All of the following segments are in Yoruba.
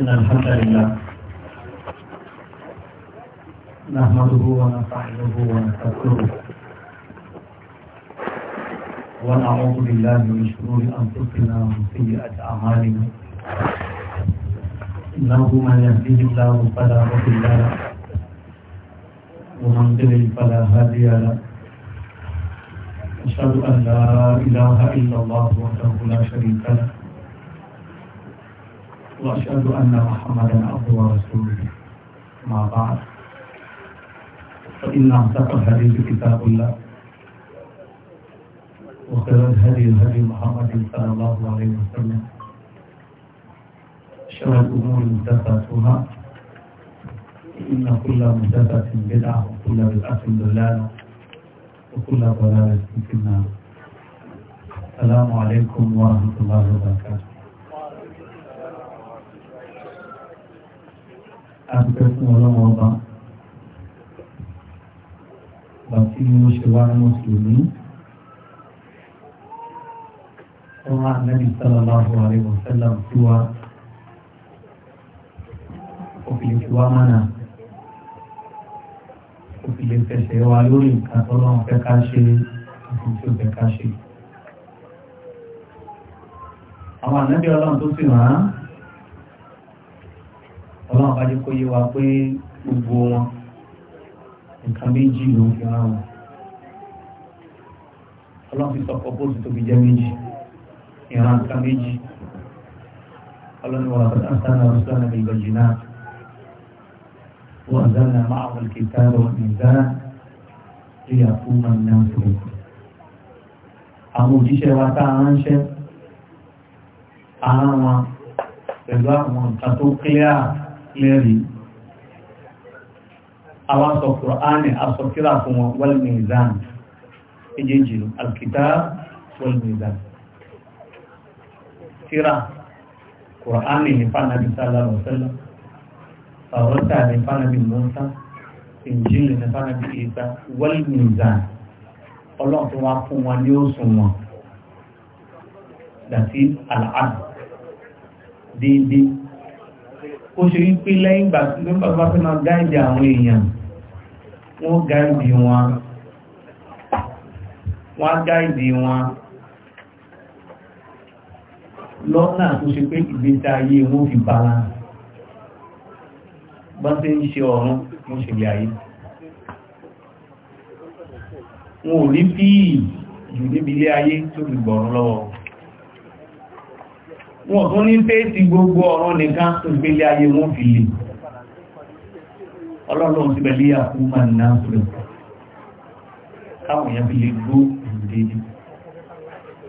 إن الحمد لله نحمده ونستعينه ونستغفره ونعوذ بالله من شرور أنفسنا ومن سيئات أعمالنا إنه من يهديه الله فلا مضل له ومن يضلل فلا هادي له أشهد أن لا إله إلا الله وحده لا شريك له وأشهد أن محمدا عبده ورسوله ما بعد فإن أصدق الحديث كتاب الله وخير الهدي هدي محمد صلى الله عليه وسلم شر الأمور محدثاتها إن كل محدثة بدعة وكل بدعة ضلالة وكل ضلالة في النار السلام عليكم ورحمة الله وبركاته àdúgbò fún ọlọ́wọ́ ọba bàtí ó ṣe wá ní mùsùlùmí wọn á nẹ́bí sallallahu alaihi wasallam tí wá òfin tí wá mánà òfin lè fẹsẹ̀ wá lórí nǹkan tó lọ́wọ́ fẹ́ ká ṣe òfin tí fẹ́ ká ṣe. àwọn ànábì ọlọ́run tó sì rán án ọlọ́run bá jẹ́ kó yé wa pé gbogbo wọn nǹkan méjì ló ń fi hàn wọn ọlọ́run fi sọ pọ́pọ́sì tó fi jẹ́ méjì ìran nǹkan méjì ọlọ́run wà lọ́dọ̀ àtàlà ọ̀sán àti ìgbàjì náà wọ́n zánà máa wọ̀n kìtà lọ ìzánà lè àfún máa ná fún un. àwọn òjíṣẹ́ wa tá a ránṣẹ́ ara pẹ̀lú àwọn nǹkan tó kílíà lẹ́rìí àwọn sọ kùránì asọ̀kíra fún wọn wal mizan ejéjì alkitab wal mizan tíra kùránì ní fánàbí sallallahu alaihi tàwọ́tà ní fánàbí mọ́sá ìjìnlẹ̀ ní fánàbí ìta wal mizan ọlọ́run tó wá fún wọn dàtí àlàáfíà déédéé kó ṣe ń pín lẹ́yìn ìgbà tí ló bá fẹ́ máa gáìdì àwọn èèyàn wọ́n gáìdì wọn wọ́n gáìdì wọn lọ́nà tó ṣe pé ìgbésí ayé wọ́n fi bára bá ṣe ń ṣe ọ̀run mo ṣèlè ayé wọn ò rí fíì jù níbi ilé ayé tó fi gbọ̀rún lọ́wọ́ wọn tún ní fèsì gbogbo ọ̀rọ̀ nìkan ìgbélé ayé wọn fi lè ọlọ́run ti pẹ̀lú àkú ma náà fún káwọn èèyàn fi lè gbó dédé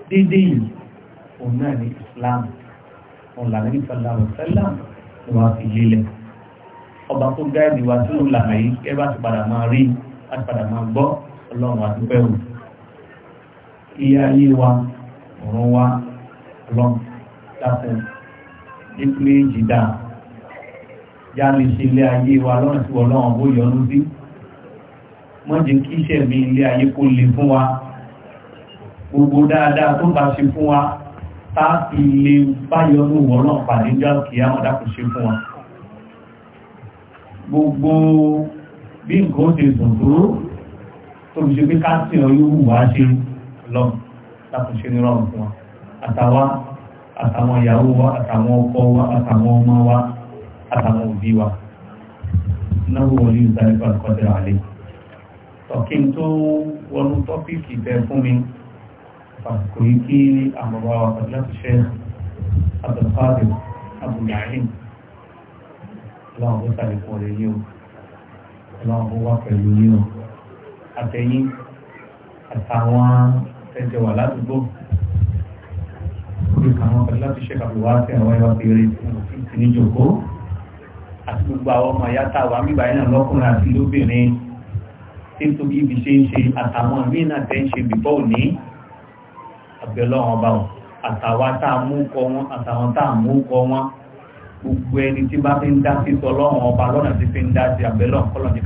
dédé yìí òun náà ní Islam òun làwọn ní sàlámù sàlámù ni wọ́n fi lélẹ̀ ọba tó gáàdì wa tí ó lànà yìí kẹ́ bá ti padà máa rí bá ti padà ayé wa ọ̀run wa ọlọ́run sáfẹ́ nípé jìdá já lè ṣe ilé ayé wa lọ́nà tí wọ́n náà bó yọnu sí mọ́jẹ́ kí iṣẹ́ mi ilé ayé kó lè fún wa gbogbo dáadáa tó bá ṣe fún wa tá ilé báyọnu wọ́n náà pàdé jọ kí á mọ̀dá kò ṣe fún wa gbogbo bí nǹkan ó ti sùn tó tó fi ṣe pé ká sí wù wá ṣe lọ láti ṣe ní rọrùn fún wa àtàwa àtàwọn ìyàwó wa àtàwọn ọkọ wa àtàwọn ọmọ wa àtàwọn òbí wa náwó wọlé ìdáríkọ àkọsẹ̀ àlè tọ́kí tó wọnú tọ́pìkì bẹ fún mi àsìkò yìí kí àmọ̀wá wa pẹ̀lú àtúnṣe àtàkàdé àbùyàhìn láwọn tó sàlẹ̀kọ̀ rẹ̀ yìí o láwọn tó wà pẹ̀lú yìí o àtẹ̀yìn àtàwọn ẹ̀jẹ̀ wà ládùúgbò kúrò kàwọn pẹ̀lú láti ṣe kàbí wá sí àwọn ẹwà bèèrè sí ní jòkó àti gbogbo àwọn ọmọ ìyá tá a wà mí báyìí náà lọ́kùnrin àti lóbìnrin tí nítorí ibi ṣe ń ṣe àtàwọn míì náà tẹ́ ń ṣe bìbọ́ òní àbẹ̀lọ́wọ̀n ọba wọn àtàwọn tá a mú kọ wọn àtàwọn tá a mú kọ wọn gbogbo ẹni tí bá fi ń dá sí tọlọ́wọ̀n ọba lọ́nà tí fi ń dá sí àbẹ̀lọ́wọ̀n kọ́lọ́ọ̀dì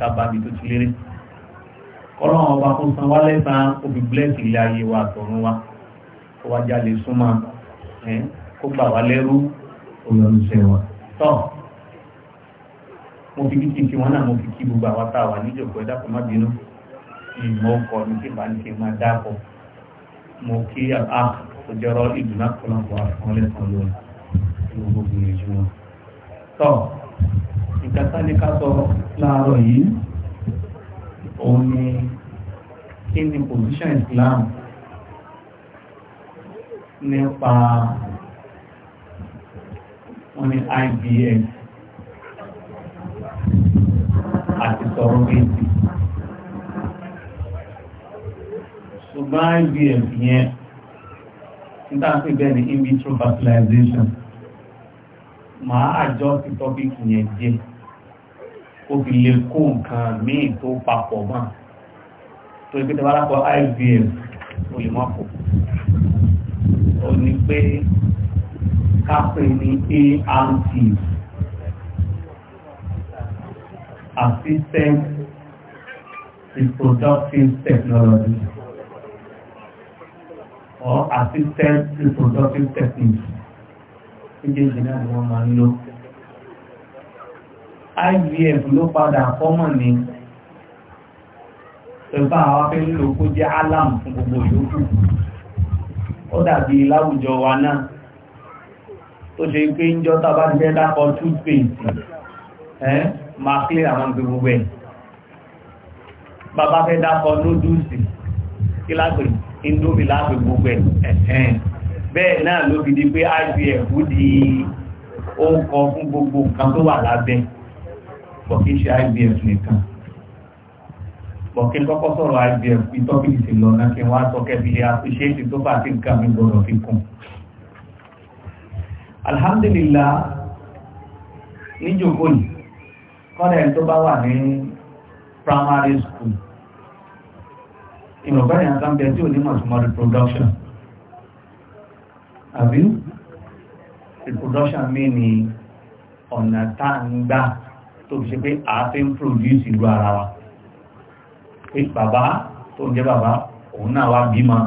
ká lè súnmọ́ kó gbà wá lẹ́rú òyìnbó ṣe wà tọ́ mo fi kíkì tí náà mo fi kí gbogbo àwọn tá a wà níjọ̀kọ́ ẹ̀dàpọ̀ má bínú ìmọ̀ ọkọ̀ ní kí bá ń ṣe máa dáàbọ̀ mo kí àbá ah, òjọrọ ìdùnnà kọlọ̀kọ̀ àfọ̀nlẹ̀kan lónìí gbogbo gbìyànjú wọn tọ́ ìkàtà ní ká sọ láàárọ̀ yìí òun ni kí ni position Islam nípa wọ́n ní IBS àti sọ̀rọ̀ méjì ṣùgbọ́n IBS yẹn nígbà tí bẹ́ẹ̀ ni in vitro fertilization màá àjọ sí tọ́pìkì yẹn jẹ́ kó fi lè kó nǹkan míì tó papọ̀ mọ́ tó ìpínlẹ̀ wàlápọ̀ IBS olùmọ́pọ̀ ó ní pé kápẹ́ ní ART Assistant Reproductive Technology or Assistant Reproductive Technique méjèèjì náà ni wọ́n máa ń lò IVF ló padà kọ́mọ̀ ní ẹ̀bá àwọn afẹ́ kó jẹ́ alam fún gbogbo yòókù ó dàbí láwùjọ wa náà tó ṣe pé ń jọ tàbá jẹ́ dápọ̀ toothpaste àwọn gbogbo ẹ̀ bàbá fẹ́ dápọ̀ nódùsì kí lápè gbogbo ẹ̀ bẹ́ẹ̀ náà ló fi di pé IVF di ó ń kọ fún gbogbo nǹkan tó wà lábẹ́ bọ̀ kí ṣe IVF nìkan bọ̀kí kọ́kọ́ sọ̀rọ̀ IVF ìtọ́kìlì sí lọ náà kí wọ́n á sọ kẹ́bílẹ̀ àfiṣẹ́ẹ̀tì tó bá ti nǹkan mi gbọ́dọ̀ fi kún. alhamdulillah níjòkó yìí kọ́lẹ̀ tó bá wà ní primary school ìmọ̀gbẹ́rẹ̀ àkàǹbẹ tí ò ní mọ̀túnmọ́ reproduction àbí reproduction mi ni ọ̀nà tá à ń gbà tó fi ṣe pé àá fi ń produce ìlú ara wa pé bàbá tó ń jẹ́ bàbá òun náà wá bímọ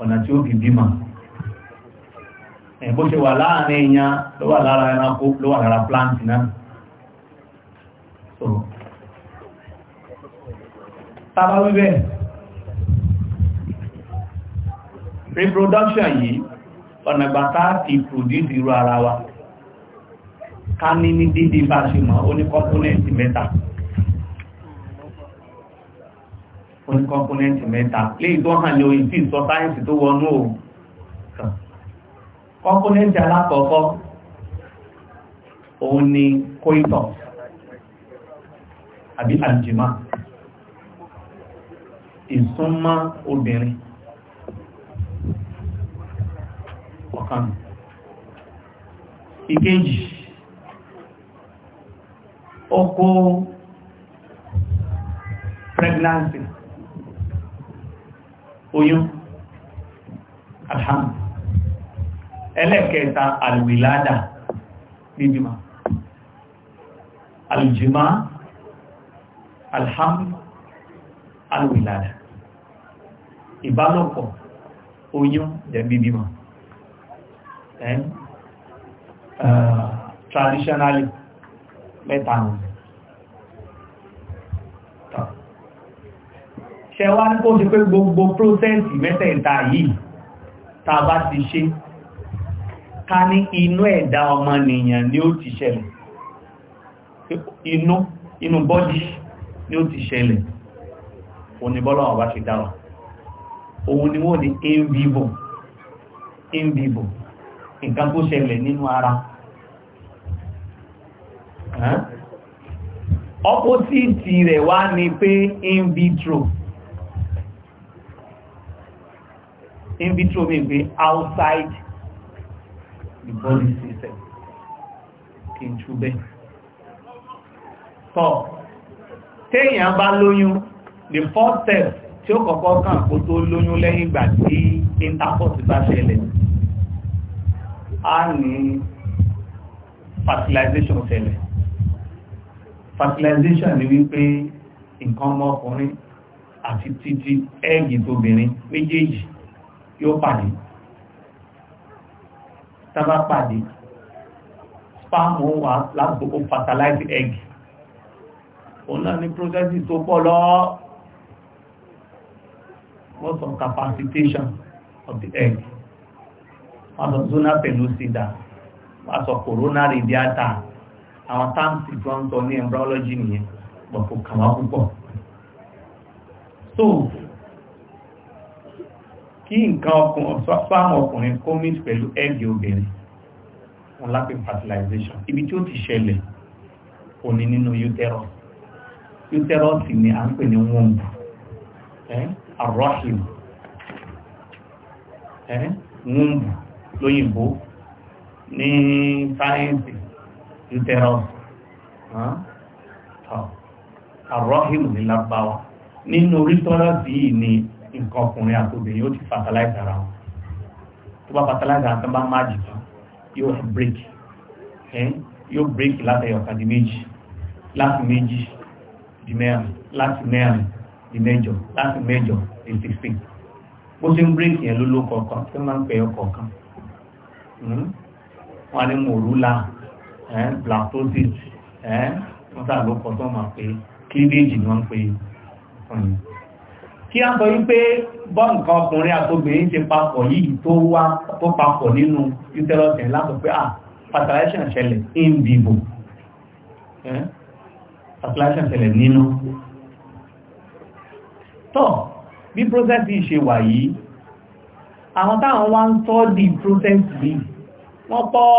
ọ̀nà tí ó fi bímọ bó ṣe wà láàrin èèyàn ló wà lára ẹranko ló wà lára plant náà tàbá wíbẹ̀ reproduction yìí ọ̀nà gbàtà ti produce irú ara wa ká ní ní dídí bá ṣe mọ́ ó ní component mẹ́ta fún kọ́mpónẹ́ntì mẹ́ta léyìí tó hàn lórí tí ìsọ sáyẹ́nsì tó wọnú o kọ́mpónẹ́ntì alákọ̀ọ́kọ́ òun ni kóìtọ̀ àbí àjìmá ìsúnmọ́ obìnrin ọ̀kan ìkejì ọkọ pregnancy oyún alhamdu ẹlẹ́kẹta alwilada níbìmá aljima alhamdu alwilada ìbálòpọ̀ oyún jẹ́ bíbímọ then uh, traditionally mẹ́ta nìyẹn ṣẹwà ní kó ṣe pé gbogbo prósẹ́sì mẹ́tẹ̀ẹ̀ta yìí ta bá ti ṣe ká ní inú ẹ̀dá ọmọnìyàn ni ó ti ṣẹlẹ̀ inú inú bọ́dí ni ó ti ṣẹlẹ̀ oníbọ́lọ̀ ọba ṣe dáwà òun ni wọ́n ni in vivo nǹkan tó ṣẹlẹ̀ nínú ara ọpọ́sìtì rẹ̀ wá ni pé in vitro in vitro mean be outside the body system kí n túbẹ̀ tọ́ téèyàn bá lóyún the first step tí ó kọ́kọ́ kàn kó tó lóyún lẹ́yìn ìgbà tí intercourse bá ṣẹlẹ̀ a ní fertilization ṣẹlẹ̀ fertilization ni wípé nǹkan ọmọkùnrin àti títí ẹ́ẹ̀gì tóbìnrin méjèèjì yóò pàdé tábà pàdé sperm wà lábòkó fertilize egg òun náà ní processes tó pọ̀ lọ what's on capacitation of the egg wọ́n sọ zona pellucida wọ́n sọ coronary radiata àwọn táǹsì tó ń sọ ní embryology nìyẹn pọ̀pọ̀ kàwá púpọ̀ so kí nǹkan ọkùnrin fáwọn ọkùnrin kó mix pẹ̀lú ẹ́gì obìnrin wọn lápẹ́ fertilization ibi tí ó ti ṣẹlẹ̀ òní nínú uterus uterus ni à ń pè ní womb arrahim womb lóyìnbó ní sáyẹ́ǹsì uterus arrahim ní lábáwá nínú uterus yìí ni nǹkan ọkùnrin àti obìnrin ó ti fertilize ara wọn tó bá fertilize ara tó bá má jù tán yóò break yóò break láti ẹyọ kan di méjì láti méjì di mẹ́rin láti mẹ́rin di mẹ́jọ láti mẹ́jọ di sixteen bó ṣe ń break yẹn ló ló kọ̀ọ̀kan tó máa ń pè é kọ̀ọ̀kan hmm? wọ́n ní mòrúlà blastosis wọ́n sàlókọ̀ tó máa pè cleavage ni wọ́n ń pè kí a ń sọ wípé bọ́ǹkan ọkùnrin àtòbìnrin ṣe papọ̀ yìí tó wá tó papọ̀ nínú ìtẹ́lọ́tẹ̀ látọ̀ pé ah fertilization ṣẹlẹ̀ in vivo fertilization ṣẹlẹ̀ nínú tọ́ bí process yìí ṣe wà yìí àwọn táwọn wá ń tọ́ di process yìí wọ́n pọ̀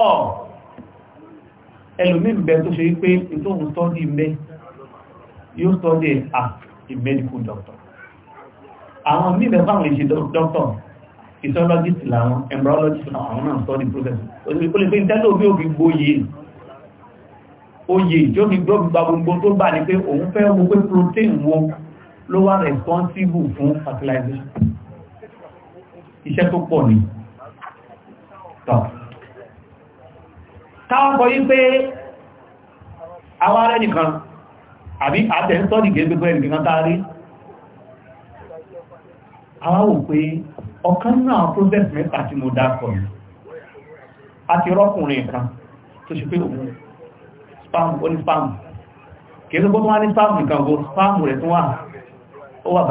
ẹlòmín bẹ tó ṣe wípé ìtòhun tọ́ di mẹ́ yóò tọ́ di a medical doctor àwọn mímẹ̀ fáwọn ìṣe dọ́kítọ̀ physiologist làwọn embryologist làwọn àwọn náà study process ó lè pé ìtẹ́lẹ̀ omi òfin gbóyè oyè tí ó fi gbọ́ gbogbo gbogbo tó bá ní pé òun fẹ́ mú pé protein wo ló wà responsible fún fertilization iṣẹ́ tó pọ̀ ní tọ́ káwọn kọ yí pé àwọn arẹ́ nìkan àbí àtẹ̀ ń sọ́dì gẹ́gbẹ́gbẹ́ nìkan tá a rí àwọn wò pé process mẹ́ta tí mo dákọ̀ yìí a ti rọ́kùnrin tó ṣe pé spam ó ní spam kìí tó ní spam nìkan go spam rẹ̀ tó wà ó wà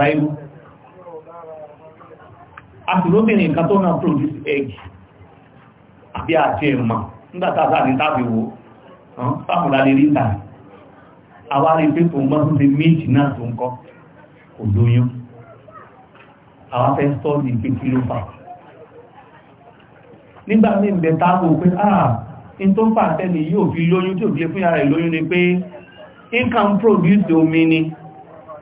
a sì lóbìnrin kan tó náà produce egg àbí àti ẹ̀mà nígbàtà àti spam lálẹ́ rí ìtàn àwárí pé tó ń àwọn afẹ́ sọ́ọ̀dì kékeré ló fà nígbà tí ń bẹ pé ah in tó fà tẹ́lẹ̀ yóò fi lóyún tí ò fi lé fún ara rẹ̀ ni pé income produce omi ni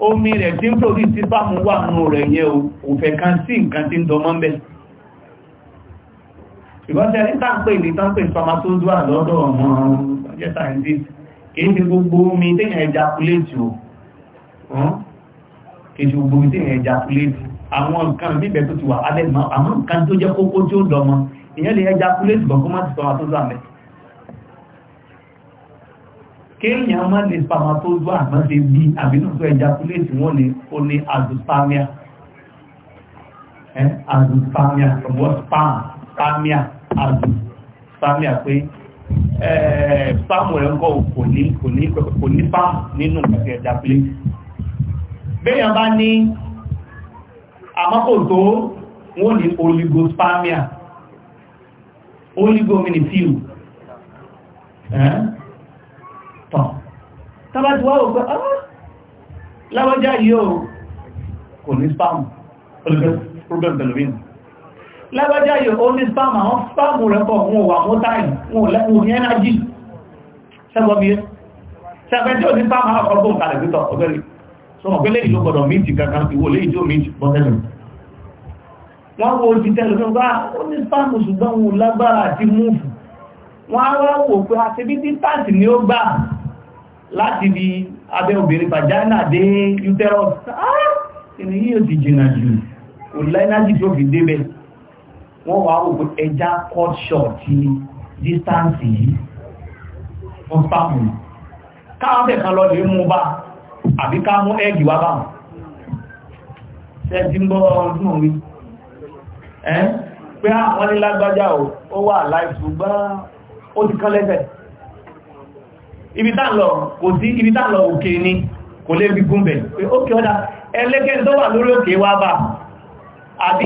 omi rẹ̀ tí ń produce tí fáàmù wà nù rẹ̀ yẹn òfẹ́ kan sí nǹkan tí ń dọmọ́ bẹ́ẹ̀ ìbọ́sẹ̀ ní tàǹpé ìdí tàǹpé ìfàmà tó dúwà lọ́dọ̀ ọmọ ọjọ́ sáyẹ́ntì kìí ṣe gbogbo omi tí èyàn àwọn nǹkan bíbẹ̀ tó ti wà abẹ́gbọ́n àwọn nǹkan tó jẹ́ kókó tí ó dọmọ ìyẹn lè ẹja kúlẹ̀tì bọ̀kúnmọ́ ti spermatozoa mẹ́ kéèyàn má lè spermatozoa àmọ́ ṣe bí àbínú tó ẹja kúlẹ̀tì wọ́n ni ó ní azospermia azospermia from what sperm spermia azospermia pé spáàmù rẹ̀ ń kọ́ kò ní spáàmù nínú ẹja kúlẹ̀tì bẹ́yàn bá ní àmọ́kò tó wọ́n ní oligospermia oligominifil tán tàbá ti wá òpé ah lábọ́já yóò kò ní spam problem belovin lábọ́já yóò ó ní spam àwọn spam rẹ̀ wọn wà mọ́ time wọn lẹ́kùn ní energy sẹ́gbọ́n bí i sẹ́gbẹ́ tí ó ní spam àwọn ọkọ̀ sọmọ pé lẹ́yìn ló gbọdọ̀ méjì kankan ìwò lẹ́yìn bọ́tẹ́lù wọ́n wo ti tẹ́lù bá ah, ó ní ṣùgbọ́n wọn lágbára àti múùfù wọ́n á wò pé ah, ni ó gbà láti di abẹ́ obìnrin vagina dé uterus ah, fi káwọn bẹ̀ lọ lè mú bá àbí ká mú ẹ́gì wá báwọn ṣe tí ń gbọ́ ọdún orí ẹ́ pé àwọn ní lágbájá ó wà láìsù gbá ó ti kán lẹ́sẹ̀ ibi tá ń lọ kò lọ òkè ni kò lè bí gúnbẹ̀ pé ó kí ọ́dá ẹlẹ́gẹ́ tó wà lórí òkè wá bá àbí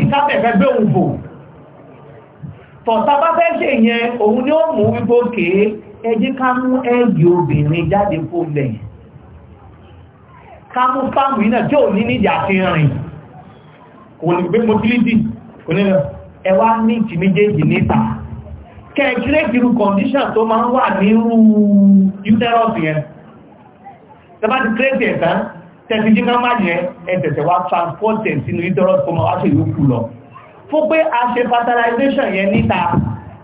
gbé kámú fáàmù iná jẹ́ òní níjà ti rìn kò ní gbé motility kò ní ẹwà ní ìtì méjèèjì níta kẹ́ẹ̀kírẹ́kì irú condition tó máa ń wà ní irú uterus yẹn tẹ́bá ti kírẹ́kì ẹ̀ta tẹ́bí jí máa yẹ ẹ̀tẹ̀tẹ̀ wá uterus kó máa wáṣẹ̀ yóò kú fún pé a ṣe fertilization yẹn níta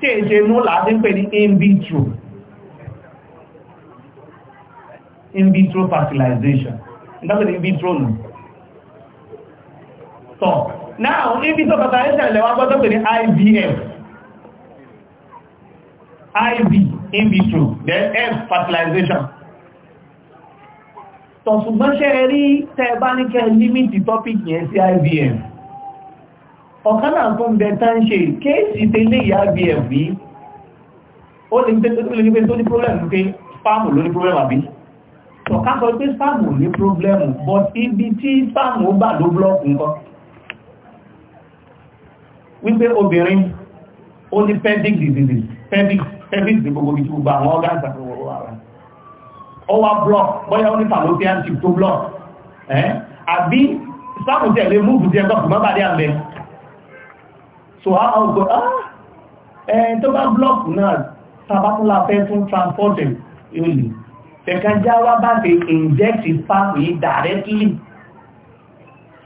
tí è ṣe inú láti pè ní in vitro in vitro fertilization ìdájọ́ ibi drone so now ibi tó fertilizer lẹ́wà gbọ́dọ̀ pé ní IVF IV in vitro then F fertilization tọ̀ ṣùgbọ́n ṣe rí tẹ́ẹ̀bá ní kẹ́ límítì topic yẹn sí IVF ọ̀kan náà tó ń bẹ tán ṣe kéèsì tẹ́lẹ̀ ìyá IVF yìí ó lè ní pé tó ní tọ̀ká sọ pé spam ò ní problemu but ibi tí spam ó bà ló blọ́ọ̀kù nǹkan wípé obìnrin ó ní pelvic disease pelvic pelvic disease gbogbo ibi tí gbogbo àwọn organs àtọwọ́ wà rẹ̀ ó wá block bóyá ó ní fallopian tube tó block ẹ́ àbí spam tẹ̀lé múùbù tí ẹgbẹ́ ọ̀gbọ̀n bàdé àmẹ́ so how go ah ẹ̀ tó bá block náà tàbátúnlá fẹ́ tún transport ẹ̀ tẹ̀kanjáwá bá ti inject sperm yìí directly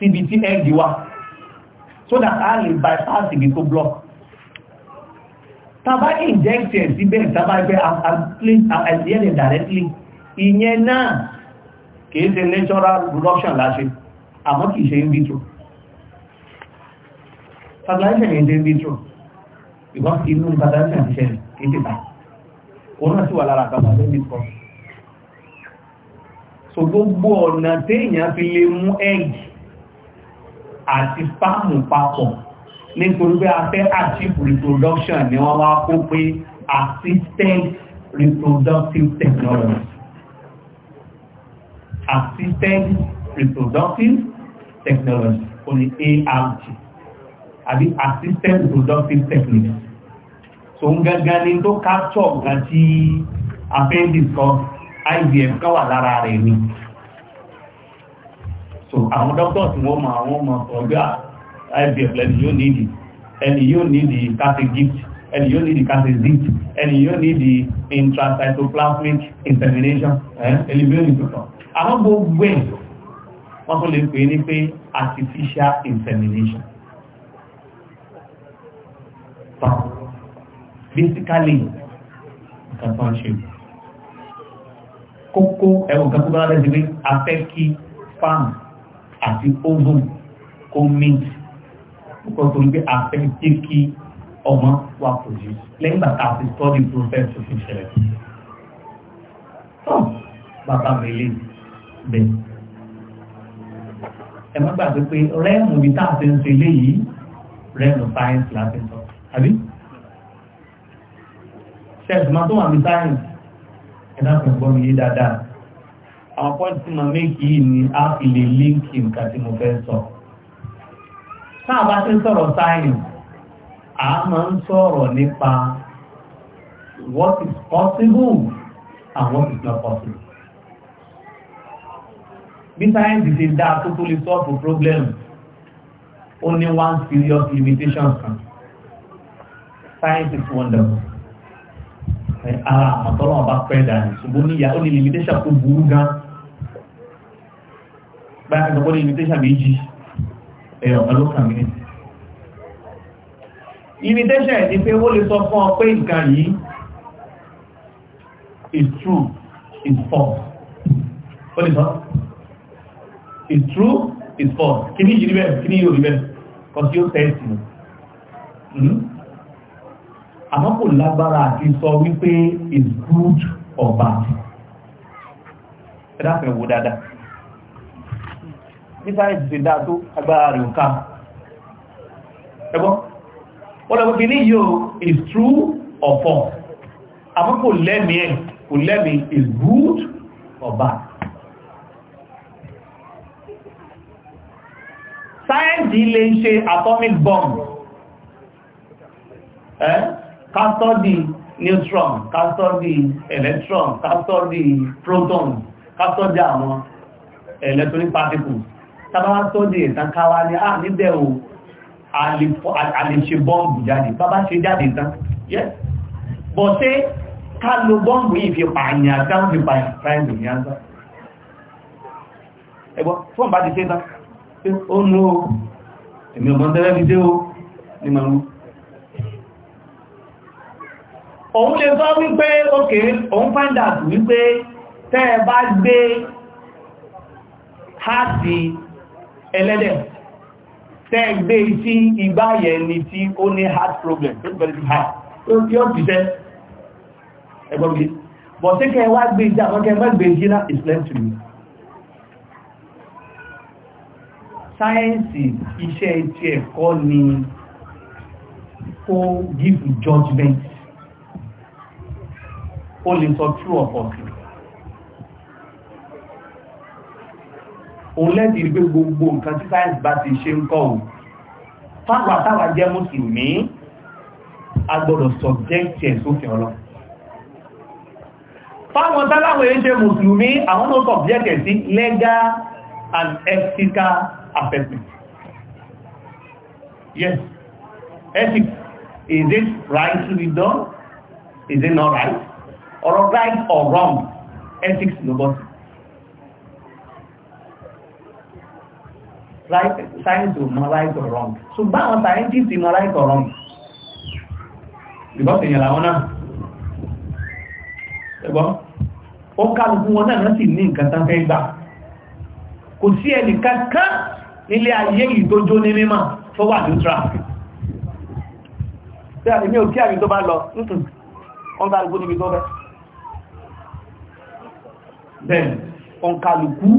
síbi tí egg wà so that a lè bypass ibi tó block tàbá inject ẹ̀ síbẹ̀ tàbá ẹgbẹ́ àìsíẹ̀lẹ̀ directly ìyẹn náà kìí ṣe natural production láṣe àmọ́ kìí ṣe in vitro fertilization yẹn ṣe in vitro because inú fertilization ti ṣẹlẹ̀ kìí so gbogbo ọ̀nà téèyàn fi lè mú ẹ̀gì àti spáàmù papọ̀ nítorí pé a fẹ́ achieve reproduction ni wọ́n wá kó pé assisted reproductive technology assisted reproductive technology ó ní ART àbí assisted reproductive technique so ń gangan ni tó capture gan a fẹ́ discuss IVF ká wà lára rẹ̀ ni so àwọn doctors wọ́n ma wọ́n ma ọjọ́ IVF lẹ́ni yóò nídi ẹni yóò nídi káfí gift ẹni yóò nídi káfí zinc ẹni yóò nídi intracytoplasmic insemination elimination tuntun àwọn gbogbo ẹ̀ wọ́n tó lè pè ní pé artificial insemination basically nǹkan tó ń ṣe kókó ẹwọ̀n kan tó bá rẹ̀ sí pé a fẹ́ kí farm àti oven kó mint kókó tó ń gbé a fẹ́ jẹ́ kí ọmọ wa produce lẹ́yìn bàtà àti study process tó fi ṣẹlẹ̀ tó bàbá mi lè bẹ̀ ẹ má gbàgbé pé rẹ́ẹ̀mù ní táà ti ń ṣe léyìí rẹ́ẹ̀mù science láti sọ àbí ṣẹ́ẹ̀sì máa tó wà ní science ẹ̀dá kò gbọ́ mi yé dáadáa àwọn pọ́ǹtì tí mo méjì yìí ni a fi lè líǹkì nǹkan tí mo fẹ́ sọ táà bá ti ń sọ̀rọ̀ science a máa ń sọ̀rọ̀ nípa what is possible and what is not possible bí sáyẹ́ǹsì ti dáa tó tó lè sọ́ọ̀fù problem ó ní one serious limitation kan science is wonderful ara àmọ̀tọ́lọ́ ọba pẹ́ dàní ṣùgbọ́n níyà ó ní limitation tó burú gan bá a gbọ́ ní limitation méjì ẹ̀yọ̀ ọ̀pẹ́ ló limitation ni pé ó lè sọ fún ọ pé nǹkan yìí is true is false ó lè sọ is true is false kí ní yìí rí kí ní yóò rí kọ́ sí ó tẹ́ẹ̀sì àmọ́ kò lágbára àti sọ wípé is good or bad ẹ̀dá fẹ́ wo dáadáa ní sáyẹ̀nsì ti dáa tó agbára rẹ̀ òkà ẹgbọ́n wọ́n lọ́wọ́ kìí yíò is true or false àmọ́ kò lẹ́mí ẹ̀ kò lẹ́mí is good or bad sáyẹ̀nsì lè ṣe atomic bomb eh? kásọ́dì neutron kásọ́dì electron kásọ́dì proton kásọ́dì àwọn electronic particles tàbáwá sọ́dì ìtàn káwà ní à ah, níbẹ̀ o a lè ṣe bọ́ǹbù jáde bàbá ṣe jáde ìtàn yes bọ̀ sí ká lo bọ́ǹbù yìí fi pààyàn àtàwọn fi pààyàn prime ní àńsá ẹgbọ́ fún bá ti ṣe tán ó ń lo èmi ọmọ tẹ́lẹ́ òun lè sọ wípé òkè òun find out wípé tẹ́ ẹ bá gbé háàtì ẹlẹ́dẹ̀ tẹ́ ẹ gbé tí igbá yẹn ni tí ó ní heart problem tó ti bẹ̀rẹ̀ sí heart yóò ti sẹ́ ẹgbọ́n mi bọ̀ sí kẹ́ wá gbé ìjà àwọn kẹ́ gbé ìjìnà Islam to me sáyẹ́ǹsì iṣẹ́ ti ẹ̀kọ́ ni kó give judgment ó lè sọ true or false òun lẹ́dìí rí pé gbogbo nǹkan tí science bá ti ṣe ń kọ́ ò fáwọn àtàwà jẹ́ mùsùlùmí a gbọ́dọ̀ subject ẹ̀ sófin ọlọ́ fáwọn tàbáwọn èyí ṣe mùsùlùmí àwọn tó subject ẹ̀ sí legal and ethical assessment yes ethics is it right to be done is it not right ọ̀rọ̀ right or wrong ethics ló bọ́ sí science ò mọ right or wrong ṣùgbọ́n àwọn scientist mọ right or wrong because èèyàn làwọn náà ẹgbọ́n ó kálùkù wọn náà sì ní nǹkan tán fẹ́ gbà kò sí ẹni kankan nílé ayé ìdójó ní mímọ̀ tó wà ní traffic tí a lè ní òkè àrí tó bá lọ nítùn wọ́n kálùkù níbi tó bẹ́ẹ̀ Then bẹ́ẹ̀ ọ̀nkàlùkú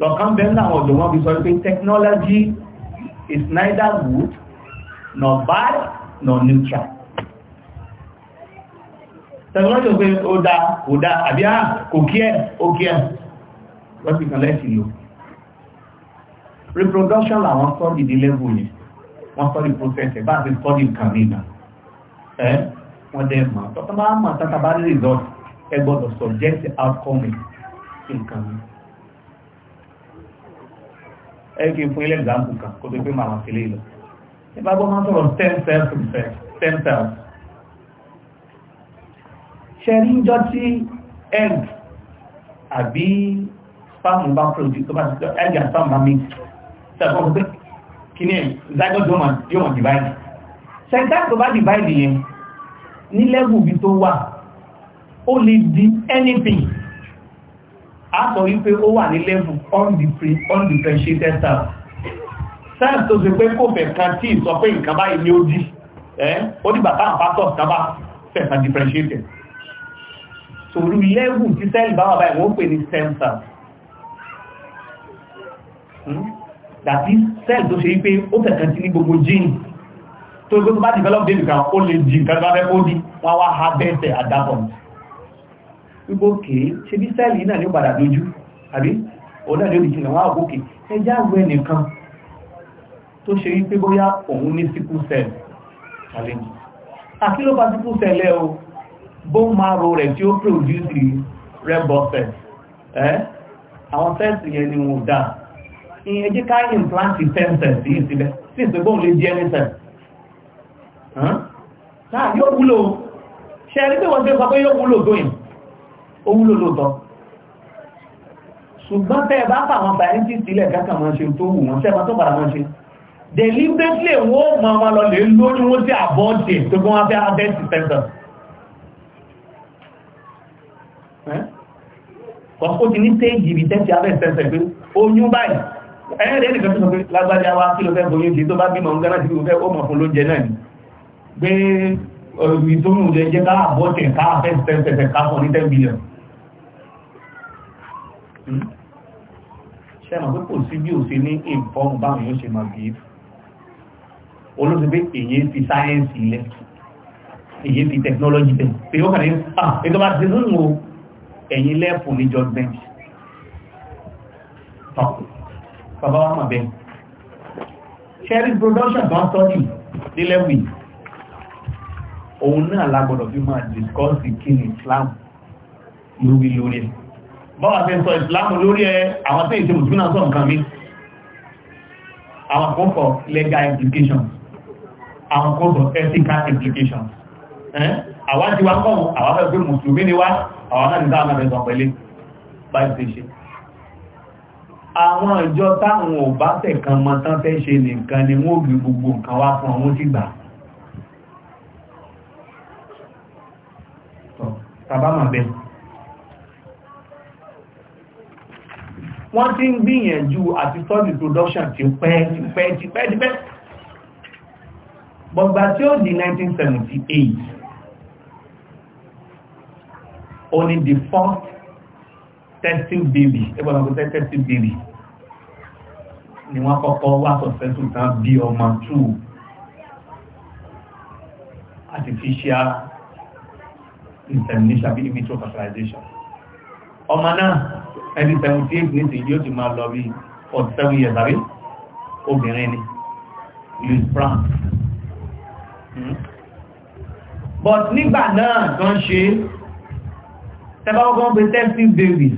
lọ́kàn bẹ́ẹ̀ láwọn ọ̀dọ̀wọ́n fi sọ pé technology is neither good nor bad nor neutral technology ò pé Oda, dá kò dá àbí á kò kí ẹ̀ ó kí ẹ̀ wọ́n fi kan lẹ́sìn lò level. làwọn sọ́ọ̀dì dé level yẹn wọ́n sọ́ọ̀dì process ẹ̀ bá ti sọ́ọ̀dì nǹkan mìíràn ẹ́ wọ́n dẹ̀ mọ̀ tọ́tọ́ bá mọ̀ tọ́tọ́ bá rí result ẹ gbọ́dọ̀ subject outcome sí nǹkan mi ẹ kí n fún ilé ìdáàbò kan kó tó gbé máa wà sílé lọ nípa bọ́ máa sọ̀rọ̀ stem cells stem cells ṣe rí jọ tí egg àbí sperm bá produce tó bá ti sọ egg and sperm bá mix sẹ́kọ̀ọ́ pé kí ni zygote yóò mọ̀ divide ṣe ń tá tó bá divide yẹn ní level bí tó wà ó lè di anything a sọ wípé ó wà ní level undifferentiated self self tó ṣe pé kò fẹ̀ kan tí ìsọ pé nǹkan báyìí ni ó dì ẹ́ ó dìgbà táwọn pásọ̀ tábà fẹ̀kan differentiated torí level tí sẹ́ẹ̀lì bá wà báyìí wọ́n pè ní stem cell dàbí hmm? sẹ́ẹ̀lì tó ṣe wípé ó fẹ̀kan sí ní gbogbo gene tó gbogbo bá develop baby kan ó lè di nǹkan tó bá fẹ́ kó di wọ́n wá harvest at that point wípé òkè ṣe bí sẹ́ẹ̀lì náà ní padà dojú àbí ọ̀dá ní òdìjìnà wá òkè ẹjá wẹ nìkan tó ṣe wípé bóyá òun ní síkú sẹ́ẹ̀lì challenge àkílópa síkú sẹ́ẹ̀lẹ́ o bó márò rẹ̀ tí ó produce red blood cells ẹ́ àwọn cells yẹn ni wọ́n dá ìyẹn jẹ́ ká implant stem cells yìí síbẹ̀ sí ìsẹ́gbọ́n lè jẹ́ ní cells náà yóò wúlò ṣe ẹni pé wọ́n ṣe sọ pé yóò wúlò tóyìn ó wúlò lóòtọ́ ṣùgbọ́n tẹ́ bá fàwọn bàyẹ́ntì sílẹ̀ kẹ́kà máa ṣe tó wù wọ́n sẹ́bà tó padà máa ṣe deliberately wọ́n ma wọn lọ lè lórí wọ́n tí àbọ́ọ̀dẹ̀ tó gún abẹ́ abẹ́ ti pẹ́ntọ̀ ọkọ̀ ti ní tẹ́jì rí tẹ́jì abẹ́ ìfẹ́sẹ̀ pé oyún báyìí ẹ̀rẹ́ nìkan tó sọ pé lágbàjá wa kí ló fẹ́ bóyún jẹ́ tó bá bímọ ń gánà sí ìwòfẹ́ ó mọ̀ fún ló jẹ náà ni pé ìtòrùn jẹ jẹ́ ká ní 10 billion ṣẹ́mà pé kò sí bí ò sí ní ìfọ́n báwọn yóò ṣe máa bí olóṣèlú pé èyí fi sáyẹ́ǹsì ilẹ̀ èyí fi tẹkinọ́lọ́jì tẹ̀ pé ó kàrí ìjọba ah, ti ń wo ẹ̀yìn lẹ́ẹ̀fún ní judgment bàbá wa mọ̀ bẹ́ẹ̀ sharing production bá sọ́dì nílẹ̀wì òun náà lágbọ́dọ̀ fi máa discuss the king Islam lórí lórí ẹ̀ bọ́wà fẹ́ sọ ìsìláàmù lórí ẹ àwọn tí ìṣe mùsùlùmí náà sọ nǹkan mi àwọn kò sọ legal implications àwọn kò sọ ethical implications àwọn tí wá kọ́ àwọn fẹ́ pé mùsùlùmí ni wá àwọn náà nìta àwọn ẹ̀sọ̀ pẹ̀lẹ́ báyìí ti ṣe àwọn ìjọ táwọn ò bá tẹ̀kan mọ tán fẹ́ ṣe nìkan ni wọ́n gbé gbogbo nǹkan wá fún àwọn tí gbà tàbá mà bẹ́ẹ̀ wọ́n ti ń gbìyànjú àti study production ti pẹ́ ti pẹ́ ti pẹ́ ti pẹ́ bọ̀gbà tí ó di 1978 only the first testing baby ẹgbọ́n ọkọ̀ testing baby ni wọ́n kọ́kọ́ wá successful tán bí ọmọ two artificial insemination bí in vitro fertilization ọmọ náà ẹni seventy eight ní ìsìn yóò ti máa lọ bí forty seven years àbí obìnrin ni louis brown hmm. but nígbà náà tó ń ṣe tẹ́bàwọ́gbọ́n pé testing babies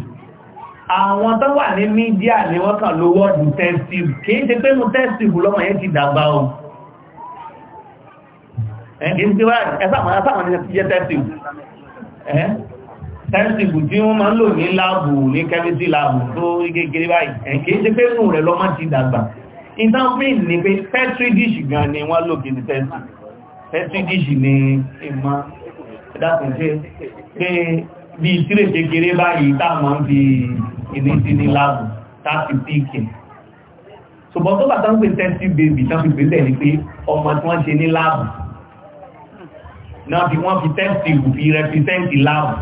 àwọn tó wà ní mídíà ni wọ́n kàn ló wọ́ọ̀dù testing kìí ṣe pé mú testing lọ́mọ yẹn ti dàgbà o ẹ̀kìí ṣe wá ẹ̀sàmọ̀ ẹ̀sàmọ̀ ní ẹ̀ tẹ́ǹtìbù tí wọ́n máa ń lò ní láàbù ní kẹ́mítì láàbù tó gẹ́gẹ́rẹ́ báyìí ẹ̀kẹ́ ṣe pé nù rẹ̀ lọ́mọ́ ti dàgbà ìtànfíìn ni pé petri dish gan ni wọ́n lò kí ní tẹ́ǹtì petri dish ni ìmọ̀ ẹ̀dàkùn pé bí ìtírẹ̀ kékeré báyìí táàmọ́ fi ìní sí ní láàbù táàfi píkì ṣùgbọ́n tó ni pé ọmọ tí wọ́n ṣe ní láàbù náà fi wọ́n fi tẹ́ǹtì fi rẹpítẹ́ǹtì láàbù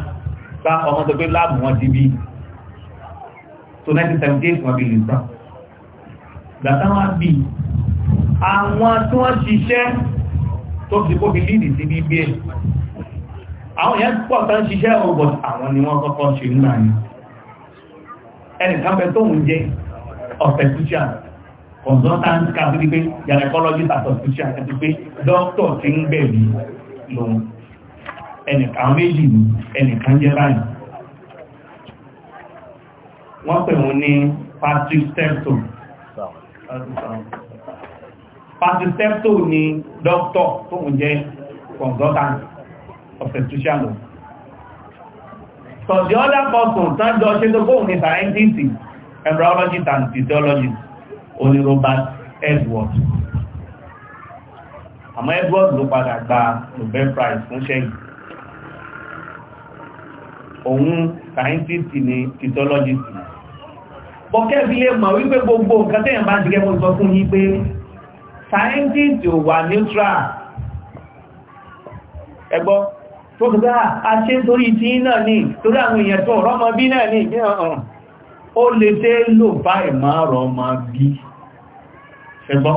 bá ọmọ tó pé láàbù wọn ti bí tó 1978 wọn bí lè sàn gbàtà wọn bí àwọn tí wọ́n ṣiṣẹ́ tó ti kó fi líìdì sí bí bí ẹ̀ àwọn èèyàn pọ̀ tán ṣiṣẹ́ ọgbọ̀n àwọn ni wọ́n kọ́kọ́ ṣe ń náà ni ẹnìkan bẹ tóun jẹ́ obstetrician consultant kàbírí pé gynecologist àtọ̀túnṣà àti pé doctor ti ń gbẹ̀bí lòun ẹnìkan méjì ní ẹnìkan jẹ́ báyìí wọ́n pè wọ́n ní Patrick Stepto Patrick Stepto ni doctor tó ń jẹ́ consultant obstetrician law so the other person tán jọ ṣe tó kóhùn ní scientist embryologist and physiologist Only Robert Edwards àmọ́ Edward? ló padà gba Nobel Prize fún ṣẹ́yìn òun scientist ni physiologist bọ́kẹ́ fi lè mọ̀ wípé gbogbo nǹkan tẹ́yàn bá jẹ́ mọ́ sọ fún yín pé scientist ò wà neutral ẹgbọ́ tó kìí dáa ah, a ṣe torí tí náà ni torí àwọn èèyàn tó rọ́mọ bí náà ní ìgbé ọ̀hàn ó lè tẹ́ lò báyìí máa rọ́mọ bí ẹgbọ́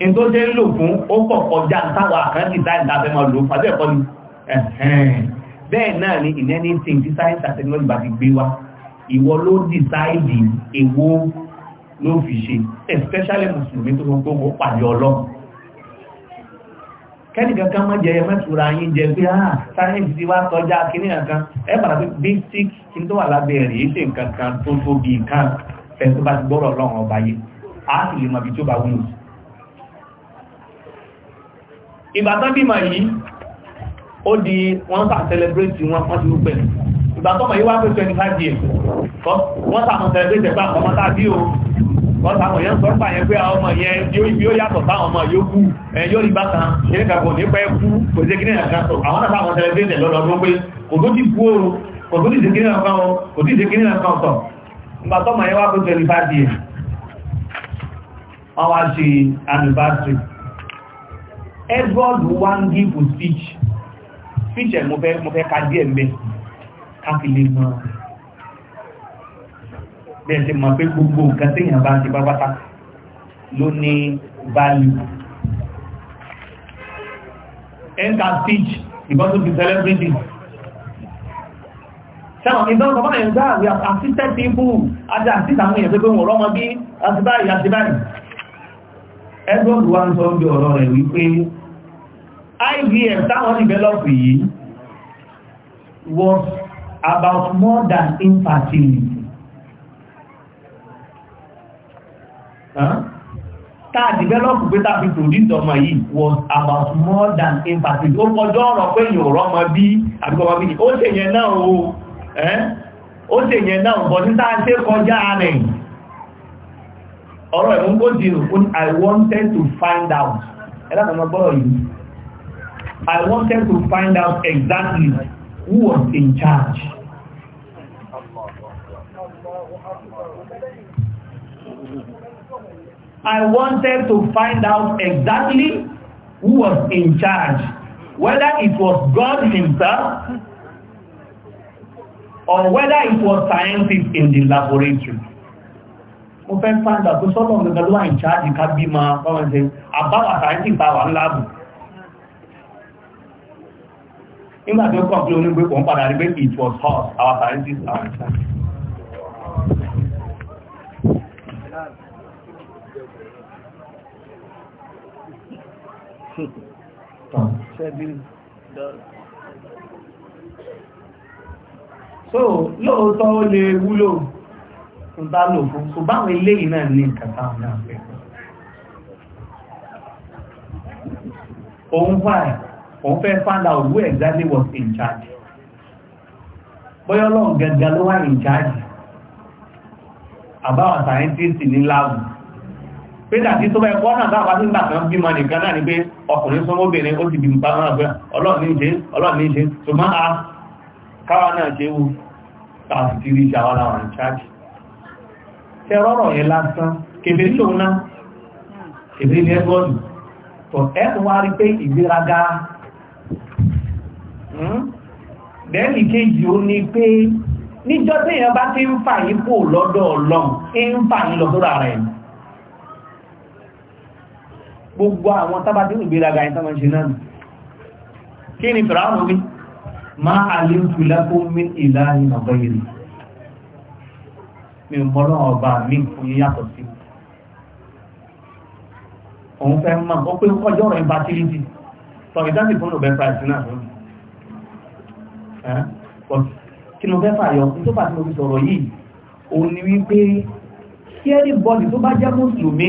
in tó jẹ́ lò fún ó pọ̀ kọjá táwà kan ti dá ìdábẹ́ máa lò fàbí ẹ̀kọ́ ni bẹ́ẹ̀ náà ni in anything tí science and technology bá ti gbé wá ìwọ ló decide èwo ló fi ṣe especially mùsùlùmí tó gbogbo ó pàdé ọlọ́run kẹ́nìkan kan mọ́ jẹ mẹ́tura yín jẹ pé ah science ti wá tọ́já kìíní kan ẹ bàrà pé basic kí n tó wà lábẹ́ rẹ̀ yìí ṣe nǹkan kan tó tóbi nǹkan fẹ́ tó bá ti gbọ́rọ̀ ọlọ́run ọba yìí á sì lè mọ ibi tó bá wúlò sí ìgbàtán bí màá yìí ó di wọ́n sà celebrate wọn wọ́n ti rúpẹ̀ ìgbàtán màá yìí wá pé 25 years wọ́n sà mọ̀ celebrate ẹgbà ọmọ tàbí o wọ́n sà mọ̀ yẹn sọ pà yẹn pé àwọn ọmọ yẹn bí ó yàtọ̀ sáwọn ọmọ yókù yóò rí bákan kò sí kíní ẹ̀kan sọ àwọn náà celebrate lọ́dọọdún pé kò tó ti kú oòrùn kò tó ti ṣe kíní ẹ̀kan o kò tí ṣe kíní ẹ̀kan sọ 25 years wọ́n wá ṣe anniversary Edward Wangi for speech speech ẹ̀ mo fẹ́ mo fẹ́ ka díẹ̀ mbẹ́ ká fi lè mọ bẹ́ẹ̀ ti mọ̀ pé gbogbo nǹkan téèyàn bá ti pápátá ló ní value end of speech because of the celebrity sẹ́wọ̀n ìdán ọkọ̀ báyìí ń gbá we have assisted people àti àti àwọn èèyàn tó gbé wọn rọ́mọ bí àti báyìí àti báyìí edward wá ń sọ ń bí ọ̀rọ̀ rẹ̀ wípé IVF táwọn develop yìí was about more than infertility Huh? a develop pé tá a fi produce ọmọ yìí was about more than infertility ó kọjọ́ ọ̀rọ̀ pé yìí ò rọ́mọ bí àbíkọ́ ọmọ bí ó ṣèyẹn náà ó ṣèyẹn náà bọ̀ títà ṣe kọjá rẹ̀ ọ̀rọ̀ ẹ̀mú kó dìrò fún i wanted to find out ẹ̀láta ọmọ gbọ́rọ̀ yìí i wanted to find out exactly who was in charge i wanted to find out exactly who was in charge whether it was God himself or whether it was scientists in the laboratory mo fẹ́ ń fàǹdà tó sọ́lọ̀ nǹkan ló wà ní ṣáàjì ká bí ma wọ́n ṣe àbáwà sáyẹ́ntì ta wà láàbù nígbà ó kàn onígbé kò ń padà rí pé it was hot our scientists are in charge so lóòótọ́ ó lè wúlò ń bá lò fún so báwọn eléyìí náà ní nǹkan táwọn náà fẹ́ òun wà òun fẹ́ find out who exactly was in charge bóyá ọlọ́run ló wà charge àbáwọn scientist ní láàbù pédà tí tó bá ẹ̀kọ́ náà ni ṣe tẹ́rọ̀rọ̀ yẹn lásán kèbè ní òun náà kèbè ní ẹgbọ́nù tọ̀ ẹ̀kùn wá rí pé ìgbéraga bẹ́ẹ̀lì hmm? kéjì ó ní pé níjọ́ tí èèyàn bá ti ń fà yí kò lọ́dọ̀ ọlọ́run kí ni fìràwọ̀ mi máa àlè ń fi ìlànà bẹ́yìí mi mọ́ náà ọba mi fún yín yàtọ̀ sí òun fẹ́ mọ̀ ó pé ọjọ́ ọ̀rọ̀ ìbá tí lìdí tọ̀rọ̀ ìdájì fún ọ̀bẹ price náà fún kí ni mo fẹ́ fàyọ tó bá tí mo fi sọ̀rọ̀ yìí òun ni wípé jẹ́ mùsùlùmí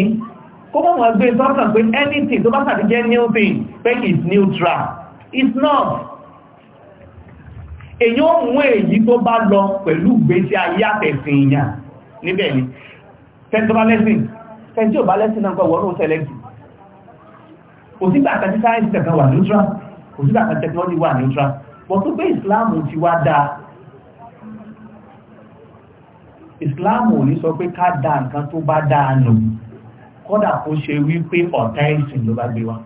kó mọ̀ wọ́n gbé sọ́kàn pé anything tó bá sàti jẹ́ new thing pé is neutral it's not èyí ó mú èyí tó bá lọ pẹ̀lú ìgbésí ayé àtẹ̀sìn ìyàn níbẹ̀ ni tẹ́ntọ́bá lẹ́sìn tẹ́ntí ò bá lẹ́sìn náà wọ́n ó sẹ́lẹ̀kì kò sígbà àtàtí sáyẹ́nsì kankan wà neutral kò sígbà àtàtí technology wà neutral wọ́n tó pé ìsìláàmù ti wá dáa ìsìláàmù ò ní sọ pé ká da nǹkan tó bá dáa nù kódà kó ṣe wípé ọ̀tá ìsìn ló bá gbé wa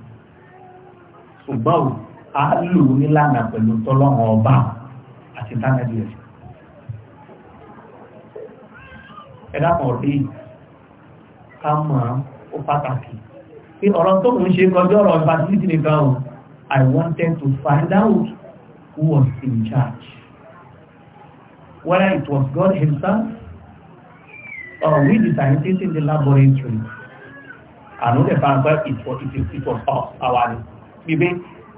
ṣùgbọ́n a lò nílànà pẹ̀lú tọ́lọ́run ọba àti tánàdì ẹ̀dàpọ̀ rí ká mọ̀ ó pàtàkì pé ọ̀rọ̀ tó ń ṣe kọjọ́ ọ̀rọ̀ ìfàtíjì nìkan o I wanted to find out who was in charge whether it was God himself or we the scientists in the laboratory and all the fact that it was, it, it was us our bíbí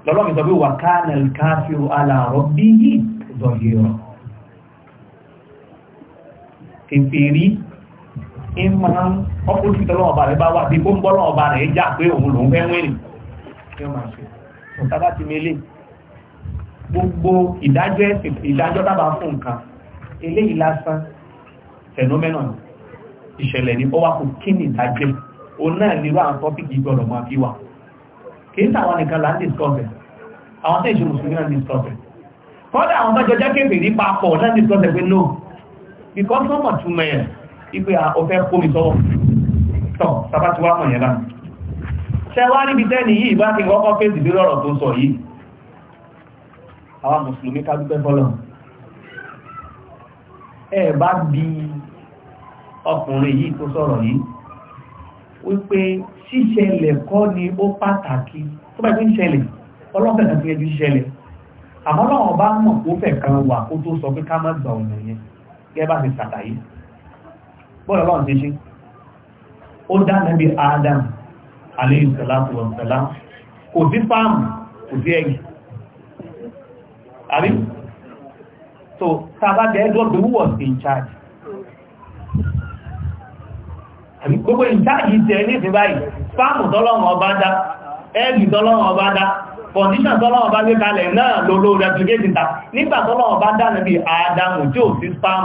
lọ́lọ́mí sọ pé wà kánàl káfíò aláàrọ̀ bí i zọ̀hìrọ̀ kìfèrí ma ọkùnrin tọ́lọ́ ọba rẹ̀ bá bí kó ọba rẹ̀ já pé òun ti mele gbogbo ìdájọ́ ìdájọ́ tábà fún nǹkan ìṣẹ̀lẹ̀ ní ọwá kò kí ní ìdájẹ́ o náà àwọn tọ́pìkì wà kìí tàwọn nìkan là ń discover àwọn tó náà discover kọ́dà àwọn tọ́jọ́ jẹ́ ní papọ̀ náà discover pé no because ipe ọ̀fẹ́ ah, kómi sọ́wọ́ tọ́ sàbátí wá mọ̀ yẹ̀lá ṣẹwà níbi tẹ́ni yìí bá ti kọ́kọ́ fèsì bí lọ́rọ̀ tó sọ yìí àwọn mùsùlùmí ká dúpẹ́ fọ́lọ̀ ẹ bá bí ọkùnrin yìí tó sọ̀rọ̀ yìí wípé ṣíṣẹlẹ̀ kọ́ ni ó pàtàkì tó bá ìpín ṣẹlẹ̀ ọlọ́fẹ̀ kan ti yẹjú ṣẹlẹ̀ àmọ́ náà bá mọ̀ kó fẹ̀ kan wà kó tó sọ pé ká má gbà ọ̀nà yẹn gẹ́gẹ́ bá ti ṣàtàyé bọ́ọ̀lù ọlọ́run ti ṣe ó dá nẹ́bí adam alayhi salatu wa salam kò sí fáàmù kò sí ẹ̀gì àbí so tàbádẹ́ edward who was in charge àbí gbogbo in charge jẹ́ ní ìsìn báyìí fáàmù tọ́lọ́run ọba dá ẹ̀gì tọ́lọ́run ọba dá condition tọ́lọ́wọ́ bá gbé kalẹ̀ náà lóló replicate ta nígbà tọ́lọ́wọ́ bá dá nẹ́bí adamu tí ò sí spam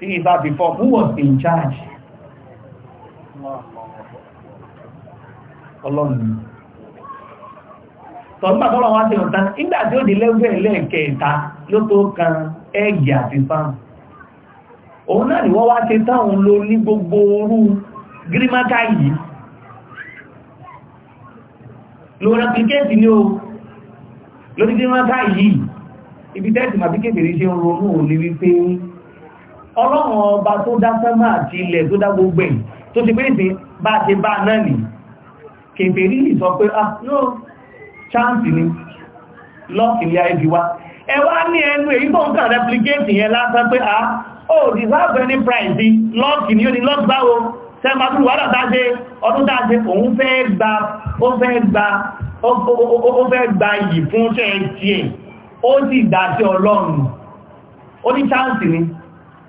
See that before, who was in charge? Ọlọ́run. Tọ́lúmà tọ́lọ̀ wá sí ọ̀tá, nígbà tí ó di lẹ́gbẹ̀ẹ́ lẹ́ẹ̀kẹta ló tó kan ẹ́gì àti fáàmù. Òun náà ni wọ́n wá ṣe táwọn ló ní gbogbo orú gírímákà yìí. Lórí application ni ó, lórí gírímákà yìí, ibi tẹ́ẹ̀tì màbíkèbèrè ọlọ́run ọba tó dá sánmà àti ilẹ̀ tó dá gbogbo ẹ̀ tó ti pé ìsìn bá ti bá náà nì kèfèrí sọ pé ah no chance ni lọ́ọ̀kì ilé ayé wá ẹwà ní ẹnu èyí tó ń kàn replicate yẹn lásán pé ah oh deserve any price bí lọ́ọ̀kì ni ó ní lọ́ọ̀kì báwo sẹ́mbà tó wádà dáṣe ọdún dáṣe òun fẹ́ gba ó fẹ́ gba ó fẹ́ gba yìí fún ṣẹ́ ẹ̀ tí ẹ̀ ó sì dáṣe ọlọ́run ó ní chance ni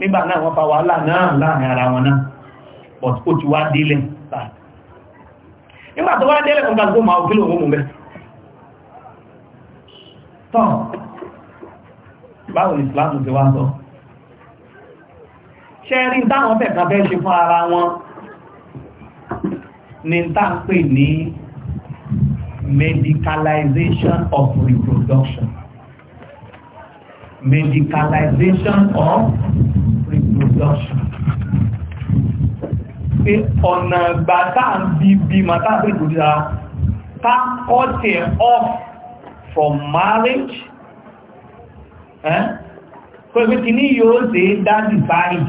nígbà náà wọ́n fa wàhálà náà láàrin ara wọn náà but ó ti wá délẹ̀ láàrin nígbà tó wá délẹ̀ nígbà tó máa òkèlò òun mú bẹ́ tọ́ báwo ni ìsìláàmù ti wá sọ ṣẹ́rí dáwọn tẹ̀ka bẹ́ ṣe fún ara wọn ni tá ń pè ní medicalization of reproduction medicalization of lọ́sùn pé ọ̀nà ìgbà táà ń bí bí ma táà bí ìgbòdí ká cut off from marriage pẹ̀lú ní yóò ṣe that divide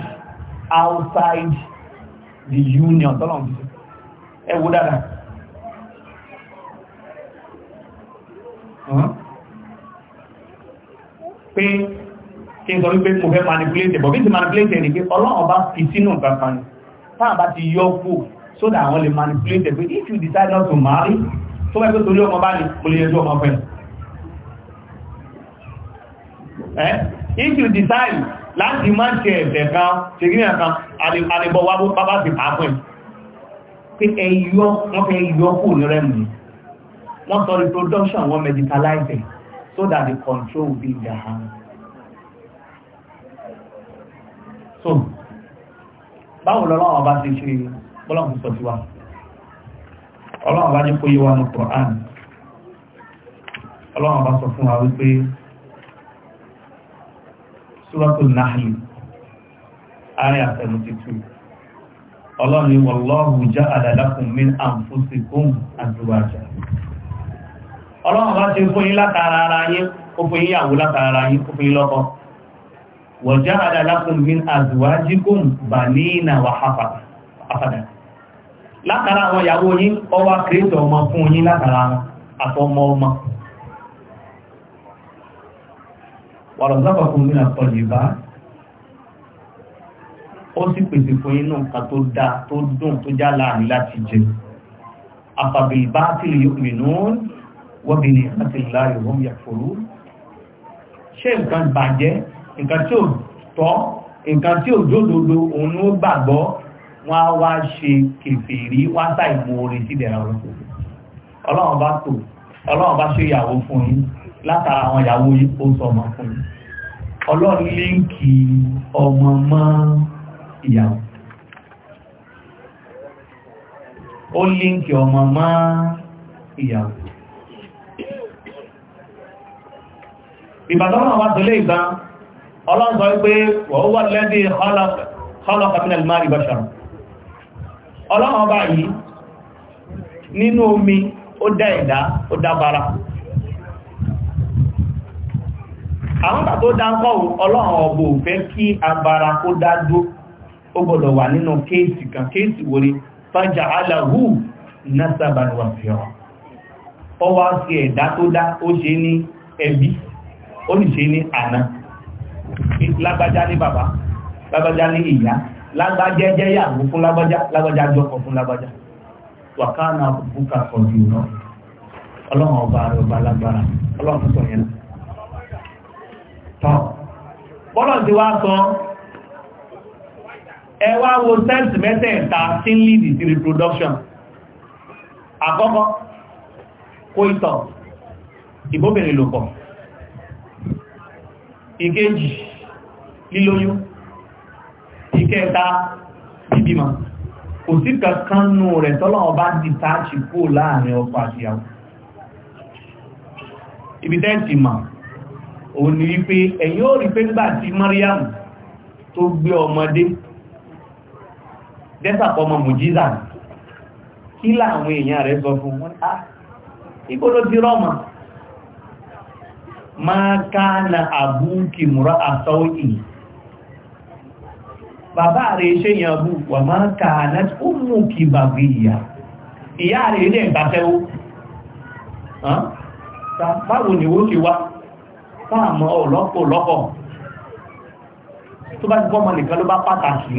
outside the union tọ́lọ̀ ẹ wo dáadáa pé kí n sọ wípé mo fẹ́ manipulate bọ̀ bí ti manipulate ẹni pé ọlọ́run bá fi sínú nǹkan kan ni táà bá ti yọ kú so that àwọn lè manipulate pé if you decide not to marry tó wẹ́ pé torí ọmọ bá ní mo lè yẹjú ọmọ fẹ́ ẹ́ if you decide láti má ṣe ẹ̀fẹ̀ kan ṣe kí ní ẹ̀kan àdìbọ̀ wá bá ti pàápẹ́ pé ẹyọ wọ́n fẹ́ yọ kú ní rẹ̀ mú wọ́n sọ reproduction wọ́n medicalize so that the control will be in their hands so báwo lọ́lọ́wọ́ bá ti ṣe bọ́lọ́wọ́ sọ sí wa ọlọ́wọ́ bá ní kó yíwa ní Qur'an ọlọ́wọ́ bá sọ fún wa wípé Suratul Nahl ayé àtẹnutítù ọlọ́ni wallahu ja'ala lakum min anfusikum azwaja ọlọ́wọ́ bá ti fún látara ara fún yàwó látara ara waja'ala lakum min azwajikum banina wa hafadan látara àwọn ìyàwó yín ọwá kìrìtọ̀ ọmọ fún yín látara àtọmọ ọmọ wàrọ̀sáfàkún nínú àtọ̀lẹ̀bá ó sì pèsè fún inú nǹkan tó dá tó nǹkan bàjẹ́ nǹkan tí ò tọ́ nǹkan tí ò jódodo òun ló gbàgbọ́ wọ́n á wá ṣe kèfèrí wá sáì mú orin sí ìdẹ̀ra wọn ọlọ́run bá tò ọlọ́run bá ṣe ìyàwó fún yín látara àwọn ìyàwó ó sọmọ fún yín ọlọ́run líǹkì ọmọ mọ́ ìyàwó ó líǹkì ìgbà ọlọ́run sọ pé wọ́n wà lẹ́dí kọlọ́kàmínà márì bá ṣàrùn ọlọ́run ọba yìí nínú omi ó dá ẹ̀dá ó dábára àwọn tàbí ó dáńkọ́ ọlọ́run ọba ò fẹ́ kí abara kó dádó ó gbọ́dọ̀ wà nínú kéèsì kan kéèsì wòrí fájà aláhù násàbàlùwà wá sí ẹ̀dá tó dá ó ṣe ní ẹbí ó sì ṣe ní àná lágbájá ní bàbá lágbájá ní ìyá lágbájá jẹ́ yàwó fún lágbájá lágbájá jọkọ fún lágbájá wàkánà búkà fọ̀jú náà ọlọ́run ọba rẹ̀ ọba lágbára ọlọ́run tó sọ yẹn tán bọ́lọ̀ tí wá sọ ẹ wá wo cells mẹ́tẹ̀ẹ̀ta tí ń lead to reproduction àkọ́kọ́ kó ìtọ̀ ìbóbìnrin lòpọ̀ ìkejì lílóyún ìkẹta bíbímọ kò sí kankan nù rẹ̀ tọ́lọ́wọ́ bá di táàṣì kó láàrin ọkọ àtìyàwó ibi tẹ́ǹtì o òun ni wípé ẹ̀yin ó rí pé ńgbà tí Mariam tó gbé ọmọdé dẹ́sàpọ̀ ọmọ mùjíza kí láàrin èèyàn rẹ̀ sọ fún wọn á ìgbódó ti rọ́mà máa ká na àbúkì múra àtọ́ ìyìn bàbá rẹ̀ ṣe yàn bú wà máa ń ka ànáti ó mú kí bàbá ìyà ìyá rẹ̀ ilẹ̀ ìbáfẹ́wó báwo ni ó ti wá fáàmọ́ ọ̀lọ́pọ̀ lọ́pọ̀ tó bá ti gbọ́mọ nìkan ló bá pàtàkì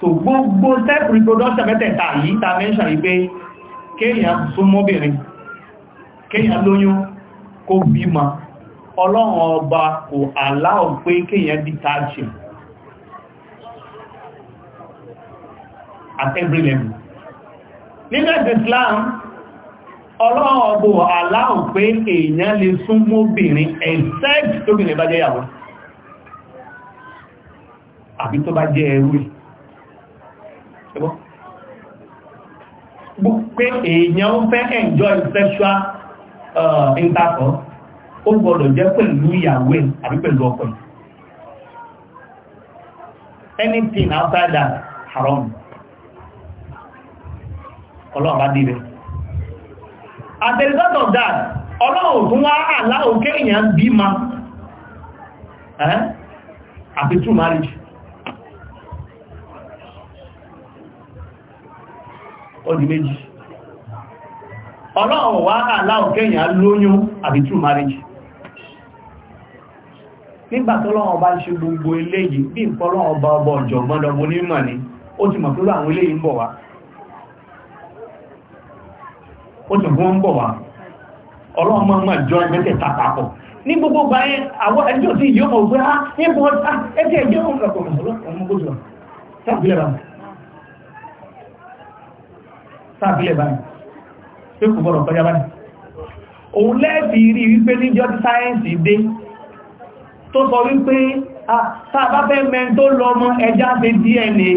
so gbogbo step reproduction mẹ́tẹ̀ẹ̀ta yìí ta mention yìí pé kéèyàn súnmọ́bìnrin kéèyàn lóyún kó bímọ ọlọ́run ọba kò aláwọ̀ pé kéèyàn detaching at every level nígbàtí Islam ọlọ́run ọba aláwọ̀ pé èèyàn lè sún mọ́bìnrin except tó bìnrin bá jẹ́ ìyàwó àbí tó bá jẹ́ ẹrú pé èèyàn ń fẹ́ enjoy sexual uh, intercourse ó gbọ́dọ̀ jẹ́ pẹ̀lú ìyàwó àbí pẹ̀lú ọkọ anything outside that haram ọlọ́run bá dìbẹ̀ as a result of that ọlọ́run tún wá aláwọ̀ kéèyàn bí ma àti true marriage ó di méjì ọlọ́run wá aláwọ̀ kéèyàn lóyún àti true marriage nígbà tó lọ́wọ́ bá ń ṣe gbogbo eléyìí bí nǹkan lọ́wọ́ bá ọba ọ̀jọ̀gbọ́n dọ̀bọ̀ onímọ̀ ni ó ti mọ̀ tó lọ àwọn eléyìí ń bọ̀ wá ó ti gbọ́n ń bọ̀ wá ọlọ́run máa máa jọ ẹgbẹ́tẹ̀ tàpapọ̀ ní gbogbo gba ah, ẹ àwọn ẹjọ́ tí yóò mọ̀ gbé á ní bọ́ ẹgbẹ́ ẹjọ́ ọ̀pọ̀lọpọ̀ ọmọgbọ́sọ̀ sábìlẹ̀ báyìí sábìlẹ̀ báyìí pé òun lẹ́ẹ̀fì rí wípé níjọ́ sáyẹ́ǹsì dé tó sọ wípé ah, tàbábẹ́ mẹ́ tó lọ mọ́ ẹjá ṣe DNA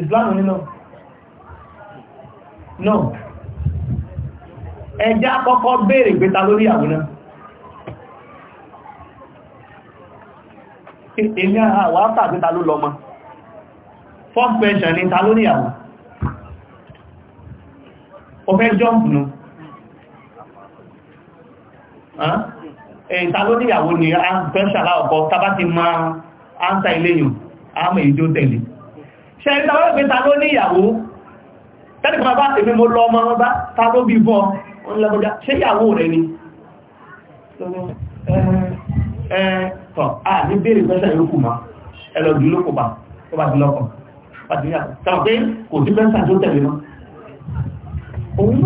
Islam nínú no ẹjá kọ́kọ́ béèrè pé ta lórí àwọn náà èmi àwọn àtàgbé ta ló lọ mọ́ first question ni ta ló ní o ọ̀fẹ́ jump nù ẹ̀ta ló níyàwó ni a ń bẹ́ṣà láọ̀kọ́ tàbá ti ma a ń ta ilé yìí a mọ̀ èyí tó tẹ̀lé ṣe ẹ̀ta wọ́n pẹ̀ta ló níyàwó tẹ́lẹ̀kọ́ bá èmi mo lọ ọmọ wọn bá ta ló bí bọ́ wọn lọ́gbọ́já ṣe ìyàwó rẹ̀ ni ẹ̀ẹ̀tọ̀ à ní bèèrè bẹ́ṣà ìlúkù ma ẹlọ́dún ló kò bá tó bá ti lọ́kọ̀ òun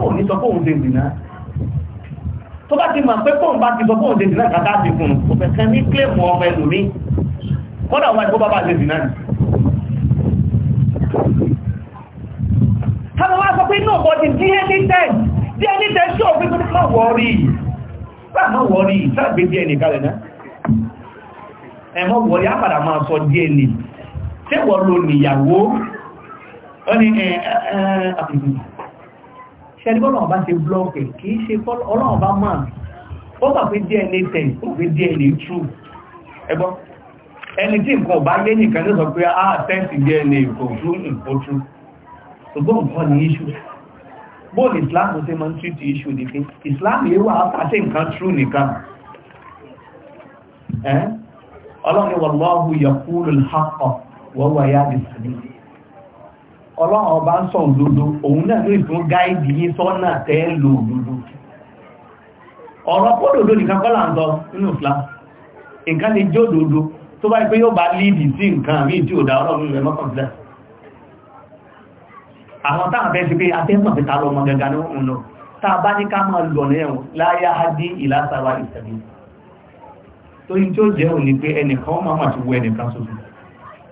náà ní sọ fóun ṣe ìrìnà tó bá ti mọ̀ pé kóun bá ti sọ kóun dèjì náà kàtà ti fún un òfẹ́ kan ní kílèmù ọmọ ẹlòmí kọ́dà wọn ìbó bàbá dèjì náà káwọn wá sọ pé náà bọ́ ti díẹ̀ ní tẹ́ẹ̀ díẹ̀ ní tẹ́ẹ̀ sí òfin tó má wọ́ọ̀rì má wọ́ọ̀rì sáàgbé díẹ̀ ní kalẹ̀ náà ẹ̀mọ́ wọ́ọ̀rì àpàdà máa sọ díẹ̀ ní ṣé wọ́ọ̀ lo níyàwó ẹ̀ẹ́ ṣẹ́ríbọ́n náà bá ṣe blọ́ọ̀kì kì í ṣe ọlọ́run bá máa ó bà pé DNA test ó pé DNA true ẹgbọ́n ẹni tí nǹkan bá yé nìkan ló sọ pé ah, a test DNA kò true nǹkan true ṣùgbọ́n nǹkan ní issue bóòl Islam ṣe máa ń treat issue ní pé Islam yìí wà á nǹkan true nìkan ọlọ́run wọ̀lọ́hù yaqulu al-haqqa wa huwa yahdi as-sabil ọlọ́run ọba ń sọ òdodo òun náà ló ìfún gáìdì yí sọ́nà tẹ́ lò òdodo ọ̀rọ̀ pọ́dòdó nìkan kọ́ là ń sọ nínú Islam nǹkan lè jẹ́ òdodo tó bá pé yóò bá líìdì sí nǹkan àmì tí ò dá ọlọ́run rẹ̀ mọ́kàn sílẹ̀ àwọn táwọn fẹ́ sí pé atẹ́sàn fi ta lọ ọmọ gẹ́gẹ́ ní tá a bá ní ká máa lọ ní ẹ̀wọ̀n láyá á dín ìlàsáwà ìsẹ̀lẹ̀ tó yí tí ó jẹ́ òní pé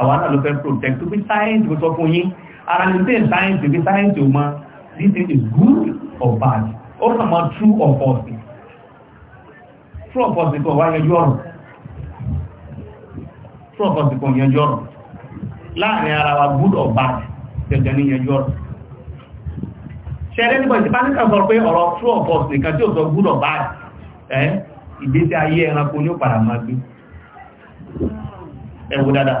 àwọn náà ló fẹ́ protect tó bí science bó sọ fún yín ara ní same science bí science ò mọ this thing is good or bad ó kàn mọ true or false true or false kan wá yanjú true or false kan yanjú ọ̀rọ̀ láàrin ara wa good or bad jẹjẹ ní yanjú ọ̀rọ̀ ṣẹlẹ̀ nígbà ìsìnká nígbà sọ pé ọ̀rọ̀ true or false nìkan tí ó sọ good or bad ẹ́ ìgbésí ayé ẹranko ní ó padà máa gbé ẹ̀wù dáadáa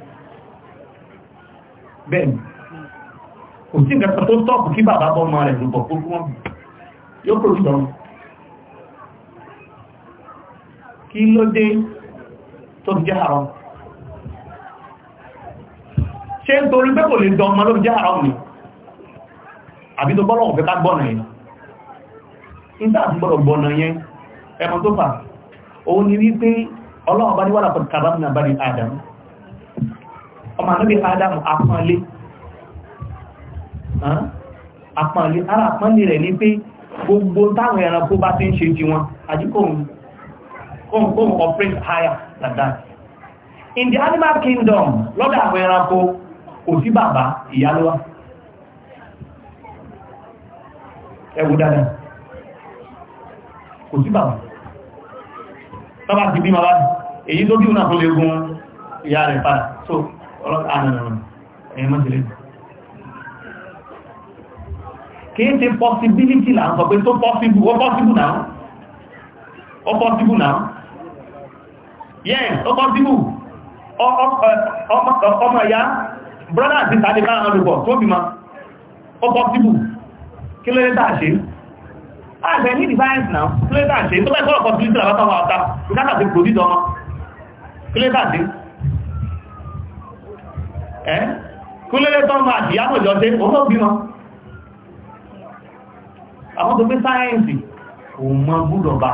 bẹ́ẹ̀ni kò sí ìgbẹ̀ta tó tọ́pù kí bàbá bọ́ ma rẹ̀ lùbọ̀ kó fún ọ̀bù yóò kò sọ kí ló dé tó jẹ́ àrọ́ ṣe ń torí pé kò lè dán ọmọ ló jẹ́ àrọ́ mi àbí tó bọ́lọ̀ òfẹ́ ká gbọ́nà yẹn nígbà tí gbọ́dọ̀ gbọ́nà yẹn ẹmọ tó fà òun ni wípé ọlọ́run bá ní wà lápọ̀ Adam ọmọ ànábì Ádámù àpọ́nlé àpọ́nlé ara àpọ́nlé rẹ̀ ní pé gbogbo táwọn ẹranko bá ti ń ṣe jí wọn àdíkòhùn operate higher than that in the animal kingdom lọ́dọ̀ àwọn ẹranko kò sí bàbá ìyá ló wà ẹwù dáadáa kò sí bàbá tọ́bá ti bí ma wá èyí tó bí wọn náà tó lè gun ìyá rẹ̀ padà so ọlọ́pàá ànàrà ẹ̀yìn mọ́sílẹ̀ kìí ṣe possibility là ń sọ pé tó possible ó oh, possible now ó oh, possible now yes ó oh, possible ọmọ eh, ẹ̀yà brother àti tàbí máa ń rúbọ̀ tó bí ma ó possible kí ló lé tàà ṣe àgbẹ̀ ní device now kí ló lé tàà ṣe tó bẹ́ẹ̀ sọ́rọ̀ possibility làbátàwà àta ìdáta ti produce ọmọ kí ló lé ẹ́ kúlẹ̀lẹ́ àti ìyàwó ìjọ dé àwọn tó pé sáyẹ́ǹsì kò mọ búdọ̀bà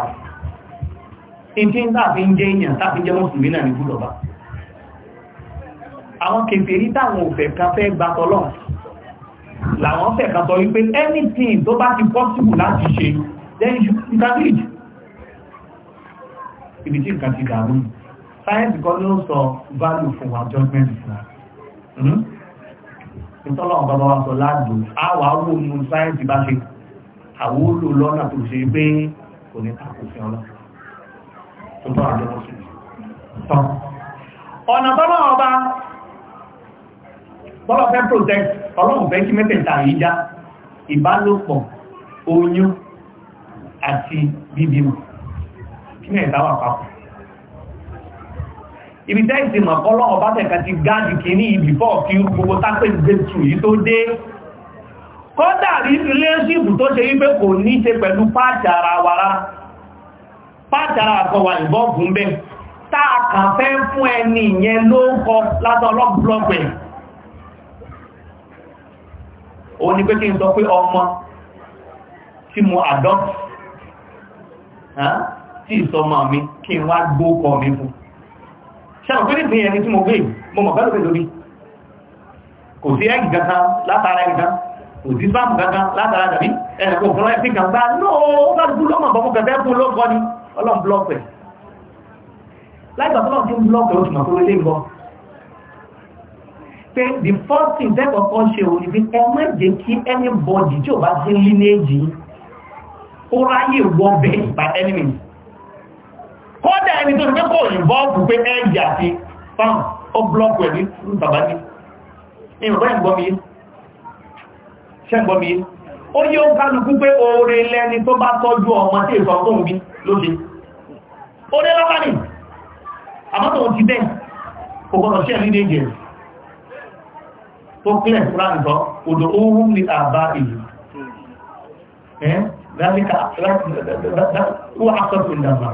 ìdí tàbí jẹ́ èèyàn tàbí jẹ́ mùsùlùmí náà ní búdọ̀bà àwọn kèfèrí táwọn òfẹ́ kan fẹ́ gba tọ́lọ̀ làwọn fẹ́ kan sọ wípé anything tó bá ti lati láti ṣe then you can value Hmm? ìtọ́lọ̀ ọ̀gbọ́n wa sọ láàdù àwà wò ní sáyẹ́ǹsì bá ṣe àwòlò lọ́nà tó ṣe pé kò ní tako sí ọlọ́ tó bá àjọ wọn sùn tán ọ̀nà tọ́lọ̀ ọba bọ́lọ̀ fẹ́ protect ọlọ́run fẹ́ kí mẹ́tẹ̀ẹ̀ta yìí ìbálòpọ̀ oyún àti bíbímọ kí mẹ́ẹ̀ta wà papọ̀ ibi tẹ́ẹ̀sì mọ̀ fọ́lọ́ ọba tẹ̀ka ti gáàdì kì ní ibi fọ́ kí gbogbo tápẹ́ ìgbésù yìí tó dé kódà rí iléṣìpù tó ṣe wípé kò ní ṣe pẹ̀lú páàtì ara wa rárá páàtì ara àkọwà ìbọ́ọ̀bù ń bẹ́ táà kàn fẹ́ fún ẹni ìyẹn ló ń kọ látọ̀ ọlọ́gbọ́gbẹ̀ ó ní pé kí n sọ pé tí mo adopt tí ìsọmọ mi kí n wá gbókọ mi fún ṣàwọn pé nìsìn ẹni tí mo gbé mo mọ̀ bẹ́lùfẹ́ lórí kò sí ẹ́gì kankan látara ẹ̀gì kan kò sí sáàmù kankan látara tàbí ẹ̀rẹ̀kọ̀ fún ẹ̀fí kan bá lóòó bá dúró lọ́mọ̀ bọ́mú kẹfẹ́ fún lọ́gbọ́ ni ọlọ́m blọ́ọ̀pẹ̀ láìpẹ́ ọlọ́m tí ń the first thing that of all ṣe òní bí ẹmọ èdè kí anybody tí ò bá sí lineage ó ráyè wọ́ bẹ́ẹ̀ by any kọ́dà ẹni tó pé kò ìbọ́ọ̀bù pé ẹjà sí fáwọn ó blọ́ọ̀kù ẹ̀rí bàbá ní ìrọ̀bá ìgbọ́mí ṣẹ́gbọ́mí ó yí ó kálukú pé oore lẹ́ni tó bá tọ́jú ọmọ tí èso ọkùn bí lóṣe ó dé lọ́pàá ní àmọ́tò ti bẹ́ kò gbọ́nà ṣẹ́ ní déjẹ̀ tó kílẹ̀ fúráǹtọ́ odò ohun ní àbá ìlú ẹ́ ذلك هو حقق النظر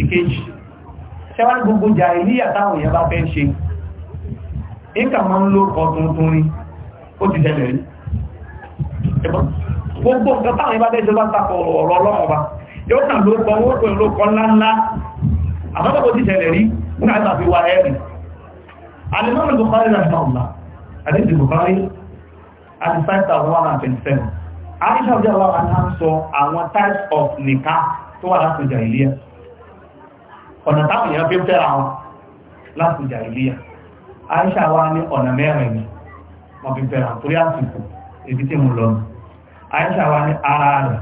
ìkejì ṣẹ́wọ́n gbogbo jà ìlíyà táwọn èèyàn bá fẹ́ ṣe ìkà máa ń ló kọ tuntun rí ó ti tẹ́lẹ̀ rí gbogbo nǹkan táwọn ìbá tẹ́jọ bá tapọ̀ ọ̀rọ̀ ọlọ́run ọba yóò kàn ló kọ owó pẹ̀lú ọkọ̀ ńláńlá àbábọ̀ ó ti tẹ́lẹ̀ rí nígbà tí a fi wá ẹ̀rì alimọ́nù Bukhari náà ọ̀la àdéjì Bukhari àti 5127 Aisha ọjọ́ àwọn sọ àwọn types of nìka tó wà láti jà ìlíyà ọ̀nà táwọn èèyàn fi ń fẹ́ra wọn láti ìjà ìlíyà Aisha wá ní ọ̀nà mẹ́rin ni wọ́n fi fẹ́ra torí àsìkò ibi tí mo lọ Aisha wá ní ara rẹ̀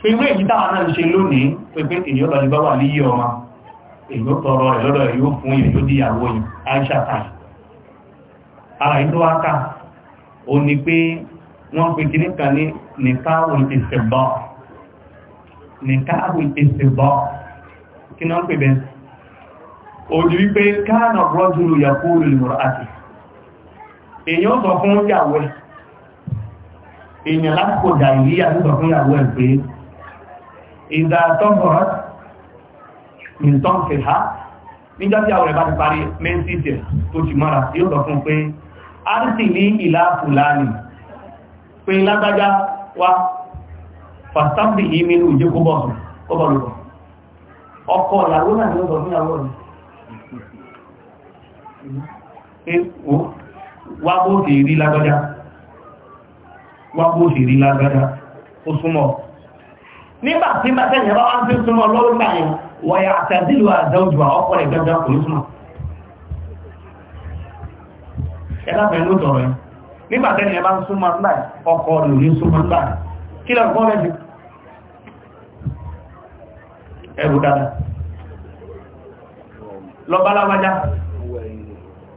pé ìwé èyí táwọn náà ṣe lónìí pé pé èyí ọ̀lọ́dẹ bá wà níyí ọmọ èyí ó tọrọ rẹ̀ lọ́dọ̀ èyí ó fún èyí ó di ìyàwó yìí Aisha táì ara yìí tó wá kà ó ní pé wọ́n pe kìíní kan ní nìkáàwùn ìṣẹ̀bọ̀ nìkáàwùn ìṣẹ̀bọ̀ kí ni wọ́n pè bẹ́ẹ̀ òdí wípé káànà rọ́júlù yàkúrù lùmọ̀rọ̀ àti èyàn sọ fún yàwó ẹ̀ èyàn lásìkò jàìlíyà sọ fún yàwó ẹ̀ pé ìdàtọ́bọ̀rọ̀ nìtọ́n fi ha níjá tí àwọn ẹ̀bá ti parí mẹ́sìtì tó ti mọ́ra yóò sọ fún pé a ń sì ní ìlà fùlàní pé lágbájá wá fàtàbí ìmìnú ìjẹ́kọ́bọ̀ ọkọ̀ ìyàwó náà ni ó sọ fún yàwó rẹ̀ wá bó sì rí lágbádá wá bó sì rí lágbádá ó súnmọ́ nígbà tí bá tẹ́yìn bá wá ń fi súnmọ́ lọ́wọ́ gbà yẹn wọ̀yà àtàdílù àdáwùjù ọkọ̀ rẹ̀ gbẹ́gbẹ́ kò ní súnmọ́ ẹ̀dá fẹ́ ló sọ̀rọ̀ yẹn nígbà tẹ́yìn ẹ bá ń súnmọ́ ńlá ọkọ̀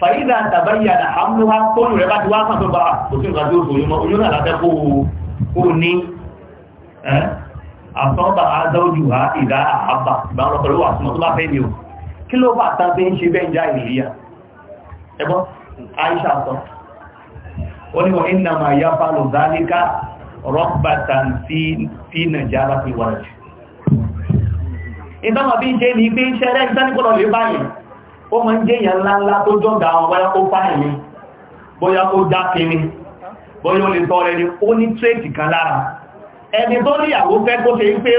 fàyídà tàbáyà nà àmúhà tónù rẹ̀ bá ti wá sàn tó bá òfin ìgbà tí ó sòyún mọ́ oyún náà lábẹ́ kó o ní àtọ́bà azáójú ha ìdá àbà ìbárọ̀pẹ̀lú àtúmọ̀ tó bá fẹ́ ni o kí ló bá tán tí ń ṣe bẹ́ ìtàmà bí ń ṣe ní pé ń ṣẹ́rẹ́ ìtàníkọ́lọ̀ lè báyìí ó mọ́ ń jẹ́ èèyàn ńláńlá tó jọ́gà àwọn bóyá ó fáyìn ni bóyá ó jáke ni bóyá ó lè ni ó ní tréèkì kan lára ẹni tó níyàwó fẹ́ kó ṣe pé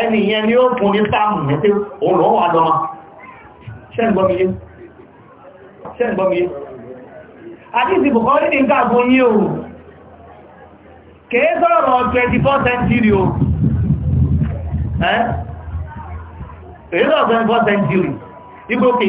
ẹni yẹn ni ó fún ní sáàmù ní pé òun lọ́wọ́ wà lọ́mọ ṣẹ́ǹgbọ́mìyé ṣẹ́ǹgbọ́mìyé àdíṣì bùkọ́ ní ní káàkùn yí 24 century o ẹ́ èyí sọ́rọ̀ 24 century igbókè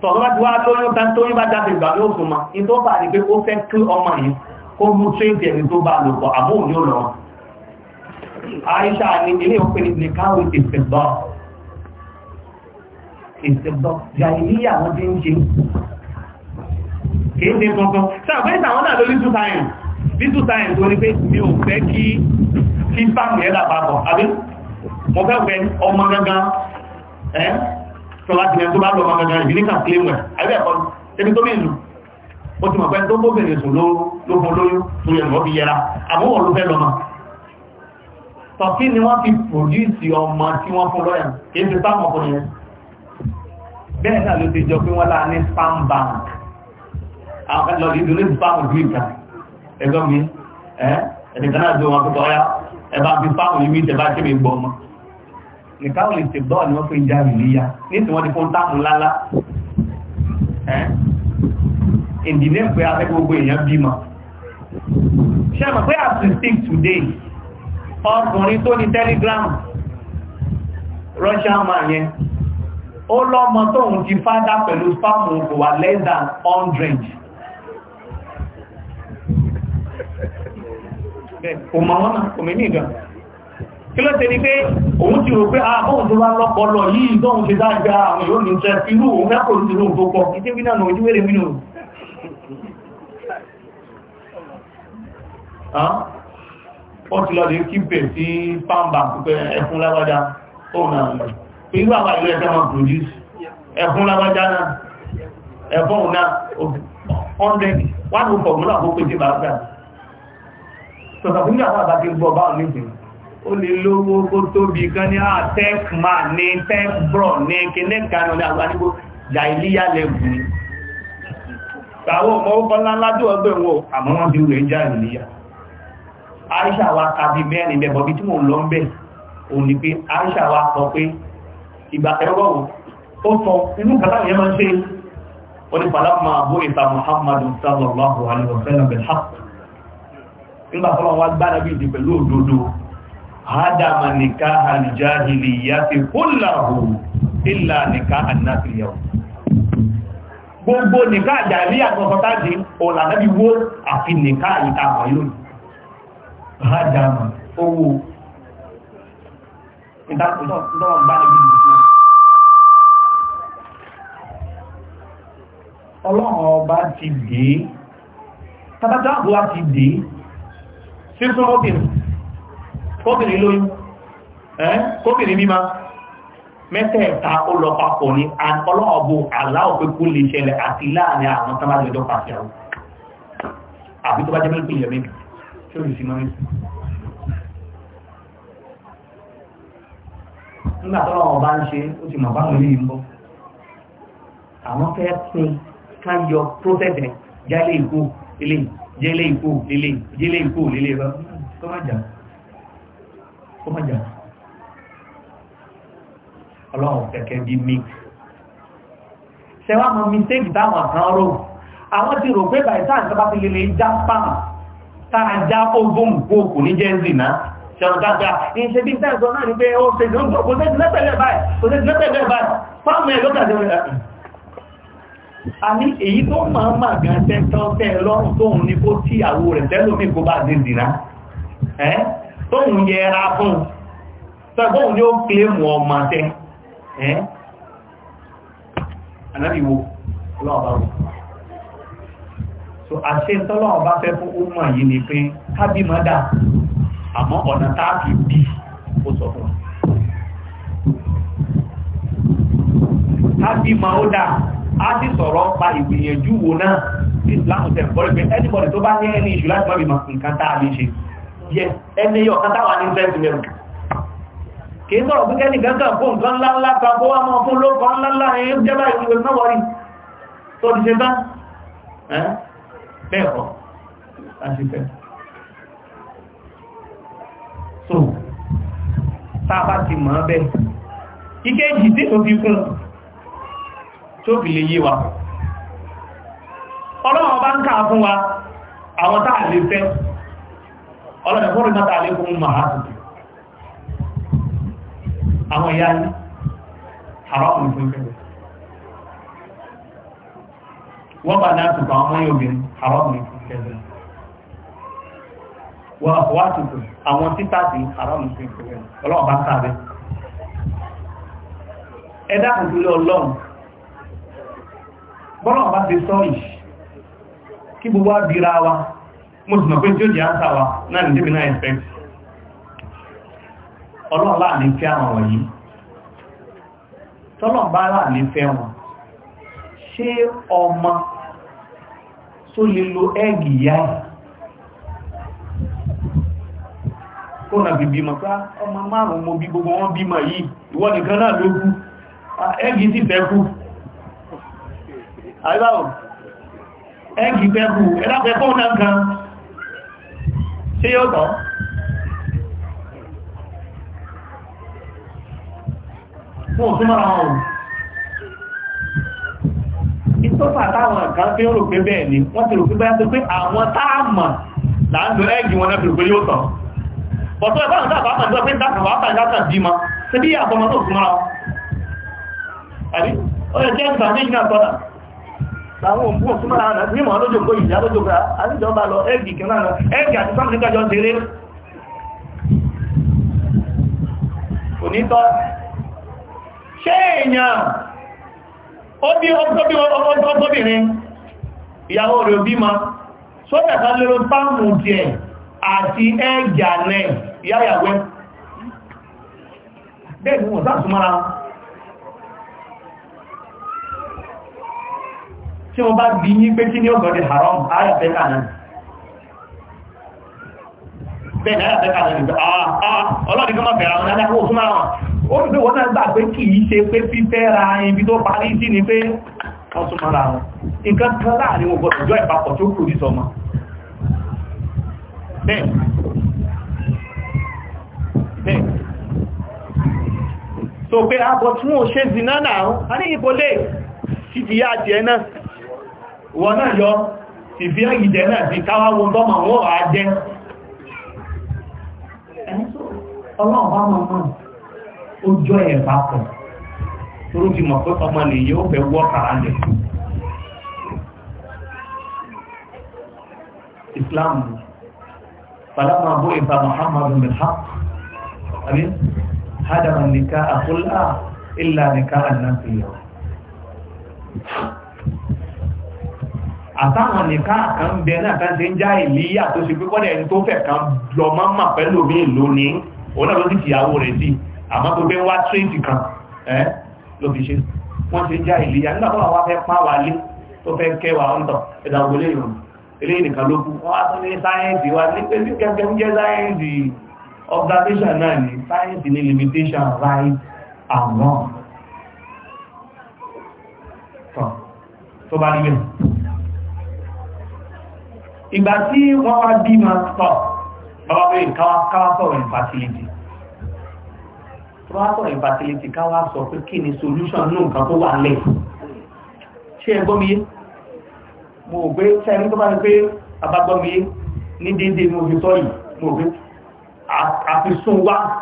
tọ̀rọ̀ bá ti wá lóyún tán tó yín bá jáde ìgbà yóò tó ma in tó bá ní pé ó fẹ́ kí ọmọ yìí kó mú tréńtì ẹni tó bá lò pọ̀ ni ilé òpin ní káwé ìsìnbọ̀ ìsìnbọ̀ jàìlíyà wọn ti ń ṣe kìí ṣe tuntun sàbẹ́ ìtàwọn náà lórí two times bí two times tó ní pé mi ò fẹ́ kí kí fáàmù yẹn dàpapọ̀ àbí tọ́lá ti ẹ tó bá lọ́mọ gangan ìbí níkà kílẹ̀mù ẹ̀ àbẹ́ẹ̀kọ́ ẹni tó mìíràn ó ti mọ̀ pé tó bóbìnrin sùn ló fún lóyún tó yẹ lọ́ fi yẹra àmúwọ̀ ló fẹ́ lọ́mọ tọ́kí ni wọ́n fi pòdúsì ọmọ tí wọ́n fún lọ́yà kìí fi sáàmù ọkùnrin yẹn bẹ́ẹ̀ náà ló ti jọ pé wọ́n láà ní spam bank lọ́dí ìdúró spam gíga ẹgbọ́n mi ẹ̀ẹ́dẹ̀kanáà jọ wọn pẹ́tọ́ ọya ẹ̀bá fi spam yìí mí tẹ̀ bá ṣe mi gbọ́ ọmọ nìkan lè ṣe bọ́ọ̀ ni wọ́n fi ń já ìléyà nítorí wọ́n ti fún táàmù lálá ìdílé pé afẹ́ gbogbo èèyàn bímọ ṣe mọ̀ pé as we speak today ọkùnrin tó ní telegram russian man yẹn ó lọ́mọ tóun ti fádá pẹ̀lú spámù kò wà less than 100 kò mọ̀ wọ́n náà kò mẹ́ ní ìjọ kí ló ṣe ni pé òun ti rò pé ah, àwọn tó bá lọ́pọ̀lọ́ yìí tóun ṣe dájá àwọn yóò ní ṣe irú òun mẹ́kò ní ìlú tó pọ̀ kí tí wínà náà ojúwèrè mínú ó ti lọ́dẹ̀ kí pè sí pàmbà pípẹ́ ẹkùn lágbájá tóun náà pé irú àwọn ìlú ẹ̀fẹ́ wọn produce ẹkùn lágbájá náà ẹ̀fọ́n náà 100 wọ́n ló fọ̀mùlà fún pé tí bàbá ó lè lówó kó tóbi gan ní àà ah, tech man ní tech bro ní kíní kan ní àwọn àdúgbò jà ìlíyà lẹ́bù ni àwọn ọmọ ọkọ̀ ńláńlá tó ọgbẹ̀ wọn àmọ́ wọ́n ti rẹ̀ jà ìlíyà Aisha wa tàbí mẹ́rin bẹ̀bọ̀ bí tí mo lọ ń bẹ̀ òun ni pé Aisha wa sọ ìta Muhammadu sallallahu alaihi wasallam bil haqq nígbà tọ́lọ́ wá gbá nàbí ìdí pẹ̀lú òdodo hadama nikaha aljahiliyati kullahu illa nikaha an-nas al-yawm gbogbo nìká àjàrí àkọsọtájì òlànàbí wó àfi nìká àyíká àwọn yóò rájàmà owó ọlọ́run ọba ti dé tàbátà àbúwá ti dé sí fún obìnrin kóbìnrin lóyún kóbìnrin mímá mẹ́tẹ̀ẹ̀ta ó lọ papọ̀ ní ọlọ́ọ̀bù aláòpépú lè ṣẹlẹ̀ àti láàrin àwọn tánbàjọjọ́ pàṣẹ àwọn àbí tó bá jẹ́ mẹ́rin pìlẹ̀ mẹ́rin tí ó lè sí mọ́ mẹ́rin nígbà tó lọ́wọ́ bá ń ṣe ó ti mọ̀ bá wọn ní ìbọn àwọn fẹ́ pin ká yọ prófẹ́sẹ̀ jálé ìkó lílé jẹ́lé ìkó lílé jẹ́lé ìkó lílé rẹ̀ tó má jà mọ́ kó má jà ọlọ́run kẹ̀kẹ́ bí mix ṣẹwàá mọ mistake táwọn kan rò àwọn ti rò pé bàí sáà ìjọba ti lè lè já pàm tára já ogún gbòòkù ní jẹ́ǹsì náà ṣẹ̀rọ̀ dáadáa ìṣẹ́ bí dáàzọ náà ní pé ó ṣe ìdúró kò sí ìdílẹ́tẹ̀lẹ́ báyìí kò sí ìdílẹ́tẹ̀lẹ́ báyìí àní èyí tó máa máa gan tẹ́tọ́ tẹ́ lọ́rùn tóun ní kó tíyàwó rẹ̀ tẹ́lómi kó bá dé dìrá tóhun yẹ ẹra fún sọ́gbọ́n ni ó kílèmù ọmọ tẹ́ ẹ́ anábìwò lọ́ọ̀bá wò so àṣẹ tọ́lọ́wọ́ bá fẹ́ fún ọmọ yìí ni pé kábí mọ́dà àmọ́ ọ̀nà táàkì bí ó sọ fún kábí mọ́dà á ti sọ̀rọ̀ pa ìgbìyànjú wo náà islam tẹ̀ bọ́rẹ̀ pé anybody tó bá ní ẹni ìṣù láti mọ́bí díẹ̀ ẹni yọ kátàwà ní fẹ́ẹ̀sì mẹ́rin kìí sọ̀rọ̀ pé kẹ́ni gángan fún nǹkan ńláńlá kan kó wá mọ́ fún lókan ńláńlá ẹ̀yẹ jẹ́ báyìí ìwé náà wọ́rí tó ti ṣe tán bẹ́ẹ̀kọ́ láti so sábà ti mọ̀ ọ́ bẹ́ẹ̀ ìkéjì tí tó fi kún tó wa ọlọ́run bá ń kà fún wa àwọn táà lè fẹ́ ọlọ́dẹ̀ fọ́rọ̀ náà tààlé fún mahatu àwọn ìyá ní haramun fún kẹrẹ wọ́n bá náà tukọ̀ àwọn yóòbin haramun fún kẹrẹ wọ́n àfọwà tukọ̀ àwọn títà sí haramun fún kẹrẹ ọlọ́ọ̀bá sáàbẹ̀ ẹ̀dá òjúlé ọlọ́run bọ́lọ̀ bá ti sọ ìṣ kí mo sì mọ̀ pé tí ó jẹ́ ánsà wa náà efe ọlọ́ọ̀lá ní fẹ́ àwọn wọ̀nyí tọ́lọ̀bára ní fẹ́ wọn ṣé ọmọ tó lè lo ẹ́gì yá ẹ̀ kó nà bí pé ah, ọmọ márùn-ún mo bí gbogbo wọn bímọ yìí ìwọ nìkan náà ló kú ẹ́gì ah, sì tí yóò gbọ́n fún òsúnmọ́ àwọn òun ìtọ́fà táwọn kan fi ń rò pé bẹ́ẹ̀ ni wọ́n ti rò pé bẹ́ẹ̀ pé àwọn táàmà láàrín ẹ́gì wọn lẹ́fẹ̀ẹ́ pé yóò tàn bọ̀tọ́ ẹ̀bọ́n tàbí àpàtàkì tó àwọn òbú òtún máa rà ní màá lójòkó ìyá lójòkó àríjọba lọ ẹ́gì kan náà ẹ́gì àti sáàmù nígbàjọ ṣeré onítọ́ ṣé èèyàn ó bí ọgbọ́bìnrin ìyàwó rẹ̀ òbí ma sọ́jà ká lérò páàmù jẹ àti ẹ́gì ànẹ́ ìyá tí wọ́n bá bí ní pé kí ní ọgọ́ di haram ayàfẹ́ta náà bẹ́ẹ̀ náà ayàfẹ́ta ah, ah, náà nígbà ọlọ́rin kọ́ máa fẹ́ra wọn náà ó súnmọ́ wọn ó fi pé wọ́n náà gbà pé kì í ṣe pé fífẹ́ ra ibi tó parí sí ni pé wọ́n súnmọ́ ra wọn nǹkan láàrin wọn gbọ́dọ̀ ìpapọ̀ tó kù so pé abọ̀ ah, tí wọ́n ṣe zìnà náà a ní ìbọlé wọ́n náà yọ ìfí ìjẹ́ náà ti káwàwó tọ́mà wọ́n wà jẹ́ ọlọ́run bá mọ̀ náà ó jọ ẹ̀ bá pọ̀ torí fi mọ̀ pé ọmọ lè yóò fẹ́ wọ́ kàrá lẹ̀ Islam فلما بعث محمد بالحق هدم النكاح كلها إلا نكاح الناس اليوم àtàwọn nìkan kan bẹ náà kan ṣe ń já ìlíyà tó ṣe pé kọ́dẹ̀ ẹni tó fẹ́ kan lọ máa mà pẹ́lú mi lónìí òun náà ló ti tìyàwó rẹ̀ sí àmọ́ tó fẹ́ wá tírèǹtì kan ẹ́ ló fi ṣe wọ́n ṣe ń já ìlíyà nígbà tó wà fẹ́ pa wà lé tó fẹ́ kẹ́ wà ọ̀ǹtọ̀ ẹ̀dà ògbólé ìrùn eléyìí nìkan ló kú wọ́n wá tún ní sáyẹ́ǹsì wa ní pé kẹ́kẹ́ ń jẹ́ sáyẹ́ǹsì observation náà ní sáyẹ́ǹsì ní limitation right and wrong. tó bá rí ìgbà tí wọ́n wá bí ma tọ́ bàbá bẹ́ẹ̀ káwá sọ̀rọ̀ infertility káwá sọ̀rọ̀ infertility káwá sọ pé kí ni solution ní nǹkan tó wà lẹ̀ ṣé ẹ gbọ́mí mo gbé sẹ́yìn tó bá ní pé abágbọ́mí ní dédé mo fi sọ yìí mo gbé àti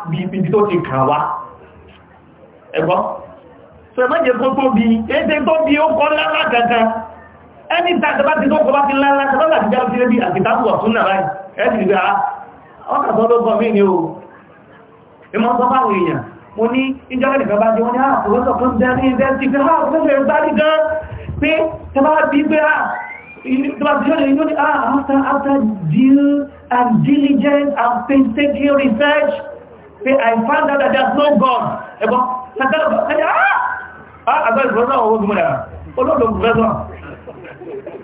bí ibi tó tó bí ó kọ́ lára gangan ẹni tàbí ti tó kọba ti lálá sọ́lá ti jáwọ́ sílé bí àkìtàbù ọ̀tún náà báyìí ẹ̀sì ìgbà ọkàtọ́ ló gọ́ mí ni o ìmọ̀ sọ fáwọn èèyàn mo ní ìjọba nìkan bá jẹ́ wọ́n ní àpòrọ́sọ̀ ah, fún jẹ́ ní ilẹ̀ ti fi hàn fún ẹ̀rọ bá rí gan pé tọba bí pé à tọba tí ó lè yóò ní ah after after due and diligent and painstaking research pé I found out that there's no God ẹ̀bọ́n sàtẹ́lẹ̀ ah, ah àgbẹ̀ ìfọ́sọ̀ owó gbọ́dọ̀ olóòdó professor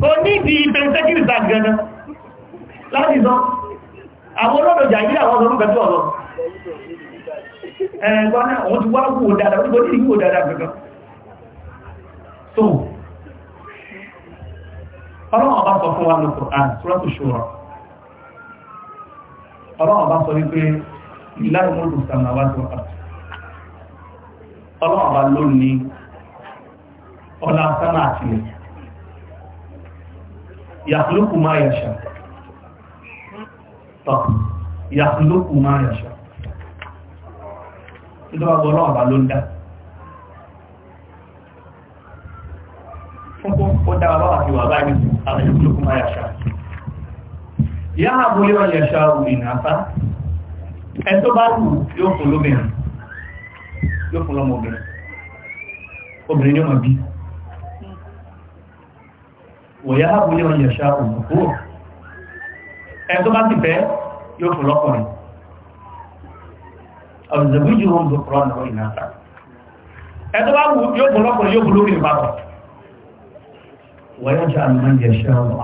tó níbi ìbẹ̀ntẹ́kìrì sàgẹ̀nà láti sọ àwọn olóòdò jàgírí àwọn ọdún pẹ̀tù ọ̀lọ́ ẹgbọ́n àwọn ti wá wò dáadáa wọ́n ti wò dáadáa gbẹ̀gbẹ̀ so ọlọ́wọ́n bá sọ fún wa ní Qur'an Suratu Shura ọlọ́wọ́n bá sọ wípé ìlànà mọ́tò sàmàwá tó ọlọ́wọ́n bá lónìí ọlá sámà àtìlẹ̀ yàtúlùkù máa yàṣà tọ́ yàtúlùkù máa yàṣà tí tó bá gbọ́ lọ́wọ́ bá ló ń dá fúnkún ó dára lọ́wọ́ àti wà báyìí àwọn yàtúlùkù máa yàṣà yá àbúlé wọn yàṣà ìnáfá ẹ tó bá wù yóò fún lóbìnrin yóò fún lọ́mọ obìnrin obìnrin yóò mọ̀ bíi wòyá àbúlé wọn yẹ̀ ṣá òmùkú ẹ̀ tó bá ti fẹ́ yóò fún lọ́kùnrin ọ̀dùnzẹ̀bú jù wọn tó kọ́rọ̀ náà ìnáta ẹ̀ tó bá wù yóò fún lọ́kùnrin yóò fún lórí ìbáwọ̀ wòyá jẹ́ àmì yẹ̀ ṣá òmù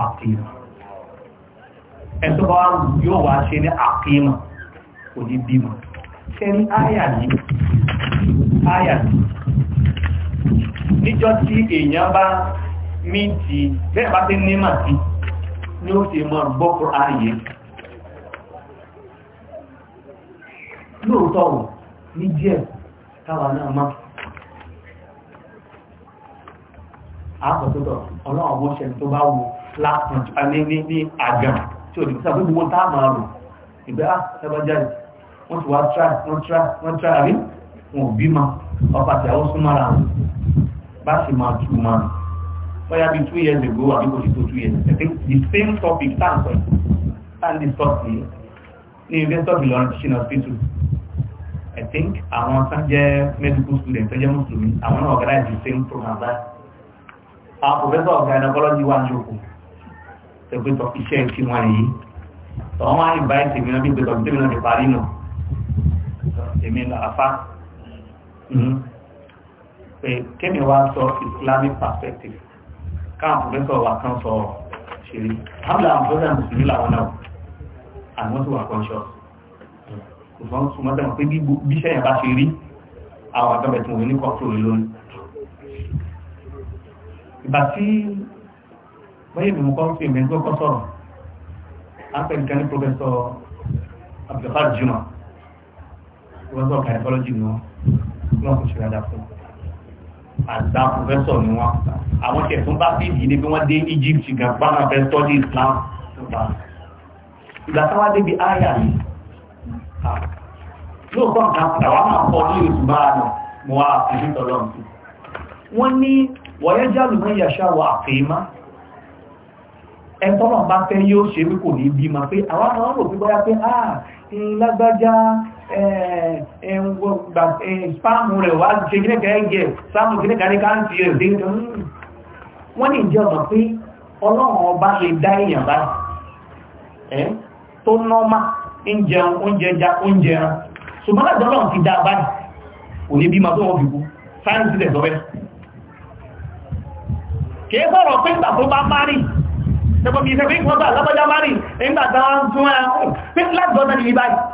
níjọ́ tí èèyàn bá míǹtì bẹ́ẹ̀ bá ti ní màtí ní ó ti mọ̀ gbọ́ fún ààyè lóòótọ́ wọ̀ ní díẹ̀ káwà náà má àpọ̀tọ́tọ̀ ọlọ́run bó ṣẹlẹ̀ tó bá wo lápùn ní àgàn tí ò ní sọ pé gbogbo tá a máa rò ìgbẹ́ á ah, ẹbá jáde wọ́n ti wá tíra wọ́n tíra wọ́n tíra rí wọn bí ma ọ̀pá ó súnmọ́ra bá sì máa tù bóyá bíi two years ago àbí kò sí tó two years i think the same topic tá à and sọ tá à ń discuss yìí ní hospital i think àwọn tán jẹ́ medical students tán jẹ́ mùsùlùmí àwọn organize the same program That our professor of gynecology wà ní òkú tẹ̀gbẹ́tọ̀ iṣẹ́ ìṣí wọn yìí tọ́ wọn á invite èmi náà bí the tẹ́mi náà ti parí the èmi làáfà hmm. pé kémi wá sọ islamic perspective káwọn pẹ̀lẹ́sọ̀ wà kan sọ ṣeré àbúlà àwọn brọ́dà mùsùlùmí làwọn náà àwọn tó wà kọ́ńṣọ́ kò sọ súnmọ́ tẹ́mọ̀ pé bí sẹ́yìn bá ṣe rí àwọn àtọ́bẹ̀ tí wọ́n ní kọ́tò lórí ìgbà tí báyẹ̀ mi kọ́ fi mẹ́ gbọ́kọ́ sọ̀rọ̀ afẹ́nìkan ní fún àgbà pòfẹ́sọ̀ ni wọ́n àwọn tẹ̀ tún bá fíìdì ní bí wọ́n dé Egypt gan gbára fẹ́ tọ́jú Islam ìgbà táwa débi àyà yìí lóòótọ́ nǹkan àwa máa pọ̀ ní oṣù bá nà mo wá àfihàn tọ́lọ́ wọ́n ní wọ́yẹ́ jálù mọ́ ìyàṣà wà àfihàn ẹ̀tọ́lọ̀ bá fẹ́ yóò ṣe wí kò ní bí ma pé àwọn máa ń rò pé bọ́yá ah, ìlágbájá Eh, eh, eh, spáàmù rẹ̀ wá ṣe gínẹ́kà ẹgbẹ̀ spáàmù gínẹ́kà ní káàkiri rẹ̀ dé ìtọ́ hmm. wọ́n ní ìjẹ́ ọ̀nà pé ọlọ́run ọba lè dá èèyàn bá ẹ́ tó nọ́mà oúnjẹ oúnjẹ já oúnjẹ ẹran ṣùgbọ́n láti ọlọ́run ti dá báyìí kò ní bí ma tó wọ́n fi kú sáyẹ́nsì tẹ̀ sọ́bẹ̀ kìí sọ̀rọ̀ pé ìgbà tó bá márì ṣẹ́gbọ́n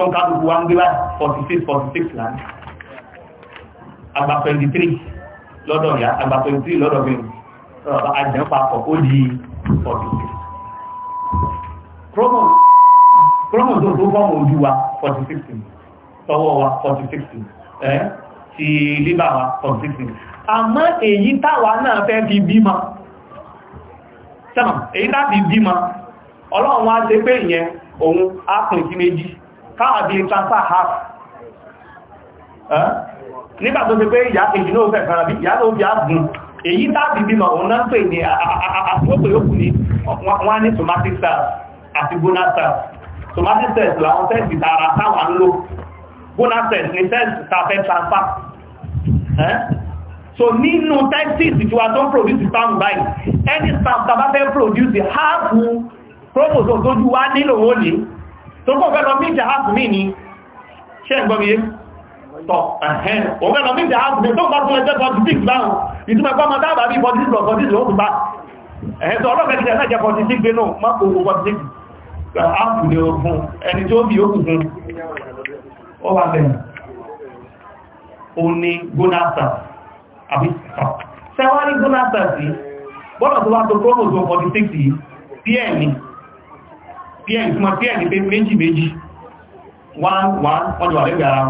tó ń kálukú wá ń gbé láì 46 46 land àgbà 23 lọ́dọ̀ ìyá àgbà 23 lọ́dọ̀ ini. àjẹ́ papọ̀ ó di 46 chromosome tó fọ́mù ojú dua 46 tọwọ́ wa 46 ẹ́ ti líbà wa 46 àmọ́ èyí táwa náà fẹ́ fi bímọ sẹ́mọ̀ èyí tá fi bímọ ọlọ́run wá ṣe pé ìyẹn òun á pín sí méjì 46 káàbí ìtàṣà ha nígbà tó ti pé ìyá kejì náà fẹ́ fara bí ìyá ló bí ágùn èyí tàbí bímọ òun náà pè ní àpòpò yókù ní wọ́n ní somatic cells àti bona cells somatic cells làwọn cells ìtara táwà ń lò bona cells ni cells tàfẹ́ transfer so nínú texas tí wà tó ń produce stamp báyìí any stamp tàbá produce half chromosome tójú wá nílò wọ́n ní tó kọ́ fẹ́ lọ mí jàhásù mí ní ṣe ń gbọ́mí tọ́ ẹ̀hẹ́n òun fẹ́ lọ mí jàhásù mí tó kọ́ fún ẹjẹ́ 46 báhùn ìtumẹ̀ pọ́ máa dábàá bí 46 lọ 46 ló tún bá ẹ̀hẹ́n tó ọlọ́fẹ́ ti ẹ̀sẹ́ jẹ́ 46 gbé náà má kò wọ 46 áàpù ní ogun ẹni tí ó bí ókù fún ó wà bẹ̀rẹ̀ ó ní gónásà àbí sẹ́wọ́n ní gónásà sí bọ́lọ̀ tó wá tó kọ́ pm ìtumọ̀ pm ní pé méjì méjì one one wọ́n jọ wà lẹ́gbẹ̀ẹ́ ara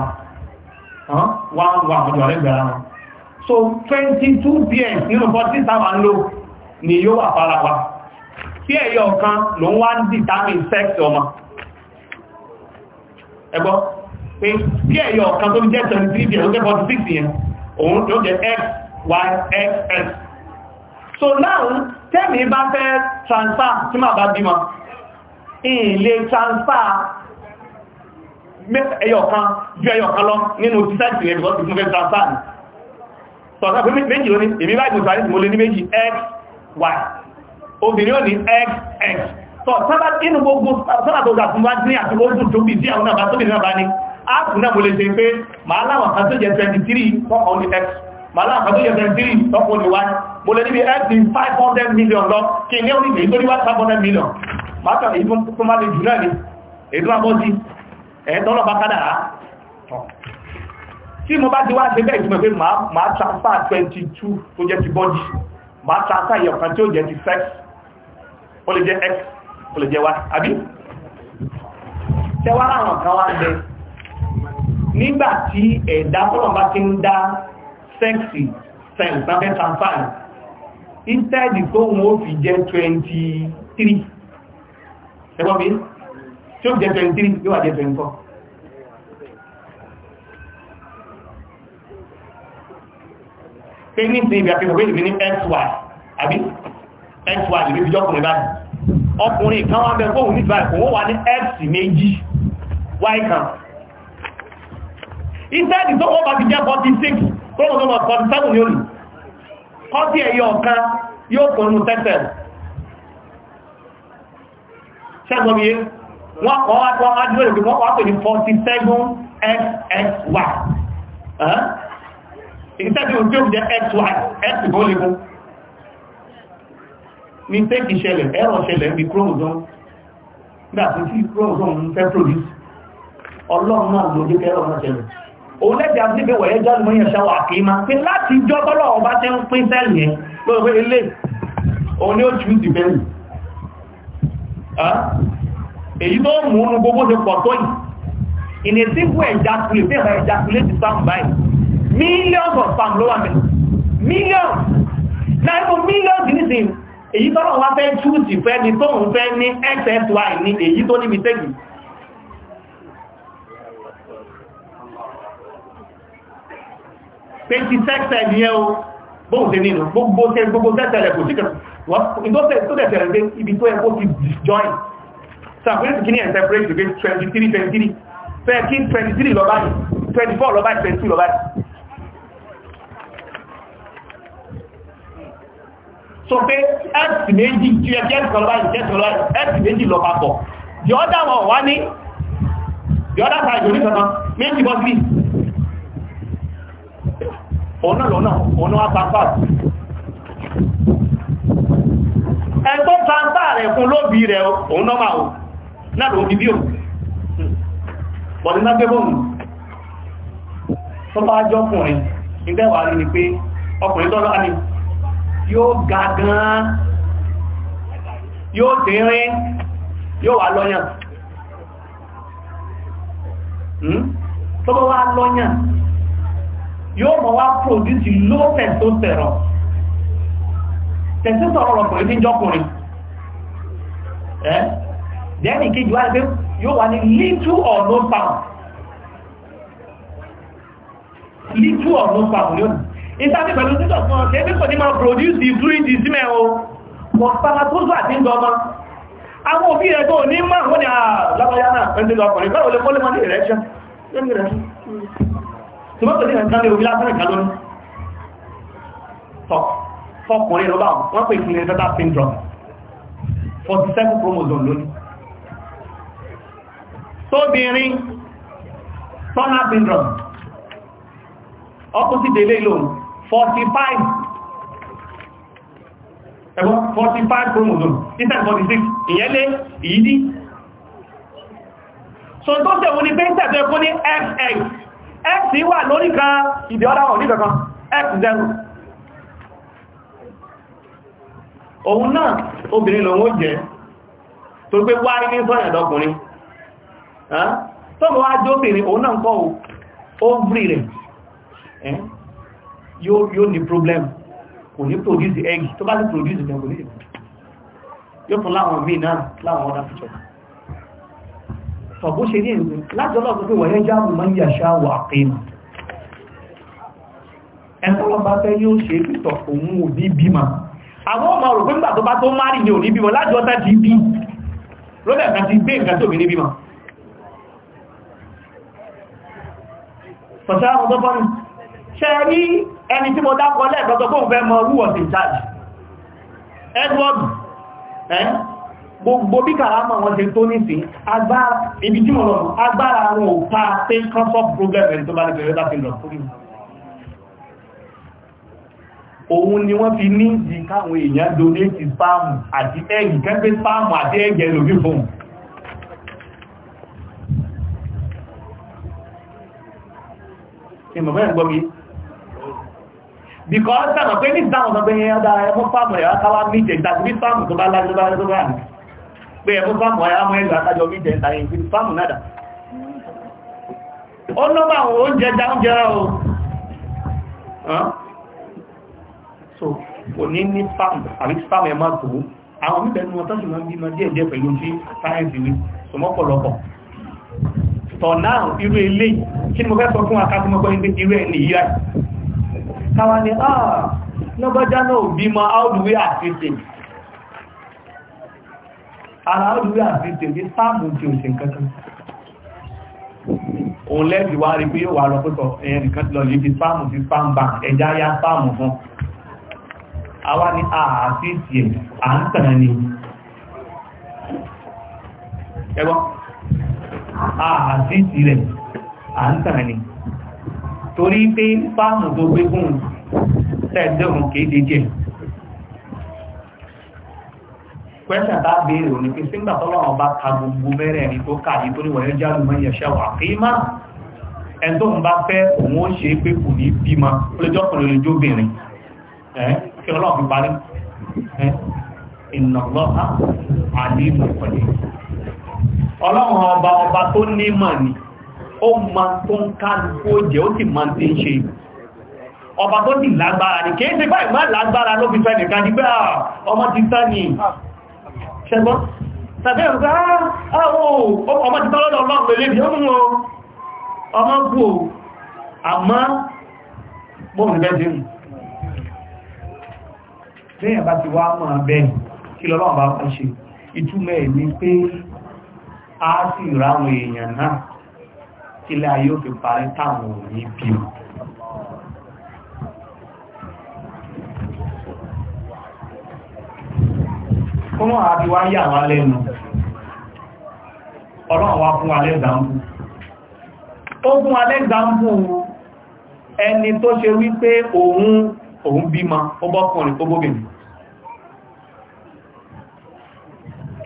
wọn one one wọ́n jọ wà lẹ́gbẹ̀ẹ́ ara wọn so twenty two pm nínú forty seven ló ni yóò wà fara wa tí ẹ̀yọ kan ló ń wá ń determine sex ọmọ ẹgbọ́ pé tí ẹ̀yọ kan tó ń jẹ́ twenty three pm ló jẹ́ forty six yẹn òun ló jẹ́ x y x x so now tẹ́mi bá fẹ́ transfer tí màá bá bímọ le transfer eyokan ju eyokan lọ ninu tíṣẹ́tì rẹ̀ because it's moving transfer ni transfer pé méjì ló ní èmi bá ìgbòsàn àti ìmọ̀lẹ́ ní méjì x y obìnrin x x sọ sábà inú XX. sábà tó gàtún bá ní to ojú tó bí sí àwọn náà bá tóbi náà bá ní áàpù náà mo kan 23 tọ́kọ̀ ní x màá láwọn kan 23 y mo x 500 million pátọ̀ ìbọn tó má lè jù náà ní èdú àbọ́sí ẹ̀ẹ́dọ́lọ́ bá kádà rá tí mo bá ti wá ṣe bẹ́ẹ̀ ìtumọ̀ pé máa transfer 22 tó jẹ́ ti body máa transfer ìyọ̀kan tí ó jẹ́ ti sex ó lè jẹ́ x ó lè jẹ́ y àbí tẹwàá àwọn kan wá bẹ nígbàtí ẹ̀dá tọ́lọ̀ bá ti ń dá sexy sex tàbí transfer instead tó wọ́n fi jẹ́ 23 ẹgbọ́n mi tí ó jẹ́ 23 yóò wà jẹ́ 24 pé ní ìsìn ìbí àfihàn méjì ní xy àbí xy ìbí fi jọ́kùnrin báyìí ọkùnrin kan wá bẹ́ẹ̀ fóhùn nípa ẹ̀kùn ó wà ní x méjì y kan ìsẹ́ẹ̀dì tó wọ́n bá ti jẹ́ 46 tó wọ́n tó lọ 47 ní olù kọ́ sí ẹ̀yọ ọ̀kan yóò kọ̀ọ̀nù tẹ́tẹ̀ẹ̀ ṣẹ́gbọ́n mi yé wọ́n kọ́ wá tó wá dúró ìgbìmọ̀ wá pè ní 47xxy ìtẹ́jú tí ó jẹ́ xy x gó lè fún ní tẹ́kì ṣẹlẹ̀ ẹ̀rọ ṣẹlẹ̀ ní chromosome nígbàtí tí chromosome ń fẹ́ produce ọlọ́run náà ló jẹ́ kẹ́rọ náà ṣẹlẹ̀ òun lẹ́jà sí pé wọ̀yẹ́ jọ́ lóyìn ṣàwà àkíyímá pé láti jọ́ bọ́lọ̀ ọba tẹ́ ń pín sẹ́lì yẹn lórí ilé òun ni ó choose the belly èyí tó mú un gbogbo ṣe pọ̀ tó yìí in a simple ejaculate bí ẹ̀rọ ejaculate ti sáàmù báyìí millions of spam ló wà mẹ́lẹ̀ millions náà ẹ̀kọ́ millions nìsín èyí tọ́lọ̀ wá fẹ́ chúùsì fẹ́ ni tó ń fẹ́ ní xxy ní èyí tó ní mistake pé ti sẹ́ẹ̀sẹ̀ ni ẹ o bóhùn nínú gbogbo ìtọ́sẹ̀ tó dẹ̀ tẹ̀rẹ̀ pé ibi tó ẹkó ti disjoin sàfẹ́sì kí ní ẹ̀ separate 23 23 13 23 lọ báyìí 24 lọ báyìí 22 lọ báyìí so pé x méjì tí ẹ jẹ́ lọ báyìí jẹ́ lọ báyìí x méjì lọ papọ̀ the other one wá ní the other side orí kankan méjì bọ́ sí ọ̀nà lọ́nà ọ̀nà apapá sáńtà rẹ̀ fún lóbi rẹ̀ òun náà máa náà lòun bíbí òun bọ̀dé náà gbébòun tó bá jọ́kùnrin ìgbẹ́wà rí ni pé ọkùnrin tọ́lọ́ ni yóò ga gan yóò dínrín yóò wà lọ́yàn hmm? tó bá wá lọ́yàn yóò mọ̀ wá produce low testosterone testosterone ọkùnrin tí jọ́kùnrin ẹ́ dẹ́nì kejì wá pé yóò wà ní little or no pound little or no pound lónìí ìsáàbí pẹ̀lú títọ̀ fún ọ̀kẹ́ pípọ̀ ní máa produce the fluid semen o wọ́n pàpà tó zọ àti ń gọmọ àwọn òbí rẹ̀ tó ní máa wọ́n ni àlọ́bọ̀yá ah, náà pẹ̀lú ọkùnrin bẹ́ẹ̀ olè fọ́lé mọ́ ní ìrẹ́ṣẹ́ fọkùnrin ló bá wọn pè fún ẹ̀ẹ́dọ́ta syndrome 47 chromosome lónìí tóbìnrin turner syndrome opposite délé lónìí 45 ẹgbọ́n 45 chromosome instead 46 ìyẹ́lé ìyídí so tó tẹ̀wọ́n ní pẹ́ntẹ̀ tó ẹkún ní xx x wà lórí kan ìdí ọ́dá wọn ní kankan x0 òun náà obìnrin lòun ó jẹ́ tó pé wárí ní sọ́yàdọ́kùnrin tọ́bọ̀ wá jóbìnrin òun náà kọ́ ovary rẹ̀ yóò ní problem kò ní produce egg tó bá ti produce egg ní yóò fún láwọn míì náà láwọn ọ̀dá fìjọ tọ̀bọ̀ ṣe ní ìlú lájọ́lọ́ tó pé wọ̀nyẹ́ jáàmù mọ́ yàṣá wà pín ẹ̀kọ́lọ́ bá fẹ́ yóò ṣe pìtọ̀ òun ò ní àwọn ọmọ rò pé nígbà tó bá tó márì ní òní bímọ láti ọ̀tá ti bí lọ́dẹ̀ kan ti gbé nǹkan tó mi ní bímọ pọ̀sá ọmọ tó fọ́nù ṣe rí ẹni tí mo dákọ lẹ́ẹ̀kọ́tọ́ kó Edward gbogbo bí kàrámà wọn ṣe tó nísìn agbára ibi tí mo lọ agbára àwọn problem ẹni tó bá lè bẹ̀rẹ̀ òun ni wọ́n fi ní ìdí káwọn èèyàn donate spáàmù àti ẹ́gì kẹ́gbẹ́ spáàmù àti ẹ́gì ẹlòmí fún ìmọ̀mọ́ ẹ̀gbọ́n mi bíkọ́ sẹ́mọ̀ pé ní ìdáhùn sọ pé yẹn dára ẹmọ́ spáàmù ẹ̀yà káwà mítẹ̀ ìdájú bí spáàmù tó bá lájú bá lọ́gbà ní pé ẹmọ́ spáàmù ẹ̀yà mọ́ ẹ̀yà kájọ mítẹ̀ ìdáyìn fi spáàmù náà ó lọ́bà àwọn oúnjẹ dáúnjẹ rẹ̀ o so kò ní ní spam àbí spam ẹ̀ máa tó àwọn mẹ́bẹ̀ẹ́nu wọn tọ́sí máa ń bímọ díẹ̀ díẹ̀ pẹ̀lú tí sáyẹ̀nsì wí so mọ́pọ̀lọpọ̀ tọ̀ náà irú ilé kí ni mo fẹ́ sọ fún akásímọ́ pẹ́ ní irú ẹ̀ nìyí rẹ̀ káwa ni ah lọ́gbọ́já náà bímọ how do we assist him ara how do we assist him bí spam ti ò ṣe nǹkankan òun lẹ́bí wá rí pé yóò wà lọ pẹ́kọ̀ nìkan lọ lè fi spam ti spam bank ẹja ya spam fún àwa ni àfíìsì ẹ̀ à ń tàn ní ẹgbọ́n àfíìsì rẹ̀ à ń tàn ní torí pé fáàmù tó gbé fún tẹ́ẹ̀dẹ̀rùn kéde jẹ́ pẹ́sẹ̀ bá béèrè òní pé sígbà tọ́lọ́wọ́ bá ka gbogbo mẹ́rẹ̀ ní tó kà nítorí wọ̀nyẹ́ jálù mọ́ ìyẹ̀ṣẹ́ wà kí má ẹn ń bá fẹ́ òun ó ṣe pé kò ní bímọ lójọ́kùnrin lójóbìnrin kí ọlọ́run fi parí ìnàlọ́ àlímù pẹ̀lú ọlọ́run ọba ọba tó nímọ̀ ni ó ma tó ń kálukú jẹ́ ó sì ma ti ń ṣe ọba tó sì lágbára ní kìí ṣe báyìí má lágbára ló fi fẹ́ nìkan nígbà ah, ọmọ ti tán ni ṣẹgbọ́n tàbí ọ̀gá ah, ah, ọmọ ti tán lọ́dọ̀ ọlọ́run lẹ́yìn bá ti wá máa bẹ́ẹ̀ kí lọ́lọ́wọ́ bá wá ṣe ìtumọ̀ ẹ̀ ní pé a sì ráwọn èèyàn náà kí lẹ́ ayé òfin parí táwọn òní bí o kúrò àti wá yà wá lẹ́nu ọlọ́run wá fún alẹ́gbàmù ó fún alẹ́gbàmù ẹni tó ṣe wípé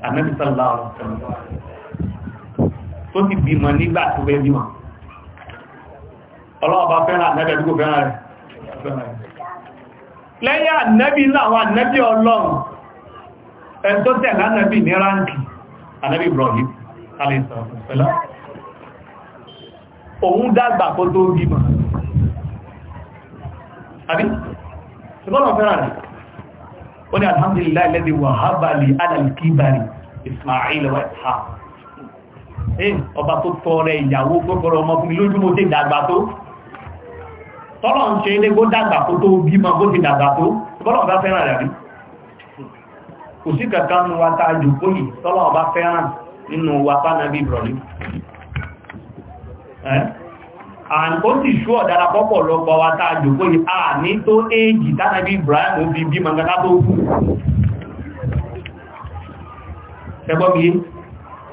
àmẹ́bìsọ́lá ọ̀sán tó ti bímọ nígbà tó bẹ́ bímọ ọlọ́ọ̀bá fẹ́ràn ànẹ́bẹ̀ tó kò fẹ́ràn rẹ̀ lẹ́yìn ànẹ́bì láwọn ànẹ́bì ọlọ́run ẹn tó tẹ̀ lánẹ́bì ní ránkì ànẹ́bì Ibrahim alẹ́sọ̀ọ̀sọ̀lá òun dàgbà kó tó bímọ àbí ṣùgbọ́n fẹ́ràn rẹ̀ ó ní alhamdulillah lẹ́dí Ismail wa Ishaq ọba tó tọrẹ ìyàwó gbọ́gbọ́rọ̀ ọmọkùnrin lójúmọ́ tí dàgbà tó tọ́lọ̀ ń ṣe ilé kó dàgbà tó tó bímọ kó ti dàgbà tó bọ́lọ̀ bá fẹ́ràn rẹ̀ rí kò sí kankan nu wa ta jù kó yìí tọ́lọ̀ bá fẹ́ràn nínú wa fánàbí Ibrahim àǹkó sì ṣú ọ̀dára pọ́pọ̀ lọ́pọ̀ wa ta jù kó yìí à ní tó éèjì tánàbí Ibrahim ó ẹgbọ́n mi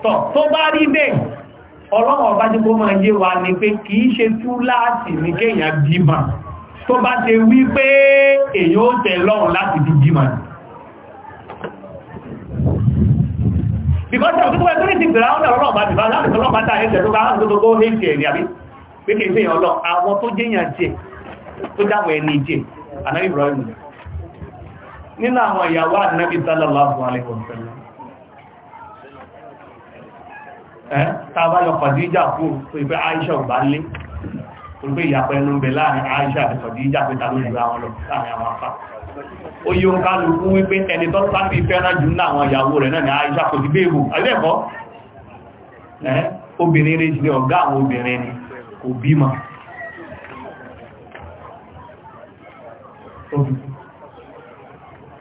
tọ́ tó bá rí bẹ́ẹ̀ ọlọ́run ọba tí kó máa yé wa ni pé kìí ṣe túláàsì ní kéèyàn bímọ tó bá ṣe wí pé èyàn ó tẹ lọ́run láti bí bímọ because ọ̀pọ̀ ẹgbẹ́ ní ti bẹ̀rẹ̀ àwọn ọlọ́run bá bìbá láti ọlọ́pàá tàà ẹ̀ṣẹ̀ tó bá ń gbogbo ẹ̀ṣẹ̀ ẹ̀rì àbí pé kìí ṣe ọlọ́ àwọn tó jẹ́yàn jẹ́ tó dáwọn ẹni jẹ́ anábì Ibrahim nínú àwọn ìyàwó anábì sallallahu alaihi wasallam tàbáyọ̀ Khadija kú ìpé Aisha ò bá lé olùgbé ìyàpọ̀ ẹnu bẹ̀ láàrin Aisha àti Khadija pé tàbí ìlú àwọn lọ láàrin àwọn afá ó yíò kálukú wípé ẹni tó sáfí fẹ́ràn jù ní àwọn ìyàwó rẹ̀ náà ni Aisha kò sí bèèrè alẹ́kọ́ obìnrin rẹ̀ jìlẹ̀ ni kò bímọ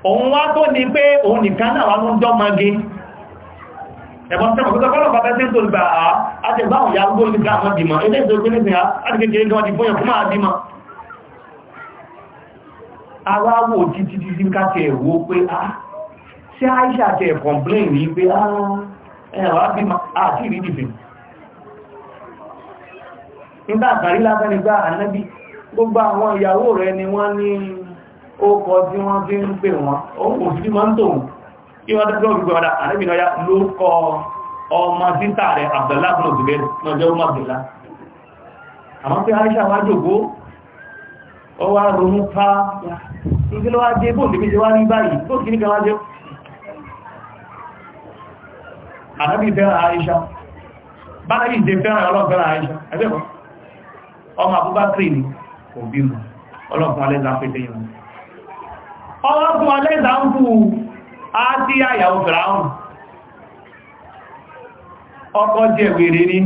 òun wá tó ní pé òun nìkan náà wá ló ń jọ́ mọ́gé ẹ̀bọ̀n tẹ́kọ̀ọ́ tó kọ́lọ̀ bàbá tí ń tó gbà á àti ẹ̀bá òyà gbó ní gbà àwọn dìmọ̀ ilé ìdó gbé nígbà láti kékeré gan di fóyàn fún àdímà ara wò títí títí káàkiri ẹ̀wọ́ pé á sí àìṣà àti ẹ̀kọ̀m̀plẹ̀n rí pé á ẹ̀wà bí àti ìrí dìbì nígbà àtàrí lásán nígbà ànábì gbogbo àwọn ìyàwó rẹ̀ ni wọ́n ní ó kọ tí wọ́n fi ń pè wọ́n ó sí máa kí wọ́n tẹ́gbẹ́ ògbé ọ̀dá àrẹ́bìnà ya ló kọ ọmọ títà rẹ̀ Abdullah fún òdúgbẹ́ náà Abdullah àwọn pé Aisha wá jòkó ọ wá ronú pa ìgbẹ́ lọ́wọ́ jẹ́ bóòdì méjì wá rí báyìí bóòdì ní kan wá jẹ́ àrẹ́bì fẹ́ràn Aisha báyìí jẹ́ fẹ́ràn ọlọ́fẹ́ràn Aisha ẹgbẹ́kọ́ ọmọ Abubakar ni òbí mọ̀ ọlọ́fún alẹ́zà pẹ̀lẹ́ yìí ọlọ́fún alẹ́zà ń fún á dí fìràún ọkọ jẹ́ wèrè ní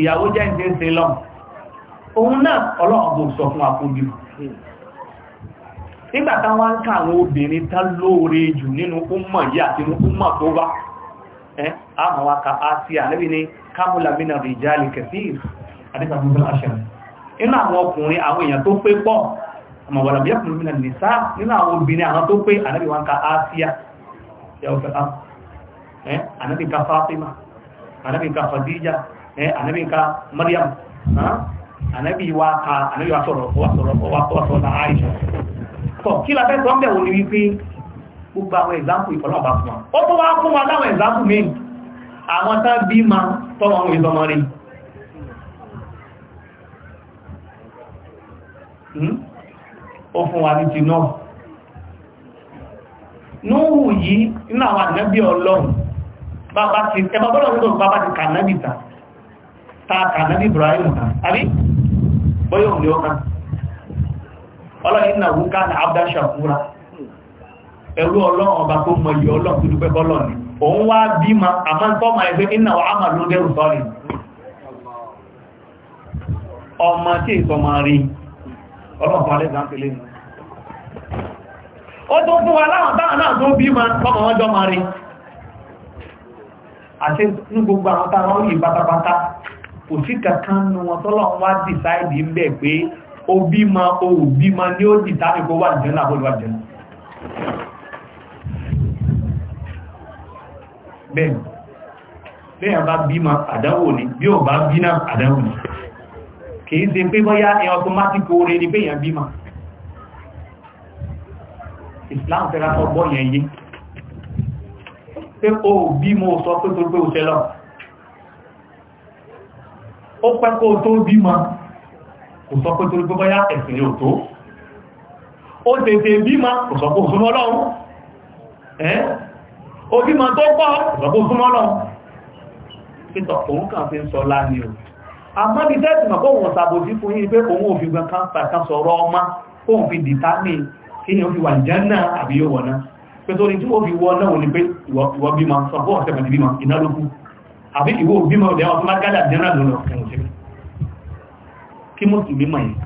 ìyàwó jẹ́ lọ òun náà sọ fún àpójú nígbàtá wá ń ká àwọn obìnrin tá lóore jù nínú ọmọ yìí àti ọmọ tó bá wa ka àti àlẹ́bí ní kámúlà mínà kẹfíìr àdíkàtúntà inú àwọn ọkùnrin àwọn èèyàn ọmọ wọ̀lá bí ẹkùnrin mìíràn nìsá nínú àwọn obìnrin àwọn tó pé ànábì wọn ka áṣíà yàwùfẹ́ta ànábì ka Fátímà ànábì ka Khadija ànábì ka Maryam ànábì wa ka ànábì wa sọ̀rọ̀ wa sọ̀rọ̀ wa sọ̀rọ̀ na Aisha tọ̀ kí la fẹ́ sọ́n bẹ̀ wò ní wípé gbogbo àwọn ẹ̀zámpù ìfọ̀lọ́ ọba fún wa ó tó wá fún wa láwọn ẹ̀zámpù mi àwọn tán bí ma tọ́wọ́ àwọn ìtọ́mọ rí ó fún wa ní ti náà núhù yìí nínú àwọn ànábí ọlọ́run bàbá ti ẹbà bọ́lọ̀ ń bàbá ti kànábì ta ta kànábì Ibrahim ta àbí bọ́yọ̀ òní ọ̀ká ọlọ́rin náà wúká ní abdáṣàkúra ẹ̀rú ọlọ́run ọba tó ọlọ́run ọmọ tí ọlọ́pàá lẹ́sà ń tẹ̀lé nù tó fún wa láwọn táwọn náà tó bí máa tọ́mọ̀ wọ́n jọ máa rí àti ní gbogbo àwọn táwọn yìí pátápátá kò sí kankan wọn tọ́lọ̀ wá ń bẹ̀ pé ma ní ó kó wà jẹ́ kìí ṣe pé bọ́yá ẹ ọtọmátìkò orin ni pé èyàn bímọ Islam fẹ́ra ọgbọ́ yẹn yé pé o bí mo sọ pé tó pé òṣẹ́ lọ ó pẹ́ kó tó bímọ kò sọ pé tó pé bọ́yá ẹ̀sìn yóò tó ó tètè bímọ kò sọ pé òṣùmọ́ lọ́run ẹ́ ó bímọ tó pọ̀ kò sọ pé òṣùmọ́ lọ́run pẹ́tọ̀ òun kàn fi àmọ́ ní dẹ́ẹ̀tì mọ̀ bóhun ṣàbòsí fún yín pé òun òfin gan kan pàtàkì sọ̀rọ̀ ọmọ fóhun fi dìtàmì kí ni ó fi wà jẹ́nà àbí yóò wọ̀ná pé torí tí ó fi wọ́ náà ní pé ìwọ bímọ sọ̀pọ̀ ọ̀sẹ̀ pẹ̀lú bímọ iná ló kú àbí ìwọ bímọ ọ̀dẹ̀ ọmọ gádà jẹ́nà lọ́nà kí mo sì mímọ̀ yìí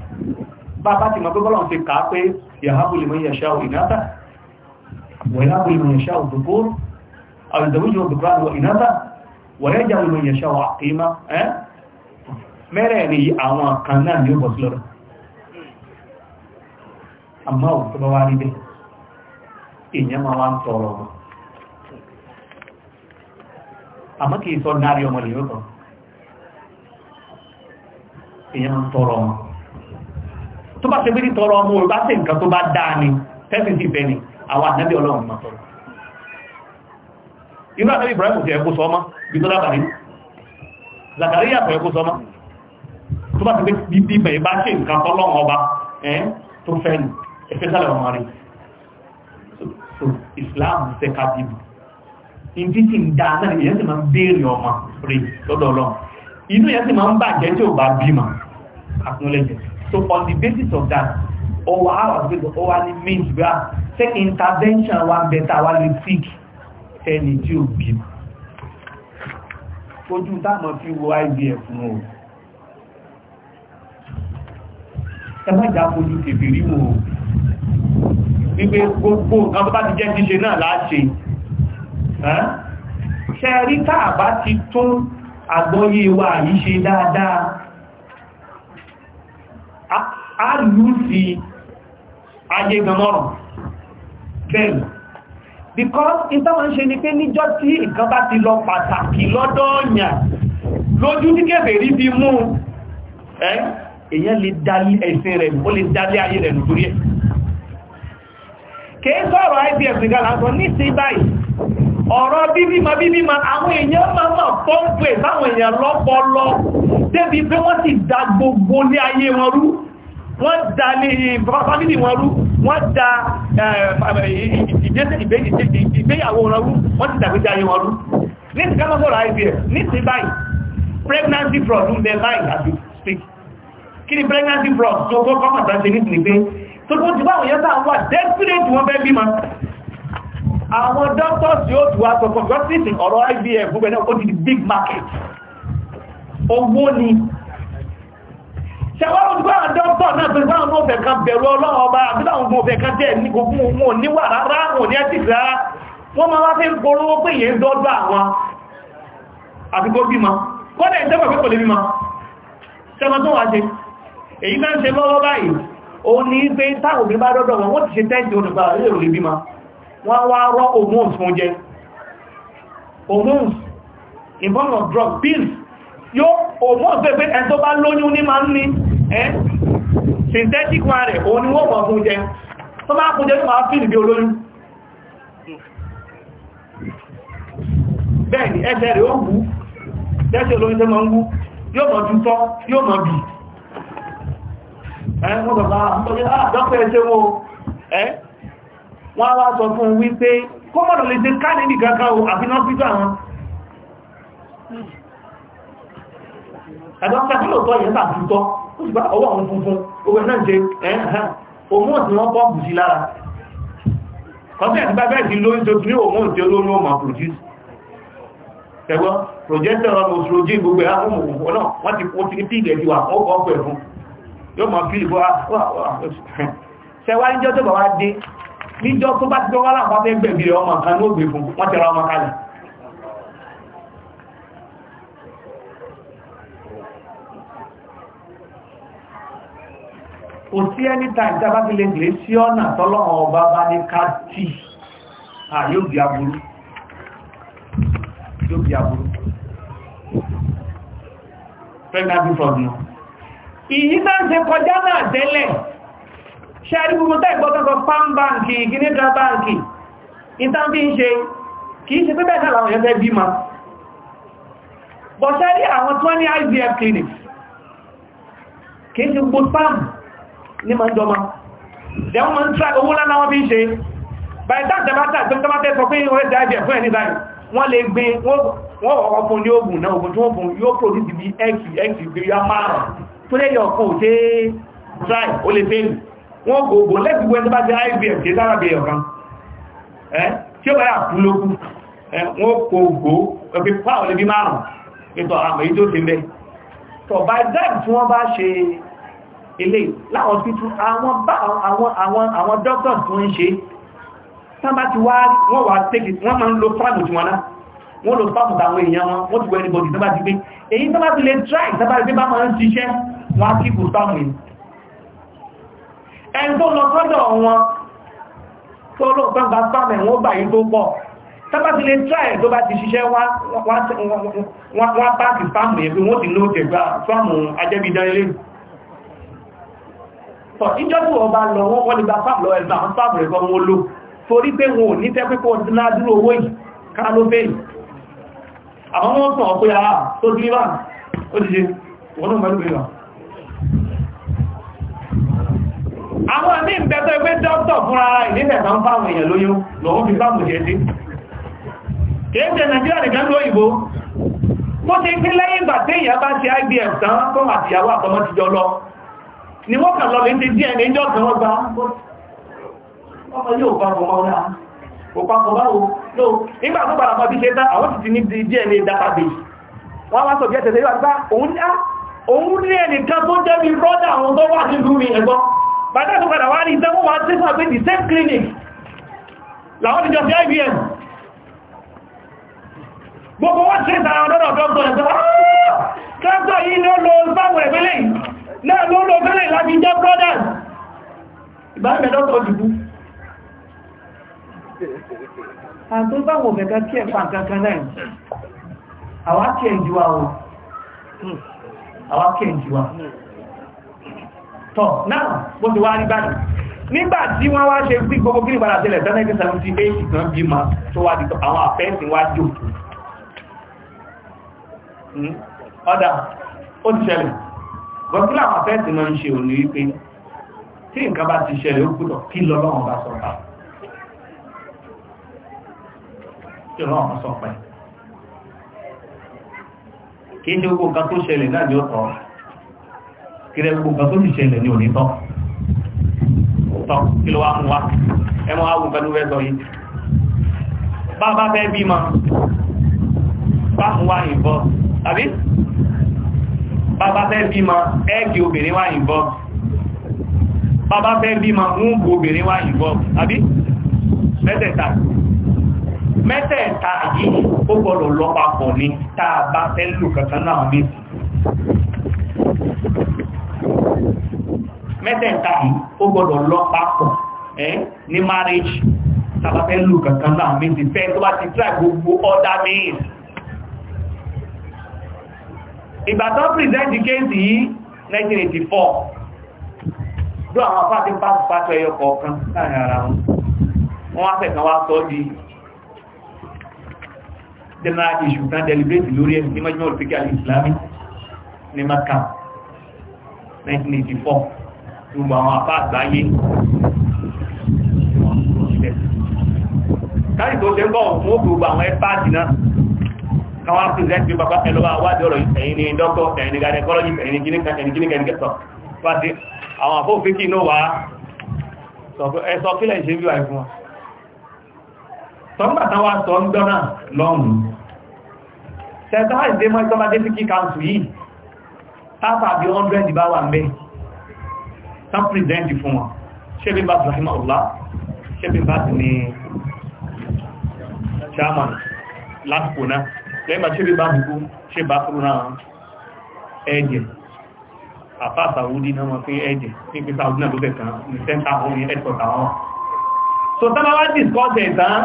bàbá ti mọ̀ pé bọ́lọ̀ ti kà á pé yàhábùlì mọ̀ yẹ̀ṣà ò ìnáta wọ̀yàhábùlì mọ̀ yẹ̀ṣà ò dùkúrú àrùdàwùjọ mẹ́rẹ̀ẹ̀rin àwọn kan náà ni ó bọ̀ sí lọ́rọ̀ àmọ́ ò tó bá wá níbẹ̀ èèyàn máa wá ń tọrọ ọmọ àmọ́ kìí sọ náàrí ọmọ lè yóò èèyàn máa ń tọrọ ọmọ tó bá ṣe bí ní tọrọ ọmọ òbá sí nǹkan tó bá dáa ni tẹ́sì sí bẹ́ẹ̀ ni àwọn ànábì ọlọ́run máa tọrọ irú ànábì Ibrahim kò sí ẹkú sọmọ bí tó dábàá tó bá ti pé bíbí bẹ̀rẹ̀ bá ṣe nǹkan tọ́lọ́wọ́ ọba tó fẹ́ nù ẹ̀fẹ́ sálẹ̀ ọmọ rẹ̀ so Islam fẹ́ ká bíbí ìdí tí ń da náà ìyẹn sì máa ń béèrè ọmọ rẹ̀ lọ́dọ̀ ọlọ́run so on the basis of that ọwọ́ hours wey go ọwọ́ ní means bra ah, ṣe intervention wa better wa lè sick ẹni tí ò bímọ ojú táwọn fi wo IVF mú ẹmọ́jà fojú kèfèrí wò wípé gbogbo nǹkan tó bá ti jẹ́ ṣíṣe náà láṣe ṣe rí káàbá ti tún àgbọ́yé wa yìí ṣe dáadáa a lù sí ayé ganmọ́rọ̀ bẹ́ẹ̀ because ìtàwọn ṣe ni pé níjọ́ tí nǹkan bá ti lọ pàtàkì lọ́dọ́ọ̀yàn lójú ní kèfèrí bí mú ẹ́ èyàn lè dalí ẹ̀sìn rẹ̀ ó lè dalí ayé rẹ̀ lórí ẹ̀ kìí sọ́rọ̀ ibs nìkan lásán ní sí báyìí ọ̀rọ̀ bíbímọ bíbímọ àwọn èèyàn máa máa pọ́ǹpù ẹ̀ sáwọn èèyàn lọ́pọlọ débi pé wọ́n ti da gbogbo ní ayé wọn rú wọ́n da ní fámílì wọn rú wọ́n da eh, ìgbéyàwó wọn rú wọ́n ti dàgbéjá ayé wọn rú ní sí kámọ́sọ̀rọ̀ ibs ní sí báyìí pregnancy fraud ń bẹ báyìí àti kí ni pregnancy block tó kó kọ́mọ̀ tán ṣe nítorí pé tó kó ti báwọn yẹn sáà wà desperate wọ́n fẹ́ bímọ àwọn doctors yóò tù wá sọ̀kọ̀ gọ́sìtì ọ̀rọ̀ IVF gbogbo ẹ̀ náà ó ti di big market owó ni ṣẹwọ́n gbọ́ àdọ́gbọ́ náà tó gbọ́n mọ́ fẹ́ kan bẹ̀rù ọlọ́wọ́ ọba àbíláwọn mọ́ fẹ́ kan tẹ́ ní gbogbo wọn níwà rárá wọn ní ẹ́tì rárá wọ́n máa wá fẹ́ ń polówó pé yẹn dọ́dọ́ àwọn àbígbó bímọ kọ́dẹ̀ ìjọba pẹ́pẹ̀lẹ̀ bímọ ṣẹmọ́ tó wá ṣe èyí náà ṣe lọ́wọ́ báyìí o ní pé táwọn òbí bá dọ́dọ̀ wọn wọ́n ti ṣe tẹ́ǹtì olùgbà ilé òlè bímá wọ́n wá rọ́ hormones fún jẹ hormones in form of drug pills yóò hormones pé pé ẹ tó bá lóyún ní máa ń ní ẹ́ synthetic wọn rẹ̀ o ni wọ́n pọ̀ fún jẹ tó bá fún jẹ ní máa fíìlì bí olóyún bẹ́ẹ̀ ni ẹsẹ̀ rẹ̀ ó wú lẹ́sẹ̀ olóyún tẹ́ máa ń wú yóò mọ̀ tutọ́ yóò mọ̀ bìí Ah, wọ́n bàbá àtọ́jú àdọ́pẹ́ ẹjẹ́ wo wọ́n wá sọ fún wípé kó mọ́dọ̀ lè ṣe ká níbi kankan o àfi náà pítà wọn àdọ́pẹ́ tí lò tọ́ yẹn tà tutọ́ ó sì bá ọwọ́ àwọn funfun owó náà jẹ òmú ọ̀sìn wọn pọ́ọ̀pù sí lára kọ́sẹ̀ àti bábẹ́ ti lóyún tó ní òmú ọ̀sìn olóòrùn ọmọ produce ẹ̀gbọ́n projector ọmọ òṣèlú gbogbo ẹ̀ yóò mọ̀ fílì bọ́ ah, ṣẹwà níjọ́ tó bà wá dé níjọ́ tó bá ti gbọ́ wá láàpá fẹ́ gbẹ̀bí rẹ̀ ọmọ kan ní ògbè fún wọ́n ti ra ọmọ kalẹ̀ kò sí ẹni tàìtà bá fi lè gbé sí ọ̀nà tọ́lọ́wọ́ ọba bá ní ká tí ah, yóò bí aburú yóò bí aburú pregnancy fraud náà ìyí náà ṣe kọjá náà tẹ́lẹ̀ ṣe àrígbogbo tẹ́gbọ́tọ́kọ̀ pan báǹkì gínígà báǹkì ìtàbí ń ṣe kìí ṣe pẹ́bẹ̀ náà làwọn ẹgbẹ́ bí ma bọ̀ ṣe IVF clinic kìí ṣe gbogbo spam ní ma dẹ̀wọ́n ma ń tra owó ń ṣe by that IVF wọ́n lè gbé wọ́n ọkọ̀ fún ní ogun náà ogun tí wọ́n fún yóò produce bí x x ya márùn tó lè yọ ọkọ̀ òṣè try ó lè fẹ́lù wọ́n gbogbo lẹ́gbogbo ẹni bá ti ibf tí sára bèèrè ọ̀kan tí ó bá yà fún lókú wọ́n kò gbò ẹgbẹ́ pàà olè bí márùn ètò àmà èyí tó ti mẹ́ tọ̀ bá dẹ́m tí wọ́n bá ṣe ilé láwọn títú àwọn dọ́kítọ̀ tí wọ́n ń ṣe tán bá ti wá wọ́n wá tẹ́kì wọ́n máa ń lo fáàmù tí wọ́n ná wọ́n lo fáàmù tàwọn èèyàn wọn wọ́n ti wọ ẹni bọ̀dì tán bá ti gbé èyí tán bá ti lè try tán bá ti gbé bá máa ń ṣiṣẹ́ lákìbù táwọn ẹni tó lọ sọ́dọ̀ wọn tó lọ gbọ́gbà sáàmẹ̀ wọ́n bà yí tó pọ̀ tábà ti lè tráì tó bá ti ṣiṣẹ́ wọ́n pàtì sáàmù ẹ̀bí wọ́n ti lóòtẹ̀ gbà sáàmù ajẹ́bìdánilé àwọn wọ́n sàn ọ̀pẹ́ ara tó gírí ó ti wọ́n náà mẹ́lú àwọn àmì ìbẹ̀tọ̀ ẹgbẹ́ dọ́kítọ̀ fún ara ìdílẹ̀ máa ń fáwọn èèyàn lóyún lòun fi fáwọn jẹ́ sí kéèkè nàìjíríà nìkan ló ìbò mo ti pín lẹ́yìn ìgbà tí èèyàn bá ṣe IVF tán fún àtìyàwó ti jọ lọ ni wọ́n kàn lọ lè ti bàtà tó padà wá ní ìtẹ́wọ́ wá tí fún àpéjì same clinic làwọn ìjọ sí IBM gbogbo wọ́n tí ìtara ọ̀dọ́dọ̀ dọ́gbọ̀ ẹ̀sọ́ ah! kẹ́kọ̀ yìí ló lo sáwọn ẹ̀fẹ́lẹ̀ náà ló lo fẹ́lẹ̀ láti jẹ́ brothers ìbámẹ́dọ́tọ̀ dùdú àtúbáwọ̀ mẹ́ta tí ẹ̀fà kankan náà àwákẹ́ ìjúwà tọ̀ náà bó ti wá rí báyìí nígbà tí wọ́n wá ṣe sí gbogbo kí nígbàdà tẹ́lẹ̀ tẹ́lẹ̀ tẹ́lẹ̀ tẹ́lẹ̀ tí èyí kan bí ma tó wá dìtọ̀ àwọn àfẹ́ǹsì wá jò hmm? ọ̀dà ó ti ṣẹlẹ̀ gọ́gílà àwọn àfẹ́ǹsì máa ń ṣe òní wípé tí nǹkan bá ti ṣẹlẹ̀ ó kúrò kí lọ́lọ́run bá sọ pa kí lọ́lọ́run sọ pa kí ní gbogbo nǹkan tó ṣẹlẹ̀ náà ni ó tọ́ ìrẹ́pù kan tó sì ṣẹlẹ̀ ní òní tán tán kí ló wá fún wa ẹmọ àwọn pẹ̀lú rẹ̀ sọ yìí bàbá fẹ́ bímọ báhùn wá ìbọ́ tàbí bàbá fẹ́ bímọ ẹ́gì obìnrin wá ìbọ́ bàbá fẹ́ bímọ múùbù obìnrin wá ìbọ́ tàbí mẹ́tẹ̀ẹ̀ta mẹ́tẹ̀ẹ̀ta yìí ó gbọ́dọ̀ lọ papọ̀ ní tàbá fẹ́ lù kankan náà ní mẹ́tẹ̀ẹ̀ta yìí ó gbọ́dọ̀ lọ papọ̀ ẹ́ ní marriage sàbàfẹ́ lù kankan náà mi ti fẹ́ tó bá ti try gbogbo other means ìgbà tó present the case yìí 1984 ló àwọn afá ti pàtó pàtó ẹyọ kọ̀ọ̀kan láàrin ara wọn wọ́n wá fẹ̀kan wá sọ di general issue kan deliberate lórí ẹ̀ ní mọ́júmọ́ olùfikẹ́ al-islami ní Maka 1984 gbogbo àwọn apá àgbáyé káyì tó ṣe ń bọ̀ fún gbogbo àwọn ẹ́pàtì náà káwọn á pèsè pé bàbá ẹ lọ́wọ́ àwádìí ọ̀rọ̀ ẹ̀yin ni dọ́kọ̀ ẹ̀yin ni gynecology ẹ̀yin ni kíníkà ẹ̀yin kíníkà ẹ̀yin kẹsọ̀ pàṣẹ àwọn àfófin kì náà wà ẹ sọ kílẹ̀ ṣe bí wà fún wa sọ́gbà táwa sọ ìtọ́mọdé sí kí kàǹtù yìí tábà bí 100 bá wà mẹ́rin tán pírẹsẹ̀ntì fún wọn ṣẹ́bí bá rahimah allah ṣẹ́bí bá ti ní chairman lásìkò náà lẹ́gbà ṣẹ́bí bá gbogbo ṣe bá fúrú náà ẹ̀jẹ̀ àfá sàúdí náà wọ́n fi ẹ̀jẹ̀ ní pípa ọdún náà ló bẹ̀ kan ní sẹ́ńtà àwọn ní wọn so tánà wá discourse ẹ̀tàn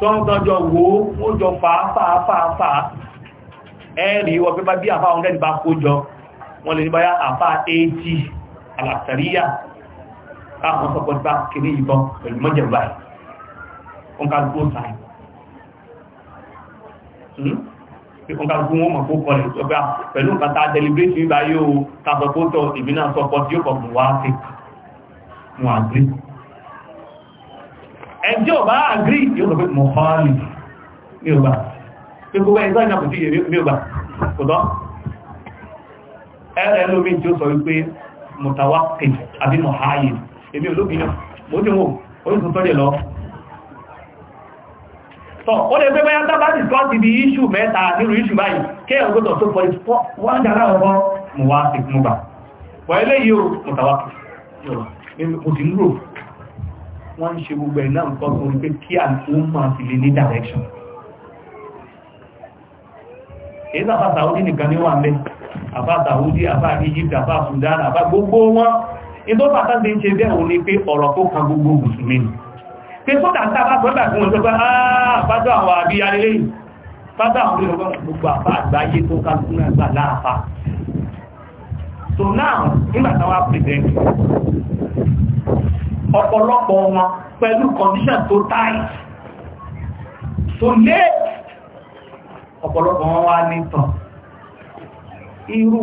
tó ń tọ́jọ wo ó jọ fàáfàáfàá ẹ̀rí wọ́n pípa bí àfá 100 bá kó jọ wọ́n lè àlàsàríyà káàkiri sọ pọ̀lú bá kéré ìbọn pẹ̀lú mọ́jẹ̀ báyìí òǹkàlùkù sáì òǹkàlùkù wọn mọ̀ kó kọlẹ̀ ìjọba ah, pẹ̀lú nǹkan tá a deliberate nígbà yóò tàbọ̀ kó tọ̀ ìbí náà sọ pọ̀ tí ó kọ̀ọ̀mù wá sí wọn àgbé ẹjọ́ bá àgbé yóò sọ pé mọ̀ hálì ní ọba pé gbogbo ẹjọ́ ìnàkùtì yèrè ní ọba kò tọ́ ẹ̀rẹ́ lómi tí ó sọ wípé mọ̀tàwákì àbí mọ̀háyì èmi olóbìnà mo dìmò orísun tó lè lọ tọ́ ó lè pẹ́pẹ́ yáta bá dìkọ́ ti di iṣù mẹ́ta nínú iṣù báyìí kéèyàn gbọ́dọ̀ tó pọ̀ wọ́n dára ọmọ mọ̀wákì mú bà wọ́n ilé yìí o mọ̀tàwákì mo ti ń rò wọ́n ń ṣe gbogbo ẹ̀ náà nǹkan tó pé kí àti máa fi lè ní direction èyí sábà sàúdí nìkan ní wà mẹ́ta àbá Saudi àbá Egypt àbá Sudan àbá gbogbo wọn ìdó bàtà ti ń ṣe bẹ́ẹ̀ ò ní pé ọ̀rọ̀ tó kan gbogbo mùsùlùmí ni pé sódà ń sábà gbọ́dà fún wọn sọgbà ah, àbájọ àwọn àbí alẹ́lẹ́ bàbá àwọn so now nígbà táwa present ọ̀pọ̀lọpọ̀ wọn pẹ̀lú condition tó tight tó lé ọ̀pọ̀lọpọ̀ wọn wá ní tán irú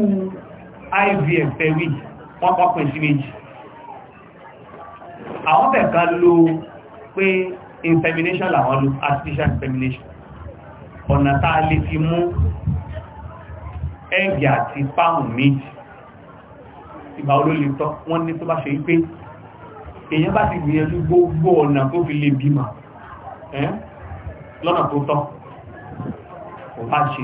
IVF fẹ́rí wọ́n pọ́pẹ́ sí méjì àwọn bẹ̀ẹ̀ká ló pé insemination làwọn ló artificial insemination ọ̀nà táa lè fi mú ẹ̀gì àti páhùn méjì ìgbà olóòlè tọ́ wọ́n ní tó bá ṣe wípé èyàn bá ti gbìyànjú gbogbo ọ̀nà tó fi lè bímọ lọ́nà tó tọ́ kò bá ṣe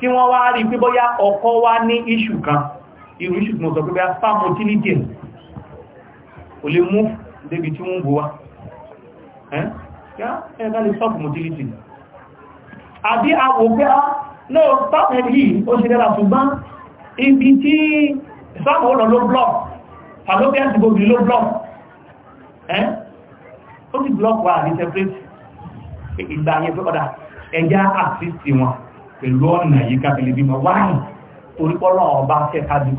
tí wọ́n wá rí pé bóyá ọkọ wá ní iṣù kan irú iṣù mọ̀ sọ pé bóyá fámotílìdì ò lè mú débi tí wọ́n bó wá ẹ̀ẹ́gbá lè sọ́pù motility àbí àwògbé á náà sáàpù block tàbí ẹ̀sì gbogbo block ẹ́ ó ti block wà ní separate ìgbà yẹn fẹ́ ọ̀dà ẹja àti wọn pẹ̀lú ọ̀nà yìí káfílẹ̀ bímọ wáhùn torí pọ́lọ̀ ọba tẹ́ta bí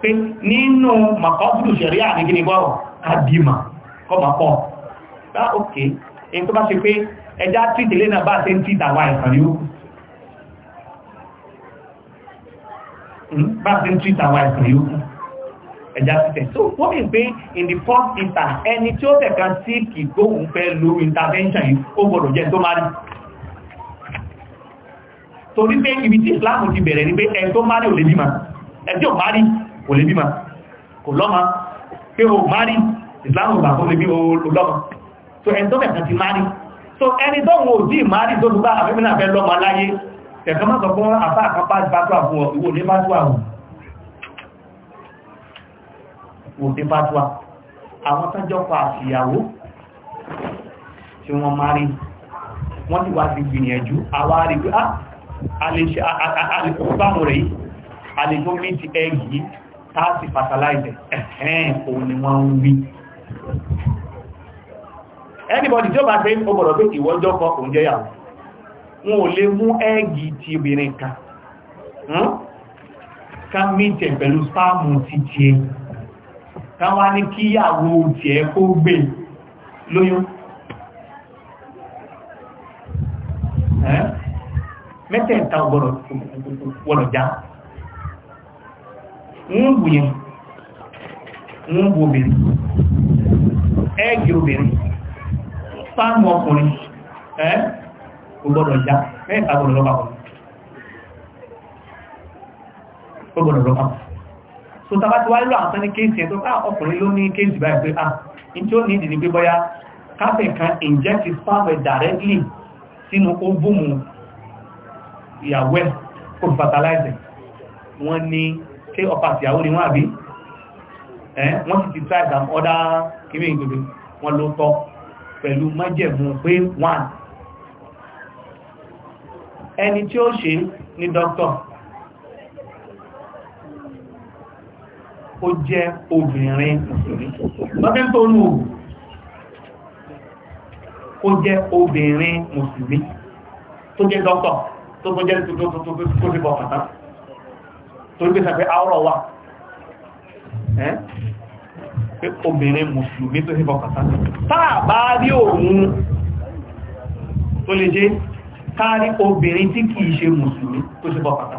pé nínú makọ́bùlù ṣẹ̀rí àníkíní bọ́rọ̀ àbímà kọmà pọ̀ bá òkè èyí tó bá ṣe pé ẹjá títìlé náà bá ṣe ń títàwà ìsàrí ó hmm? bá ṣe ń ẹja títẹ̀ so wọ́n mi pé in the first instance ẹni tí ó tẹ̀ka sí kì gbóhùn fẹ́ lo intervention yìí ó gbọ́dọ̀ jẹ́ tó máa rí torí pé ibi tí ìsìláàmù ti bẹ̀rẹ̀ ní pé ẹni tó máa rí ò lè bímọ ẹni tí ò máa rí ò lè bímọ kò lọ́mọ pé o máa rí ìsìláàmù bà fún ibi olọ́mọ so ẹni tó mẹ̀kan ti máa rí so ẹni tó wọ́n ò dí máa rí tó tún bá àfẹ́mìnà fẹ́ lọ́mọ láyé tẹ̀kọ́ mọ́ sọ fún àbá àkápá òde bá dùn àwọn tọ́jọ́ pa àṣìyàwó tí wọ́n máa rí wọ́n ti wá ti gbìyànjú àwárí pé àlèkùnbámu ah, rẹ̀ yìí àlèkùnmí ti ẹgbì táàtì fertilizer ẹ̀hẹ́n òun ni wọ́n ń wí anybody tí ó bá tẹ́ ọgbọ̀rọ̀ pé ìwọ́jọ́ kọ òunjẹ́yàwó wọn ò lè mú ẹgbì ti obìnrin kan hmm? ká mí jẹ pẹ̀lú spáàmù ti jẹ́ káwá ní kíyàwó òtì ẹ kó gbé lóyún mẹ́tẹ̀ẹ̀ta ọgbọ̀rọ̀ já ń bù yẹn ń bù obìnrin ẹ́gì obìnrin sáàmù ọkùnrin ẹ́ ọgbọ̀rọ̀ já mẹ́ta ọgbọ̀rọ̀ lọ́pàá ọgbọ̀rọ̀ lọ́pàá so tàbá ti wá nílò àwọn tánní kéèsì ẹ̀ tó bá ah, ọkùnrin ló ní kéèsì báyìí pé ah in tí ó ní ìdìdì pé bọ́yá káfíń kan inject his directly sínú óbùmù ìyàwó ẹ̀ kò fertilize wọ́n ní ké ọ̀pá ìyàwó ni wọ́n àbí wọ́n sì ti try some other kìíní ìgbègbè wọ́n ló tọ́ pẹ̀lú májẹ̀mú pé one ẹni tí ó ṣe ní doctor ó jẹ́ obìnrin mùsùlùmí lọ́fẹ́ tó nù ó jẹ́ obìnrin mùsùlùmí tó jẹ́ dọ́kọ̀ tó tó jẹ́ tó ti bọ̀ kàtà torí pé sàfẹ́ àwọ̀rọ̀ wà pé obìnrin mùsùlùmí tó ti bọ̀ kàtà táà bá rí òun tó lè jẹ́ kárí obìnrin tí kìí ṣe mùsùlùmí tó ti bọ̀ kàtà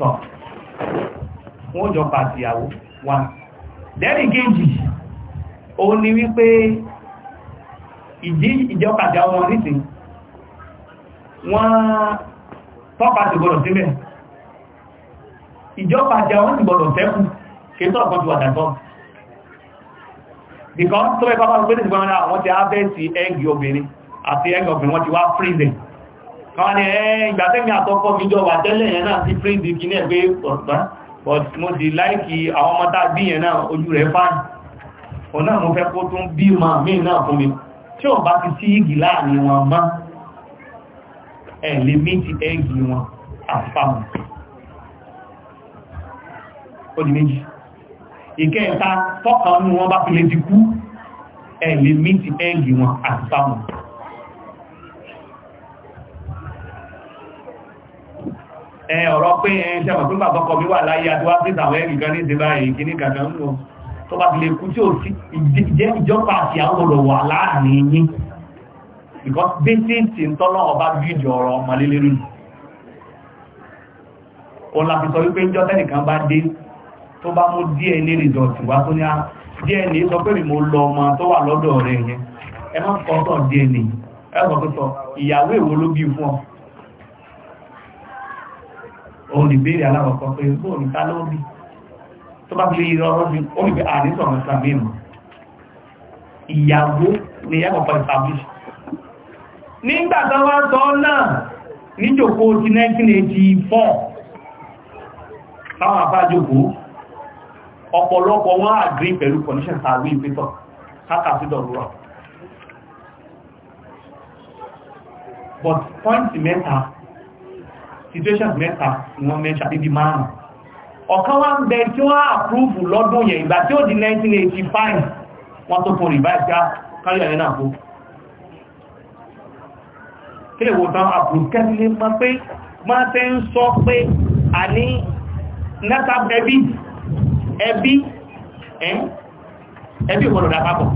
tọ̀ wọ́n jọ pàtì ìyàwó wà lẹ́rì kejì ó ní wípé ìjọpàdà wọn nítìí wọ́n tọ́pàtì gbọ́dọ̀ sílẹ̀ ìjọpàdà wọn ti gbọ́dọ̀ sẹ́kù kétọ́ ọ̀kan ti wà dàtọ́ because tó bẹ́ pápá gbé káwọn ni ẹ ìgbàtẹ́mì àtọ́kọ́ mi jọ wà tẹ́lẹ̀ yẹn náà sí príndì kí ní ẹgbẹ́ ọ̀sán but mo sì láìkì àwọn ọmọ tá bí yẹn náà ojú rẹ̀ fáàn ọ̀nà mo fẹ́ kó tún bí ma mí náà fún mi tí ó bá ti sí igi láàrin wọn mọ́ ẹ̀ lè mí ti ẹ́gì wọn àfàmù ó di méjì ìkẹta tọ́kànnú wọn bá fi ọ̀rọ̀ pé ẹ̀ẹ́sẹ̀mọ̀ tó gbà tọ́kọ̀ mi wà láyé àti wá sí ìtàwọn ẹ̀rì kan ní ìdíbà èyí kí ní kàtà ń lọ tó bá ti lè kú tí ó sí ìjẹ́ ìjọpa àti àwọn ọ̀rọ̀ wà láàrin yín because basis ti ń tọ́lọ́ ọba bíjọ ọ̀rọ̀ ọmọlélérú o la fi sọ wípé ń jọ tẹ́nìkan bá dé tó bá mú DNA result wá tó ní a DNA sọ pé mo lọ ọmọ tó wà lọ́dọ̀ rẹ̀ yẹn ẹ má kọ́ sọ DNA ẹ sọ pé sọ ìyàwó èwo ló bí fún ọ òun ìbéèrè aláwọ̀kọ́ pé bóò ní tálọ́ bí tó bá fi lè yọ ọ̀rọ̀ sí ó wípé àdísọ̀ ọ̀rọ̀ sàmì mọ̀ ìyàwó ni yàkọ̀kọ̀ establish nígbà tó wá sọ náà níjòkó ti 1984 táwọn àbájòkó ọ̀pọ̀lọpọ̀ wọ́n àgbé pẹ̀lú condition tàbí ìpétọ̀ kákàfídọ̀ but point meta situations mẹ́ta wọ́n mẹ́ta níbi márùn-ún ọ̀kan wá ń bẹ tí wọ́n àpúrúfù lọ́dún yẹn ìgbà tí ó di 1985 wọ́n tó fún rìbá ìjá kárí ẹ̀rẹ́ náà fún kí lè wò tán àpùrúkẹ́lẹ́ máa pé máa tẹ́ ń sọ pé a ní nẹ́ta ẹbí ẹbí ẹbí ìwọ̀lọ̀dà papọ̀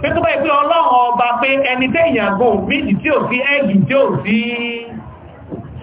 pé tó bá ìpé ọlọ́run ọba pé ẹni tẹ́ ìyàgò méjì tí ò fi ẹ́gì tí ò sí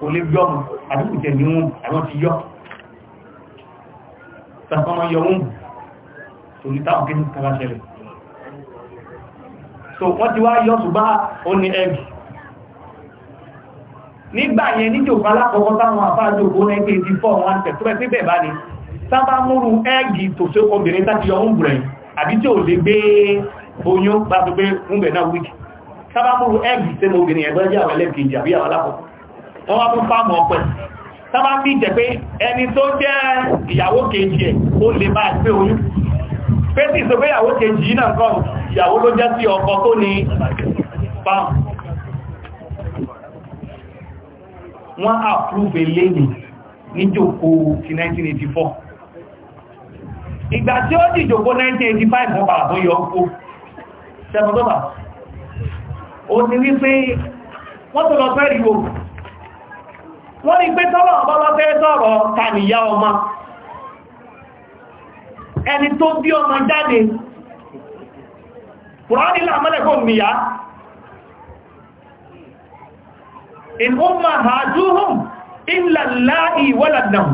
kò lè yọ mọ̀ àdúgbò jẹ ní wọn àwọn ti yọ tàbí wọn yọ wọn torí táwọn kí ní kára ṣẹlẹ̀ so wọ́n ti wá yọ ṣùgbọ́n ó ní ẹgbì nígbà yẹn níjòkó alákọ̀ọ́kọ́ táwọn àfáàjòkó náà pé ti fọ́ wọn tẹ̀ tó bẹ́ sí bẹ̀ bá ní sábà múrù ẹgbì tó ṣe obìnrin tàbí yọ ń bùrẹ̀ àbí tí ò lè gbé oyún bá tó gbé ń bẹ̀ náà wíkì sábà múrù ẹgbì tẹ́ mọ́ obìnrin ẹgbẹ́ jẹ́ àwọn ẹlẹ́kejì àbí àwọn alákọ̀ọ́kọ́ wọ́n fún fáàmù ọ̀pẹ̀ sábà fi jẹ́ pé ẹni tó jẹ́ ìyàwó kejì ẹ̀ ó lè máa pé oyún pé sì sọ pé ìyàwó kejì náà kan ìyàwó ló jẹ́ sí ọkọ tó ní fáàmù wọ́n àpúrúfẹ́ lẹ́nì ní jòkó ti 1984 ìgbà tí ó di jòkó 1985 wọ́n bàbá yọ ọkọ́ sẹ́mọ̀tọ́bà ó ti wípé wọ́n tó lọ fẹ́ ìwò wọ́n ní pé tọ́lọ̀ ọ̀bọ́lọ́fẹ́ sọ̀rọ̀ tàníyá ọmọ ẹni tó bí ọmọ jáde kùránìlà mẹ́lẹ̀kọ́ níyà in ó máa hajjúhùn ìlàláì wọ́làdàn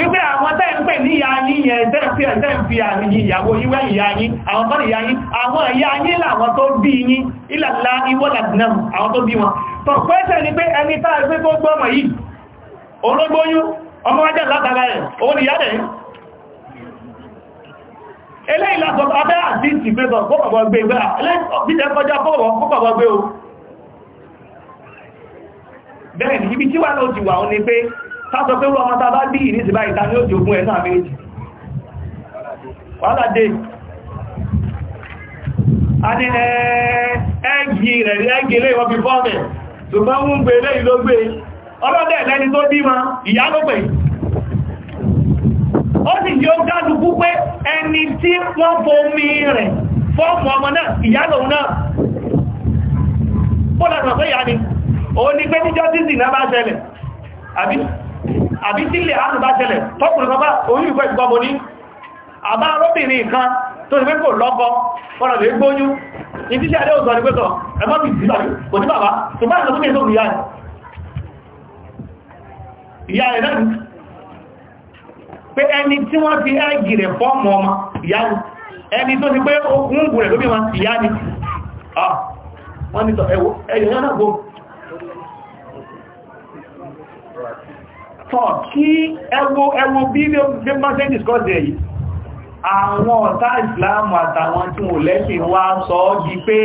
wípé àwọn tẹ́ ń pè ní ìyá yín yẹn tẹ́ ń fi ẹ̀tẹ́ ń fi àmì ìyàwó ìwẹ́ ìyá yín àwọn tọ́ ìyá yín àwọn ìyá yín làwọn tó bí yín ìlàlá ìwọ́là náà àwọn tó bí wọn tọ̀ pẹ́sẹ̀ ni pé ẹni tá ẹgbẹ́ tó gbọ́ ọmọ yìí ológbóyún ọmọ wájá látara ẹ̀ òun ìyá rẹ̀ eléyìí látọ̀ abẹ́ àti ìsìnkẹ́tọ̀ kọ́kọ̀bọ̀ gbé gbé àlẹ́ kọjá kọ́kọ̀bọ̀ gbé o bẹ́ẹ̀ ni ibi tí wà ló ti wà ó ni pé sásọ pé wọ́n mọ́ta bá bí ìrísì báyìí ta ní ó jogún ẹ̀ náà méjì wọ́n dé a ní ẹ́gì rẹ̀ rí ẹ́gì ilé ìwọ̀n fi fọ́ọ̀mẹ̀ ṣùgbọ́n ń gbé ilé ìló ọlọ́dẹ̀ lẹ́ni tó bí ma ìyá ló pẹ̀ ó sì yóò dájú púpé ẹni tí wọ́n fomi rẹ̀ fọ́ọ̀mù ọmọ náà ìyá lòun náà bó lásán ni òun ni pé níjọ́ tí sì náà bá ṣẹlẹ̀ àbí àbí sílẹ̀ àánúbá tẹ́lẹ̀ tọ́kùnrin kan bá oyún ìkọ́ ìgbọ́mọ ní àbá arọ́bìnrin kan tó ti pé kò lọ́kọ ọ̀nà lè gbóyún ní tíṣẹ́ adé òsàn ní pẹ́tọ̀ ẹgbọ́ ti sí bàbá kò sí bàbá tó bá ìsọ́ tó mẹ́sọ́ ìyá rẹ̀ ìyá rẹ̀ náà pé ẹni tí wọ́n fi ẹ́gì rẹ̀ ni ẹni tó ti pé okùn gùn rẹ̀ lóbi wọn ìyá ni ah, wọ́n ni tọ̀ ẹ̀yọ̀ náà gbogbo tọ̀ kí ẹwọ ẹwọ bí bí máa ṣe discuss ẹ̀ yìí àwọn ọ̀tá ìsìláàmù àtàwọn tí wọ́n lẹ́sìn wá sọ ọ́ di pé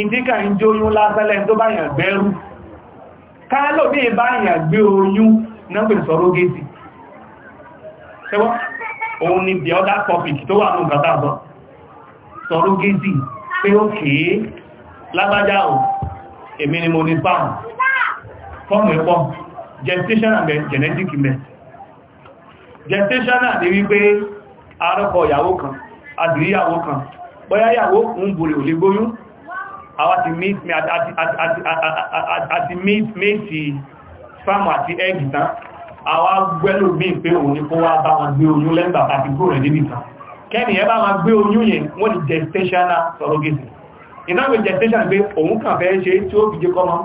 ìdíkà ń jó oyún lásẹ́lẹ̀ tó bá yàn gbẹ́rú káàlò bí ìbá yàn gbé oyún náà pè sọ̀rọ̀ gẹ́sì ṣẹ́wọ́ òun ni the other topic tó wà ní ọ̀gátà sọ sọ̀rọ̀ gẹ́sì pé gestational bẹ genetic mess. gestational ni wípé arọ́kọ ìyàwó kan adìríyàwó kan bóyá ìyàwó ń bòrè ò lè gbóyún àwọn àti méjì fáàmù àti ẹ́gì tán àwọn agbẹ́lò míì pé òun ní kó wá bá wọn gbé oyún lẹ́gbà àti gbò rẹ̀ níbi kan kẹ́ni ẹ bá wọn gbé oyún yẹn wọ́n ni gestational surrogacy ìnáwó gestation pé òun kàn fẹ́ ṣe tí ó fi jẹ́ kọ́mọ́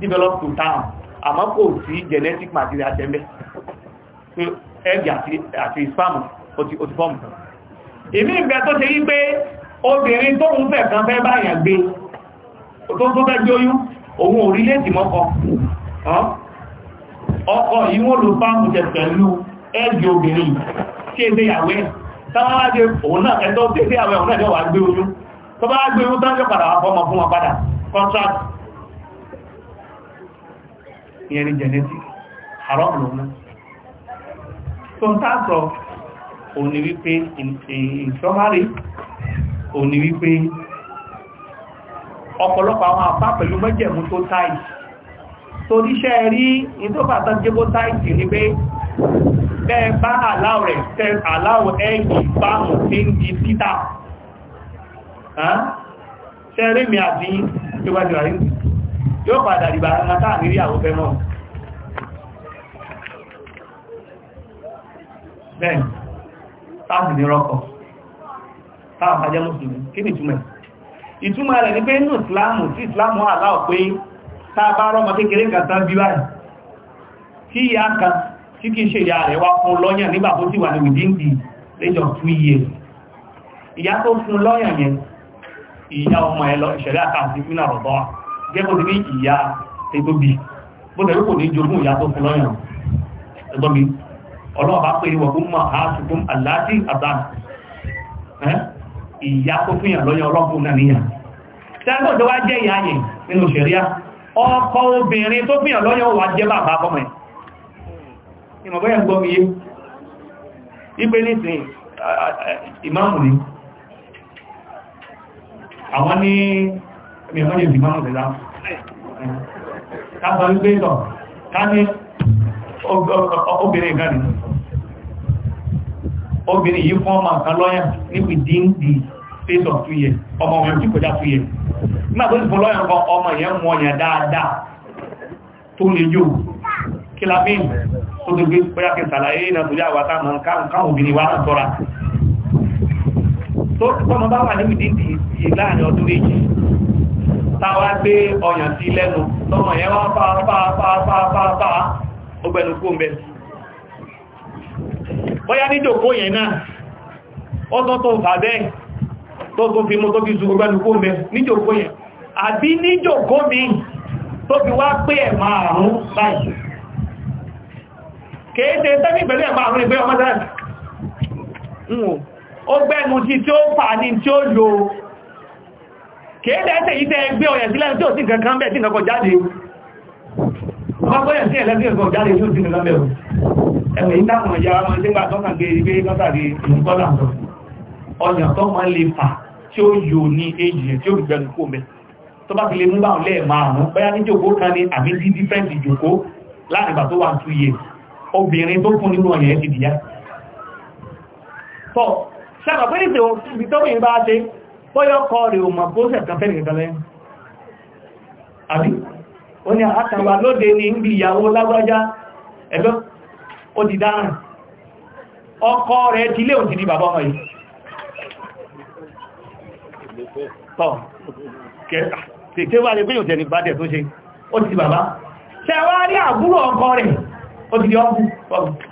develop to town àmọ́ kò sí genetic material tẹ́lẹ̀ pé egg àti sperm ó ti fọ́ọ̀mù ìmí ìgbẹ́ tó ṣe wípé obìnrin tó ń fẹ́ kan fẹ́ báyàn gbé tó tó fẹ́ gbé oyún òun orílẹ̀-èdè mọ́kọ ọkọ yìí wọ́n ló fáàmù jẹ pẹ̀lú ẹ́gì obìnrin tí èdè àwẹ́ tánwàájẹ́ òun náà ẹ̀tọ́ tí èdè àwẹ́ òun náà jẹ́ wà gbé oyún tó bá gbé oyún tánjẹ́ padà wà fọ́mọ fún wọn padà contract ìyẹn ni genetic haram ló mú tó ń tààsọ òun ni wípé ìṣọ́márì òun ni wípé ọ̀pọ̀lọpọ̀ àwọn àpá pẹ̀lú mẹ́jẹ̀mú tó táì toríṣẹ́ rí ìtọ́bàtà jébó táìtì ní pé bẹ́ẹ̀ bá aláwọ̀ rẹ̀ tẹ́ aláwọ̀ ẹ́gì fáàmù tí ń di títà ṣẹ́rí mi àti yóò padà dìbà ọmọ táà nírí àwọn fẹ́ mọ́ bẹ́ẹ̀ táàkì ní rọ́kọ̀ táà bá jẹ́ mùsùlùmí kí ni ìtumọ̀ ìtumọ̀ rẹ̀ ní pé inú ìsìláàmù tí ìsìláàmù aláwọ̀ pé táà bá rọ́mọ kékeré kan tán bí báyìí tí ìyá kan tí kìí ṣe ìyá rẹ̀ wá fún lọ́yàn nígbà tó ti wà years ìyá tó fún lọ́yàn yẹn ìyá ọmọ ẹ̀lọ ìṣẹ̀lẹ̀ àkàtì nínú àrọ̀bọ́wà gẹ́gbọ́n ti ní ìyá tẹ́tóbi bó tẹ̀lú kò ní jogún ìyá tó fún lọ́yàn ẹgbọ́n mi ọlọ́ọ̀bá pé wọ̀gún mọ̀ á tukún aláàtì àbá ìyá tó fún yàn lọ́yàn ọlọ́kùn náà níyà tẹ́gbọ́n tó wá jẹ́ ìyá yẹn nínú ṣẹ̀ríà ọkọ obìnrin tó fún ni mi ò lè dìmọ́ ọ̀dẹ̀lá kápa wípé lọ ká ní obìnrin ìgbàdì obìnrin yìí fún ọmọ nǹkan lọ́yà níbi díndì space of two years ọmọ ọmọ tí kọjá two years nígbà tó ti fún lọ́yà nǹkan ọmọ ìyẹn mú ọyàn dáadáa tó lè yóò kí la bí tó tó gbé pẹ́yà kí sàlàyé náà tó yàwó àtàmà nǹkan obìnrin wa náà tọ́ra tó tọ́mọ bá táwa gbé ọyàn sí lẹ́nu tọ́mọ yẹn wá fà fà fà fà fà fà ó gbẹ̀nu kó mẹ́ bóyá ní ìjòkó yẹn náà ó tọ́ tó fà bẹ́ẹ̀ tó tó fi mú tó fi zùgbọ́ gbẹ̀nu kó mẹ́ níjòkó yẹn àbí níjòkó mi tó fi wá pé ẹ̀ márùn-ún báyìí kéèdè tẹ́mì pẹ̀lú ẹ̀ márùn ìgbé ọmọ ó gbẹ́nu tí tí ó fà ní tí ó lò kéèdè ẹ́sẹ̀ yìí tẹ́ gbé ọ̀yẹ̀ sílẹ̀ tí ó sì kankan bẹ́ẹ̀ tí kankan jáde ọgbọ́yẹ̀ sí ẹ̀lẹ́sì ẹ̀kọ́ jáde tí ó sì kankan bẹ́ẹ̀ ẹ̀mẹ̀ ìdákùnrin yára mọ́ tí gbà tọ́kàn gbé ibi látàrí ìkọ́lá ọ̀yàn tó máa lè fà tí ó yò ní èjì tí ó gbẹ̀rù kó mẹ́ tó bá fi lè múbà ọ̀lẹ́ márùn-ún bóyá ní jòkó kan ní àmì sí dífẹ́ǹtì jòkó láàrin ìgbà tó wà tú yẹ obìnrin tó fún nínú ọ̀yẹ̀ ti dìyà tọ́ sábà pé ìtò ìtọ́bìnrin bá ṣe bọ́yọ́kọ́ rẹ̀ o ma bó sẹ̀kan fẹ́ àbí ó ní àtàwà lóde ní ń bí ìyàwó lágbájá ẹgbẹ́ ó ti ọkọ rẹ̀ ti lé òtìdí bàbá ọmọ yìí tọ́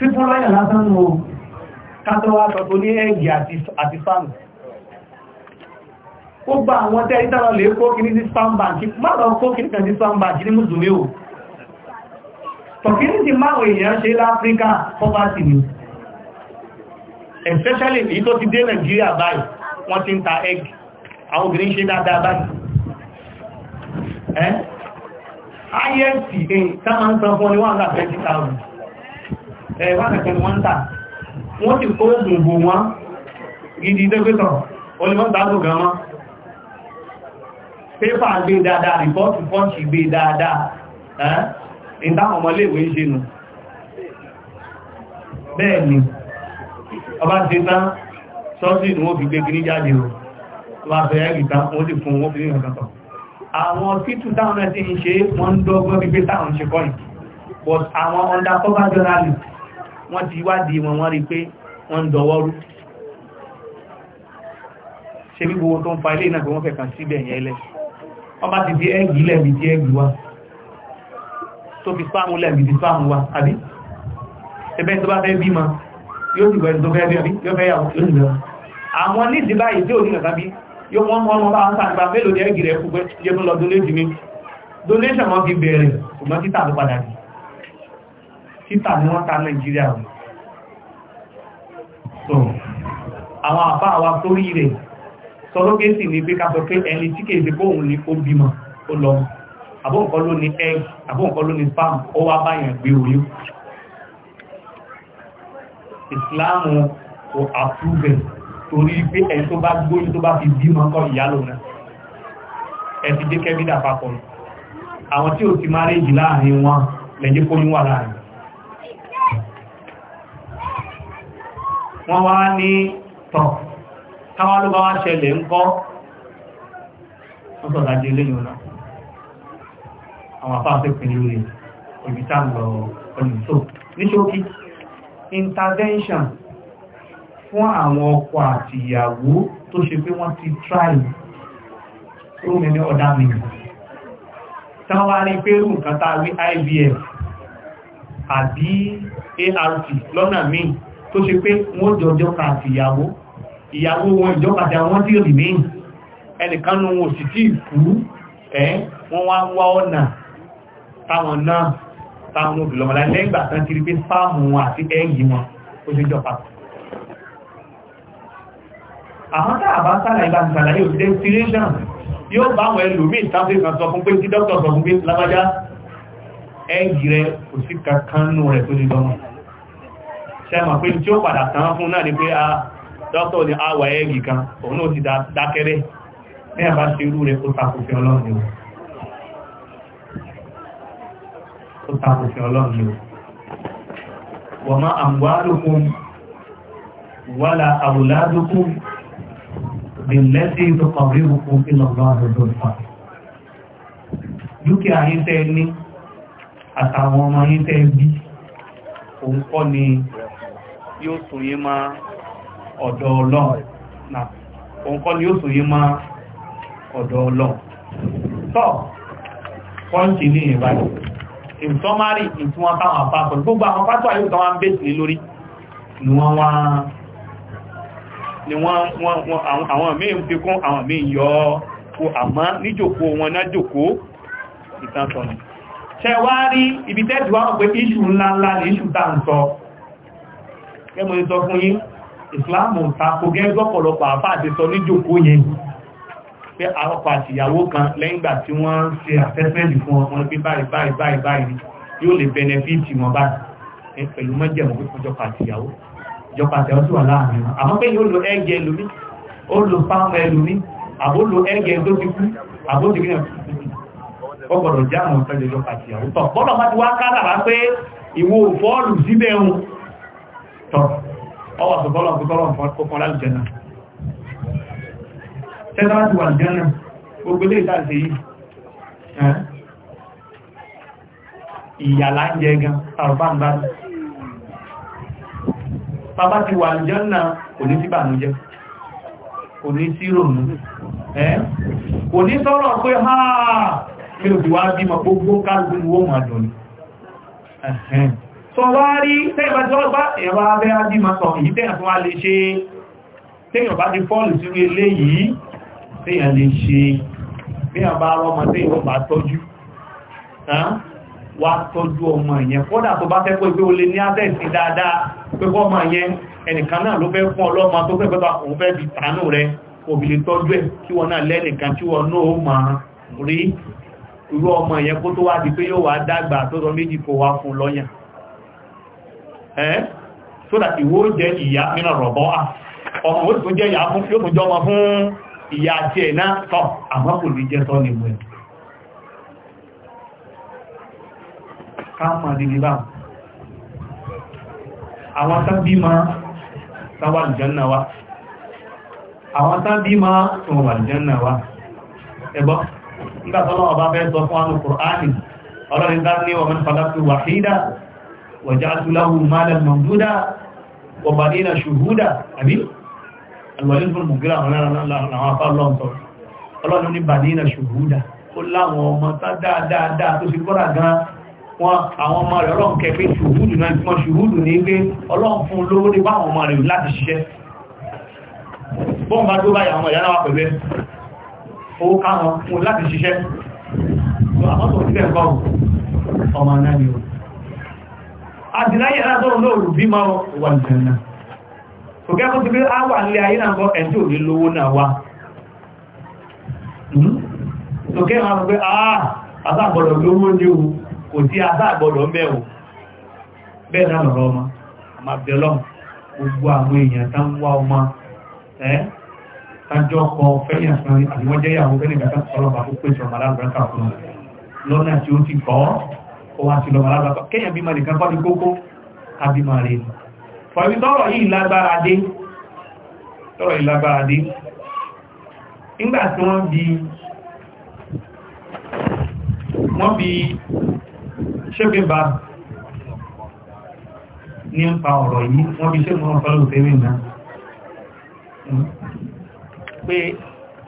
fífún lọ́yà lásán nù kátọ́wà tọ́tọ́ ní ẹ̀gì àti spam ó gba àwọn tẹ́ ìtàrà lè kó kìí sí spam bank má lọ kó kìí kàn sí spam bank ní mùsùlùmí o tọ̀kìí ti máa èèyàn ṣe láfíríkà poverty ni especially èyí tó ti dé Nàìjíríà báyìí wọ́n ti ń ta egg àwọn obìnrin ṣe dáadáa báyìí ẹ́ ayẹ́sì èyí tá máa ń sọ fún ọ ní 120,000 ẹ̀wà kẹ̀kẹ́ ni wọ́n ń tà wọ́n ti kó gbogbo wọn gidi dẹ́gbẹ́tọ̀ olùmọ́gbàgbò gan mọ́ pépà gbé dáadáa rìpọ́tù pọ́ǹṣì gbé dáadáa ẹ́ ìdáhùn ọmọléèwé ń ṣe nù bẹ́ẹ̀ ni ọba ti tán sọ́ọ̀sì ni wọ́n fi gbé kí ní jáde rò wà bẹ̀rẹ̀ ìta wọ́n sì fún wọ́n fi ní ọ̀kàtọ̀ àwọn títù táwọn ẹ̀ ti ń ṣe wọ́n ń dọ́gbọ́n gbígbé táwọn ṣe kọ́ yìí but àwọn undercover journalist wọ́n ti wádìí wọn wọ́n rí pé wọ́n ń dọwọ́rú ṣe bí gbogbo tó ń fa ilé náà wọ́n fẹ́ kàn síbẹ̀ yẹn lẹ́ wọ́n bá ti di ẹ́gì lẹ́bí di ẹ́gì wa tó fi fáàmù lẹ́bí di fáàmù wa àbí ẹbẹ́ tó bá fẹ́ bí ma yóò ti wẹ́ tó fẹ́ bí àbí yóò fẹ́ yàwó yóò ti lọ àwọn ní ìdí báyìí tí ò ní kàkà bí yóò wọ́n mọ́ wọn bá ń sàgbà mélòó ní ẹ́gì rẹ̀ kú pé yóò lọ donation wọn fi bẹ̀rẹ̀ ṣùgbọ́n títà ló padà rí títà ní wọ́n ta Nàìjíríà rẹ̀ so àwọn àbá àwa torí rẹ̀ sọlọ́gẹ́sì ní pé kásọ pé ẹni tí kèé ṣe bóhun ní ó bímọ ó lọ àbóǹkan ló ní egg àbóǹkan ló ní spam ó wá báyàn gbé orí ìsìláàmù kò àpúbẹ̀ torí pé ẹni tó bá gbóyún tó bá fi bímọ kọ ìyálò náà ẹ ti dé kẹ́bídà papọ̀ àwọn tí ò ti máa rí jì láàrin wọn lẹ́jẹ́ kóyún wà láàrin wọ́n wá ní tọ̀ káwá ló bá wá ṣẹlẹ̀ ń kọ́ wọ́n sọ̀rọ̀ ajé lẹ́yìn ọ̀nà àwọn afáfẹ́ pẹ̀lú rẹ̀ ibi ní ṣókí intervention fún àwọn ọkọ àti ìyàwó tó try ó mẹ́ni ọ̀dá mìíràn tán wá rí pé nǹkan tá a IVF àbí ART lọ́nà míì tó ṣe pé wọ́n jọ jọ́ka àti ìyàwó ìyàwó wọn ìjọba àti àwọn tí rì mẹ́yìn ẹnìkan nù wọn sì tí ìkú ẹ́ wọ́n wá wá ọ̀nà táwọn náà táwọn obìlọ́mọlá lẹ́gbà tán ti rí pé fáàmù wọn àti ẹ́yìn wọn ó ṣe jọpa àwọn tá àbá sára ìgbà ìsàlàyé òṣìṣẹ́ inspiration yóò bá àwọn ẹlòmíì tábí kan sọ fún pé tí kò sí kankan nù rẹ̀ tó ṣe dọ́mọ̀ sẹ́mọ̀ pé tí ó padà tán fún náà ni pé ah, a dọ́kítọ̀ ni àwọ̀ ẹ́gì kan òun náà ti dákẹ́rẹ́ ní ẹ̀bá ṣe irú rẹ̀ ó takòfin ọlọ́run ni wọ́n má àmúwálùkún wàlà àwòládùkún bìnlẹ́sí ìtọkọ̀ríwùkún ìlọ̀lọ́ yóò sùn yí má ọ̀dọ̀ ọlọ́run náà òun kọ́ ni yóò sùn yí má ọ̀dọ̀ ọlọ́run tọ́ pọ́ǹtì ní ìbáyìí ìtọ́márì ìtí wọn táwọn àpapọ̀ gbogbo àwọn pátó àyíkò tó wọ́n bèèsì lé lórí ni wọ́n wá ni wọ́n àwọn míì ń fi kún àwọn míì yọ kó àmọ́ níjòkó wọn náà jòkó ìtànsọ̀nà ṣe wá rí ibi tẹ́jú wá pé iṣù ńláńlá ní iṣù tá ń sọ ẹmọ ìsọ fún yín ìsìláàmù tako gẹ́gọ́ pọ̀lọpọ̀ àfá àti sọ ní jòkó yẹn pé àwọ́pàá àtìyàwó kan lẹ́yìngbà tí wọ́n ṣe àfẹ́fẹ́lì fún wọn pé báyìí báyìí báyìí báyìí yóò lè bẹnẹfíìtì wọn báyìí pẹ̀lú mọ́jẹ̀mọ́ pé ìjọpàá àtìyàwó ìjọpàá àtìyàwó sì wà láàrin wọn àmọ́ pé yóò lo ẹ́gẹ̀ ẹlòmí ó lo fáwọn ẹlòmí àbó lo ẹ́gẹ̀ tó ti kú àbó ti gbìyànjú ọgbọ̀dọ̀ jáàmù ìfẹ́jọ ìjọpàá àtìyàwó tọ̀ bọ́dọ̀ bá ti wá kádàrá pé ìwò fọ́ọ̀lù síbẹ̀ ń tọ́ ọwọ́ àtọ́kọ́lọ̀ àtọ́kọ́lọ̀ kọkànlá ìjẹna tẹ́tàbátì wà ìjẹna gbogbo ilé ìtàṣe yìí ìyàlá ń jẹ gan tàbá bàbá ti wà kò ní kò ní sí kò ní pé ha kí wá gbogbo kálùkù wọ́n mọ̀ sọ wá rí tẹ́yìnbá tí wọ́n bá ẹ̀yàwó abẹ́ ajímọ̀ sọ èyí tẹ́yìn tó wá lè ṣe tẹ́yìn bá ti fọ́ọ̀lù sínú ilé yìí tẹ́yìn lè ṣe bí a bá rọmọ tẹ́yìn wọ́n bá tọ́jú wá tọ́jú ọmọ ìyẹn kódà tó bá fẹ́ pé pé o lè ní àtẹ́sí dáadáa pé kọ́ ọmọ ìyẹn ẹnìkan náà ló fẹ́ fún ọlọ́mọ tó fẹ́ pẹ́ta òun fẹ́ di tàánù rẹ òbílẹ̀ tọ́jú ẹ̀ kí wọ́n náà lẹ́nìkan tí wọ́n náà máa rí irú ọmọ ìyẹn kó tó wá di pé yóò wá dàgbà tó sọ méjì kó wá fún lọ́yàn ẹ́ eh? so that ìwó jẹ́ ìyá nínú rọ̀bọ́ à ọmọ ó tó jẹ́ ìyá fún yóò tún jọmọ fún ìyá àti ẹ̀nà tọ́ àmọ́ kò ní jẹ́ tọ́ ní ìwẹ̀ káàmà dìdì bá àwọn tábí ma sáwà ìjọ́nà wa àwọn tábí ma sọ̀rọ̀ ìjọ́nà wa ẹgbọ́ nígbàtọ́lọ́wọ́ bá fẹ́ sọ fún àwọn Kùránì وجعلت له مالا ممدودا وبنينا شهودا امين الوليد بن مغيرة àwọn afá ọlọ́run sọ ọlọ́run ní bàdínà ṣùgbúdà ó láwọn ọmọ tá dáadáa tó sì kọ́rà gan wọn àwọn ọmọ rẹ̀ ọlọ́run kẹfẹ́ ṣùgbúdù náà tí wọ́n ṣùgbúdù ní pé ọlọ́run fún lówó ní bá àwọn ọmọ rẹ̀ láti ṣiṣẹ́ bọ́n bá tó báyà àwọn ìyá náà pẹ̀lẹ́ owó káwọn fún láti ṣiṣẹ́ àdìláyé náà lóòrù bí máa wà jẹ́nà òkẹ́ ti bí a wà nílé ayé náà kọ́ ẹ̀ntí ní lówó náà wá hmm? òkẹ́ máa pẹ́ àà ah, àtàgbọ̀dọ̀ lówó ní o kò sí àtàgbọ̀dọ̀ mẹ́wò bẹ́ẹ̀ náà lọ́rọ̀ ọmọ ọmọ ọwá sí lọ alábàpá kéyàn bí ma nìkan pọ́ ní kókó abímọ̀ rẹ̀ ni fọ̀bí tọ́rọ̀ yìí lágbára dé tọ́rọ̀ yìí lágbára dé nígbà tí wọ́n bí wọ́n bí ṣébébà ní ń pa ọ̀rọ̀ yìí wọ́n bí ṣé mọ́ pẹ̀lú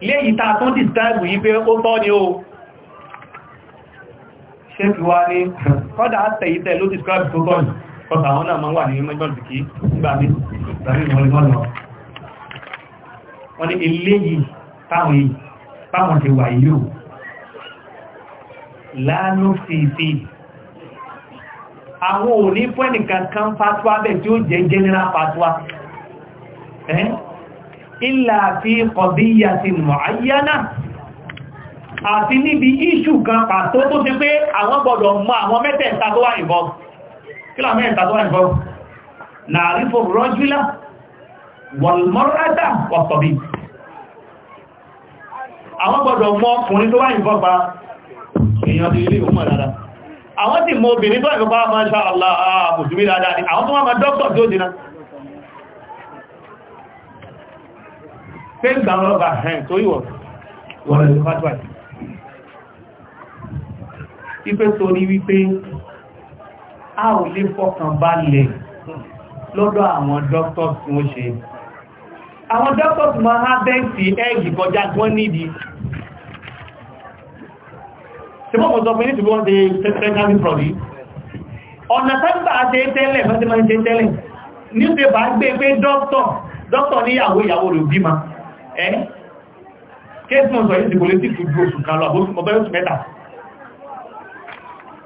léyìí ta tún dìtàgbù yìí pé ó tọ́ ni ó ṣéèkì wá ní kọ́dà àtẹ̀yítẹ̀ ló describe tó gọ́ọ̀nù kọ́ta àwọn náà máa wà ní mẹ́jọ́lù kí gbàmí wọ́n ní ilé yìí táwọn yìí táwọn ti wà yìí lánú sí sí àwọn ò ní fún ẹnìkan kan fatwa bẹ̀ tí ó jẹ́ general fatwa ilà fi kọ̀bíyà ti mọ̀ ayyánà àti níbi iṣù gan pàtó tó ti pé àwọn gbọdọ̀ mọ àwọn mẹ́tẹ̀ẹ̀ta tó wà ìbọ̀ kílà mẹ́tẹ̀ẹ̀ta tó wà ìbọ̀ nàrífò rọ́júlá wọ̀lmọ́rádà wọ̀tọ̀bí àwọn gbọdọ̀ mọ ọkùnrin tó wà ìbọ̀ pa èèyàn ti ilé ìwọ̀n dáadáa àwọn ti mọ obìnrin tó ìbọ̀ pa Allah mùsùlùmí dáadáa ni àwọn tó wọ́n máa dọ́kọ̀ tó dìna Tẹ́gbàmọ́lọ́gbà ẹ̀ tó yíwọ̀ wípé torí wípé a ò lè fọkàn balẹ̀ lọ́dọ̀ àwọn doctors tí wọ́n ṣe àwọn doctors ma ha bẹ́ǹtì ẹ́gì kọjá gbọ́n nídi tí mọ́ mọ́ sọ pé nítorí wọ́n ṣe secondary prodi ọ̀nà sábà ṣe tẹ́lẹ̀ mọ́sí máa ṣe tẹ́lẹ̀ ní ṣe bá gbé pé doctor doctor ní ìyàwó ìyàwó rẹ̀ bímọ ẹ́ kéèsì mọ́ sọ yìí ti politics gbogbo oṣù kan lọ àbóṣù mọ́bẹ́ oṣù mẹ́ta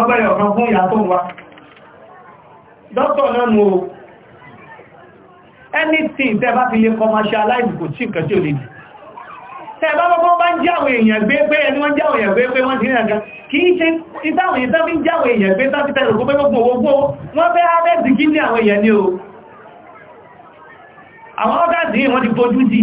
ọgbẹ̀rẹ̀ ọ̀kan fún ìyá tó ń wá dọ́tọ̀ náà mú o anything tẹ́ bá fi lè commercialize kò tí nǹkan tí ó lè dì tẹ́ bá bọ́bọ́ bá ń jáwọ̀ èèyàn gbé pé ẹni wọ́n jáwọ̀ èèyàn gbé pé wọ́n ti rìnrìn kì í ṣe ìdáwọ̀ èèyàn tẹ́ fi ń jáwọ̀ èèyàn gbé tán ti tẹ́lẹ̀ gbogbo gbogbo wọ́n fẹ́ harvest kí ní àwọn èèyàn ní o àwọn ọ́dá sí wọ́n ti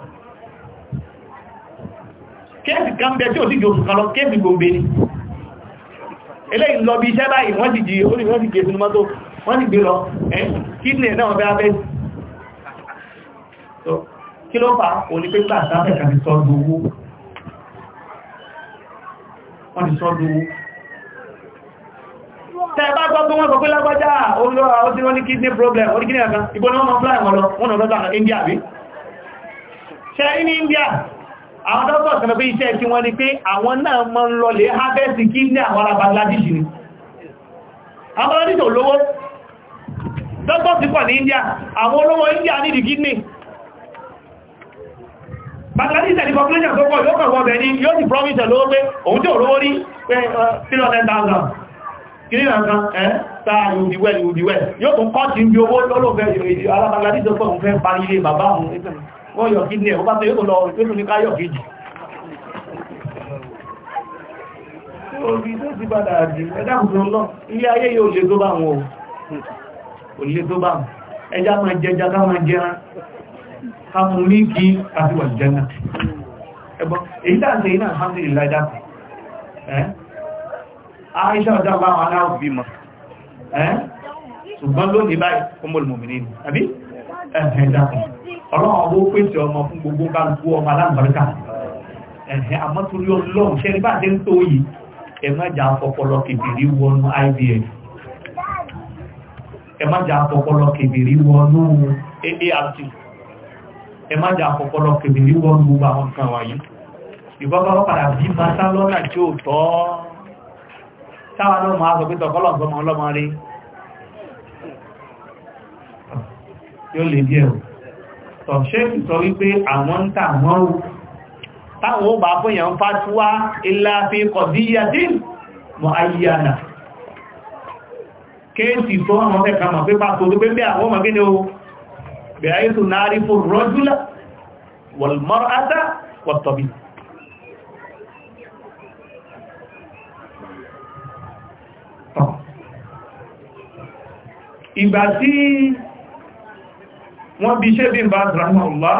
kéèsì kan bẹ tí ò sí jù oṣù kan lọ kéèsì gbòmbe ni eléyìí lọ bí iṣẹ́ báyìí wọ́n ti jí orí wọ́n ti gbé sínú mọ́tò wọ́n ti gbé lọ ẹ́ kidney náà bẹ́ abẹ́ so kí ló fà ó ní pé gbàtà afẹ́kà ti sọ gbogbo wọ́n ti sọ gbogbo tẹ́ bá gbọ́ pé wọ́n sọ pé lágbájá olóra ó ti wọ́n ní kidney problem ó ní kidney kan ìbọn ni ṣe ní India àwọn dọ́tọ̀ kan bí iṣẹ́ tí wọ́n ní pé àwọn náà mọ́ ń lọlẹ̀ harvesti kí ní àwọn ará Bangladesh ni àwọn Bangladesh olówó dọ́tọ̀ ti pọ̀ ní India àwọn olówó India ní di kidney Bangladesh ní population tó pọ̀ yóò kàn bẹ̀ ní yóò ti promise lówó pé òun tí olówó rí pé 300,000 kìrí nǹkan ẹ́ táà ìwòdíwẹ̀ ìwòdíwẹ̀ yóò tún kọ́ wọ́n yọ kidney ọba tó yóò lọ ìtòlù ní káyọ̀ kejì orí tó ti padà dì ẹ̀dàkùnrin lọ ilé ayé yóò lè tó bá wọn ò lè tó bá wọn ẹja máa jẹja ká máa jẹran ká mú ní kí àti wà jẹ́nà ẹgbọ́n èyí tàà sí iná alhamdulillah dákù ẹ́ àìṣà ọjọ́ bá wọn aláwọ̀ bímọ ẹ́ ṣùgbọ́n lónìí báyìí ọmọ olùmọ̀mìnì àbí ẹ̀ẹ́ ọlọ́run ọwọ́ pèsè ọmọ fún gbogbo kálukú ọmọ alábàríkà ẹ̀hẹ́ àmọ́túrí ọlọ́run ṣe nígbà tí ń tó yìí ẹ má jà fọpọlọ kèbèrè wọnú IVF ẹ má jà fọpọlọ kèbèrè wọnú AART ẹ má jà fọpọlọ kèbèrè wọnú gbogbo àwọn nǹkan wọ̀nyí ìbọ́bá padà bí mata lọ́nà tí ó tọ́ táwa ṣẹ́kù sọ wípé àwọn ń tà wọ́n ó táwọn ó bá fóyàn ń fàtíwá ilá fi kọ̀díyà dí mọ̀ ayyana kéèsì tó àwọn mẹ́ka mọ̀ pé pàtó wípé bí àwọn ọmọ gíní o bẹ̀rẹ̀ ètò náà rí fún rọ́júlá wọ̀lmọ́rátá wọ́n bí ṣe bí bá rahimahullah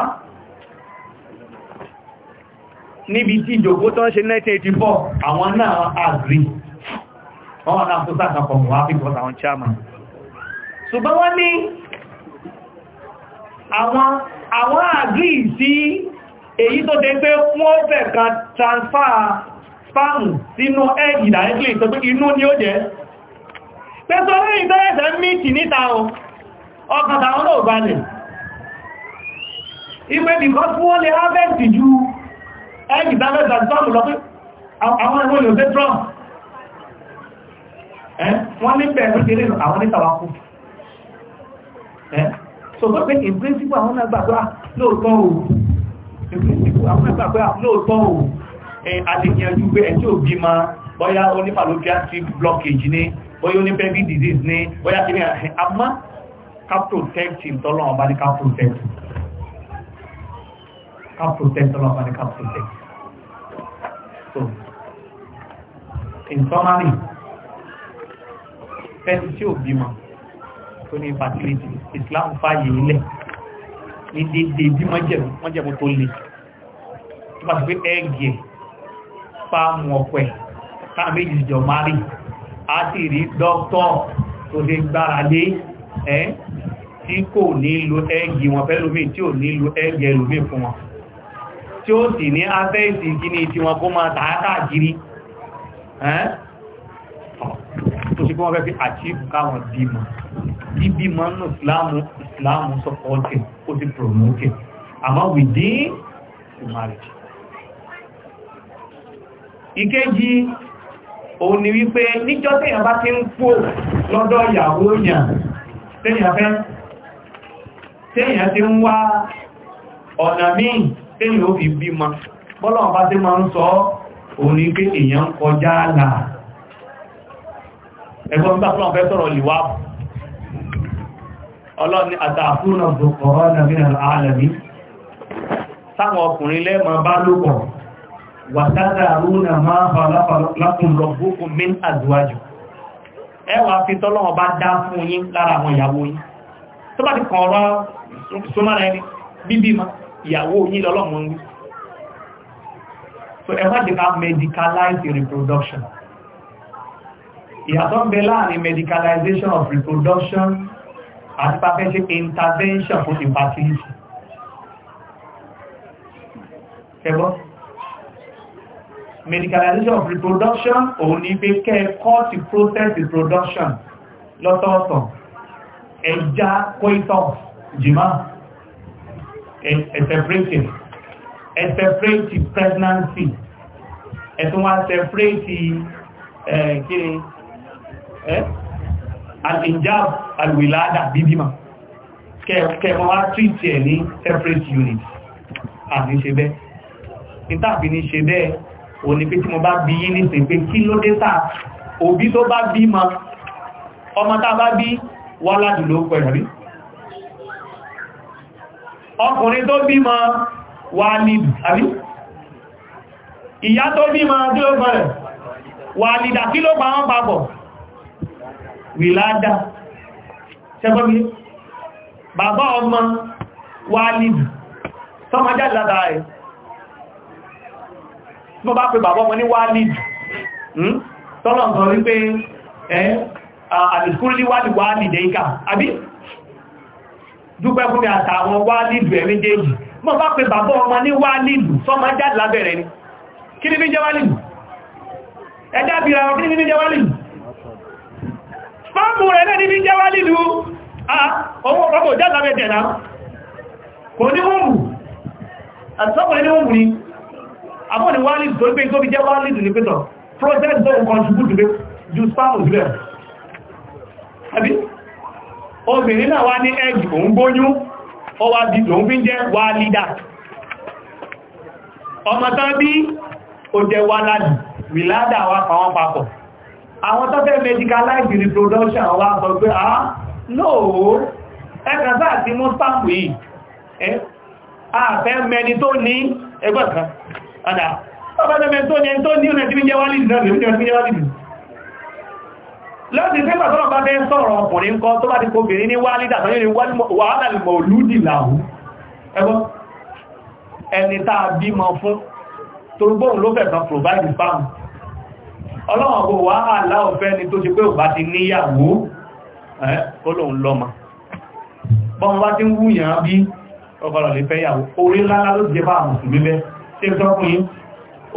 níbi tí ìjòkó tán ṣe 1984 àwọn náà agri wọ́n náà tó sàkàpọ̀ mọ̀ áfíkọ́ àwọn chairman ṣùgbọ́n wọ́n ní àwọn agri sí èyí tó tẹ́ pé wọ́n fẹ́ kan transfer spam sínú ẹ́gì directly tó pé inú ni ó jẹ́ pẹ́sọ́rẹ́ ìtẹ́ẹ̀ẹ́sẹ̀ mítì níta ọkàn tàwọn náà balẹ̀ ìwé nìkan tí wọ́n lè harvest ju ẹgbì dámẹ́ta trump lọ pé àwọn ẹgbẹ́ olè òfẹ́ trump wọ́n ní bẹ̀rẹ̀ pín kéré àwọn ní tàwákù so tó pé in principle àwọn agbàgbà ah, lóòótọ́ o in principle àwọn agbàgbà ah, lóòótọ́ o àdìyànjú pé ẹ̀tí òbí ma bóyá onífàlókíátric blockage ní bóyá onípẹ́bí disease ní bóyá kí ní àmá ká protect ìtọ́lọ́wọ́ bá ní ká protect ká protect ọlọ́run bá ní ká protect so in summary fẹ́ni tí ò bímọ tó ní fertility Islam fàyè ilẹ̀ ní dédé bí mọ́jẹ̀mú tó le tó bá ti pé ẹ́gì ẹ̀ fáàmù ọ̀pẹ̀ káàmì ìjọ mari a ti rí dókítọ̀ tó lè gbára lé ẹ́ tí kò ní lo ẹ́gì wọn pẹ́lú mi tí ò ní lo ẹ́gì ẹlòmí fún wọn tí ó sì ní abẹ́ ìsìnkí ní tí wọn kó máa tààkàgiri tó ṣe kí wọ́n fẹ́ fi àchíkù káwọn bímọ bíbímọ nù islamu supported ó ti promoted àmọ́ within the marriage ìkéjì òun ni wípé níjọ́ tẹ́yàn bá ti ń kó lọ́dọ̀ ìyàwó yàn tẹ́yàn fẹ́ tẹ́yàn ti ń wá ọ̀nà míì téèyàn ó fi bímọ bọ́lọ̀ bá tí máa ń sọ òun ní pé èèyàn kọjá àlà ẹgbọ́n gbà fún ọ̀fẹ́ sọ̀rọ̀ lè wá ọlọ́ni àtàkùnà ọ̀rọ̀ nàmínà alàmí sáwọn ọkùnrin lẹ́mọ̀ bá lókọ̀ wàtàdàrúnà máa fà lápùn rọ̀gbókùn min àzúwájú ẹwà fi tọ́lọ́wọ́ bá dá fún yín lára àwọn ìyàwó yín tó bá ti kàn ọ̀rọ̀ súnmọ́ ìyàwó yín lọ́lọ́mọ ń wí so ẹ má dé ká reproduction ìyàtọ̀ ń bẹ láàrin medicalization of reproduction àti pàfẹ́ ṣe intervention fún infertility ẹgbọ́ medicalization of reproduction òun ní pé kẹ́ẹ̀kọ́ ti process reproduction lọ́tọ̀ọ̀tọ̀ ẹja coitus jìmáà ẹ̀sẹ̀pẹ̀rẹ̀tì ẹ̀sẹ̀pẹ̀rẹ̀tì pregnancy ẹ̀tún wá sẹ̀pẹ̀rẹ̀tì kíni al-injab al-wilada bíbímà kẹwọ́n wá tríìtì ẹ̀ ní separate unit àti ṣe bẹ́ nítàbí ní ṣe bẹ́ẹ̀ o ní pé tí mo bá bí yí ní sìn pé kí ló dé tàà òbí tó bá bí ma ọmọ tá bá bí wá ládùn ló pẹ̀lú ọkùnrin tó bímọ wàlìd àbí ìyá tó bímọ tí ó bẹ̀rẹ̀ wàlìdà kí ló pa wọ́n papọ̀ wìládà ṣẹ́gbọ́bí bàbá ọmọ wàlìd tọ́mọjá ìlàdà rẹ̀ tí wọ́n bá pè bàbá ọmọ ní wàlìd hmm? tọ́lọ̀ nǹkan wípé ẹ̀ àdìskúrú ní wàlìwàlìdẹ̀ ìkà àbí dúpẹ́ fún mi àtàwọn wá nílùú ẹ̀ méjèèjì mọ́ bá pé bàbá ọmọ ní wá nílùú sọmọ jáde lábẹ̀rẹ̀ ni kí ni mi jẹ́ wá nílùú ẹjá bí ra wọn kí ni mi jẹ́ wá nílùú fáàmù rẹ̀ náà ni mi jẹ́ wá nílùú ọwọ́ ọmọ jáde lábẹ̀rẹ̀ náà kò ní wọ́n mú àtọ́kùnrin ní wọ́n mú ni àbọ̀ ni wá nílùú tó ń pè tó fi jẹ́ wá obìnrin náà wá ní ẹgbì òun gbóyún ó wá di lòun fi ń jẹ́ wà lídà ọmọ tán bí ó jẹ́ wà ládì wìládà wá pàwọn papọ̀ àwọn tó fẹ́ reproduction wá sọ pé ah no ẹkàn sáà ti mú stamp yìí àfẹ́ mẹni tó ní ẹgbẹ́ kan ọ̀dà ọ̀bẹ́ mẹni tó ní ẹni tó lọ́sí pé pàtàkì bá fẹ́ sọ̀rọ̀ ọkùnrin kan tó bá ti kòbìnrin ní wá lídà tọ́yẹ́ ni wàhálà lùmọ̀ olúdì láhù ẹgbọ́ ẹni táa bímọ fún torúgbóhùn ló fẹ́ tán provide farm ọlọ́wọ̀n kò wàhálà ọ̀fẹ́ ni tó ti pé ò bá ti níyàwó kólóhùn lọ́mọ bọ́n wá ti ń wúyàn bí ọgbọ̀rọ̀ lè fẹ́ yàwó orí ńláńlá ló ti jẹ bá àwọn mùsùlùmí bẹ́ tí ó tọ́kùn yí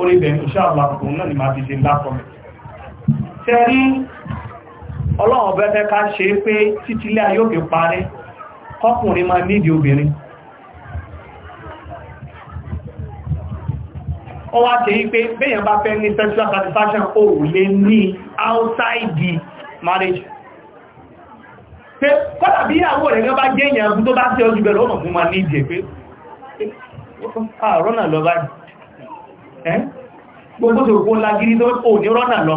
orí bẹ̀rẹ̀ ìṣàlọ́ àkùnrin náà ni máa fi ṣe ńlá kọmẹ̀ tẹ́rí ọlọ́run ọbẹ̀ ká ṣe pé títí ilé ayé òfin parí kọkùnrin máa nídi obìnrin ó wá ṣe wípé béèyàn bá fẹ́ ní sexual satisfaction ó lè ní outside the marriage pé kọ́lá bí ìyàwó rẹ̀ gán bá jẹ́ èèyàn tó bá sí ọjọ́ bẹ̀rẹ̀ ọmọ fún ma ní pé ah, lọ gbogbo tó kó lágírí tó ò ní rọ́nà lọ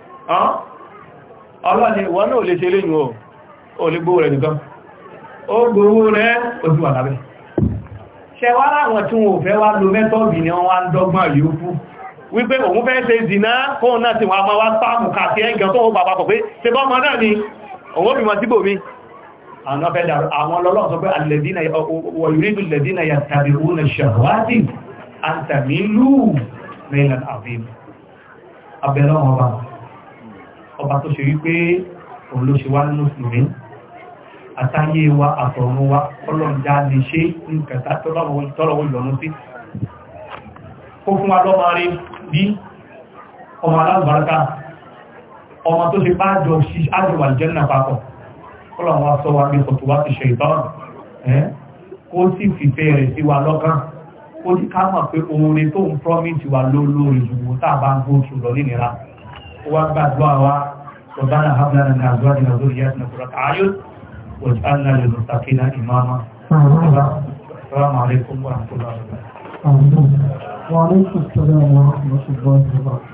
ọlọ́ni wọ́n náà lè ṣe léyìn o ò lè gbówó rẹ̀ nìkan ó gbówó rẹ̀ ó sì wà lábẹ́ ṣẹwà láwọn tí wọ́n fẹ́ wá lo mẹ́tọ́ọ̀bì ni wọ́n wá ń dọ́gbọ́n yóò fún wípé òun fẹ́ ṣe ìdìná kóhun náà ti wọ́n máa wá sáàmù kàtí ẹgbẹ̀ tó wọ́n bàbá pọ̀ pé ṣe bọ́ ọmọ náà ni òun bí mọ̀ síbò mi àwọn ọ̀fẹ́dà àwọn ọlọ́lọ́ sọ pé wọ̀nyúrídù lẹ́dínà yà tàbí òun na ṣàwádì àtàmílù mẹ́lẹ̀ àbí abẹ́lọ́wọ́ bá ọba tó ṣe wípé òun ló ṣe wá nínú ìsinmi àtàyé wa àtọ̀run wa ọlọ́njá lè ṣe nǹkan tọ́lọ́wọ́ ìlọ́nú sí ó fún wa lọ́mọ rí bí ọmọ alábàárká ọmọ tó ṣe bá jọ sí àjọwà jẹ́nà papọ̀ ọlọ́run wa sọ wa ní kòtò wá ti ṣe ìtọ́rọ̀ kó sì fìfẹ́ rẹ̀ sí wa lọ́kàn ó ní ká mọ̀ pé oore tó ń wá gbàdúrà wa ọ̀bára hamlana ní àdúrà ní àdúrà yẹn ní ọ̀rọ̀ ayọ́ wọ̀jánà lè mustaqim náà ìmáàmà Assalamu alaikum wa rahmatullahi wa barakatuh. Wa alaikum assalam wa rahmatullahi wa barakatuh.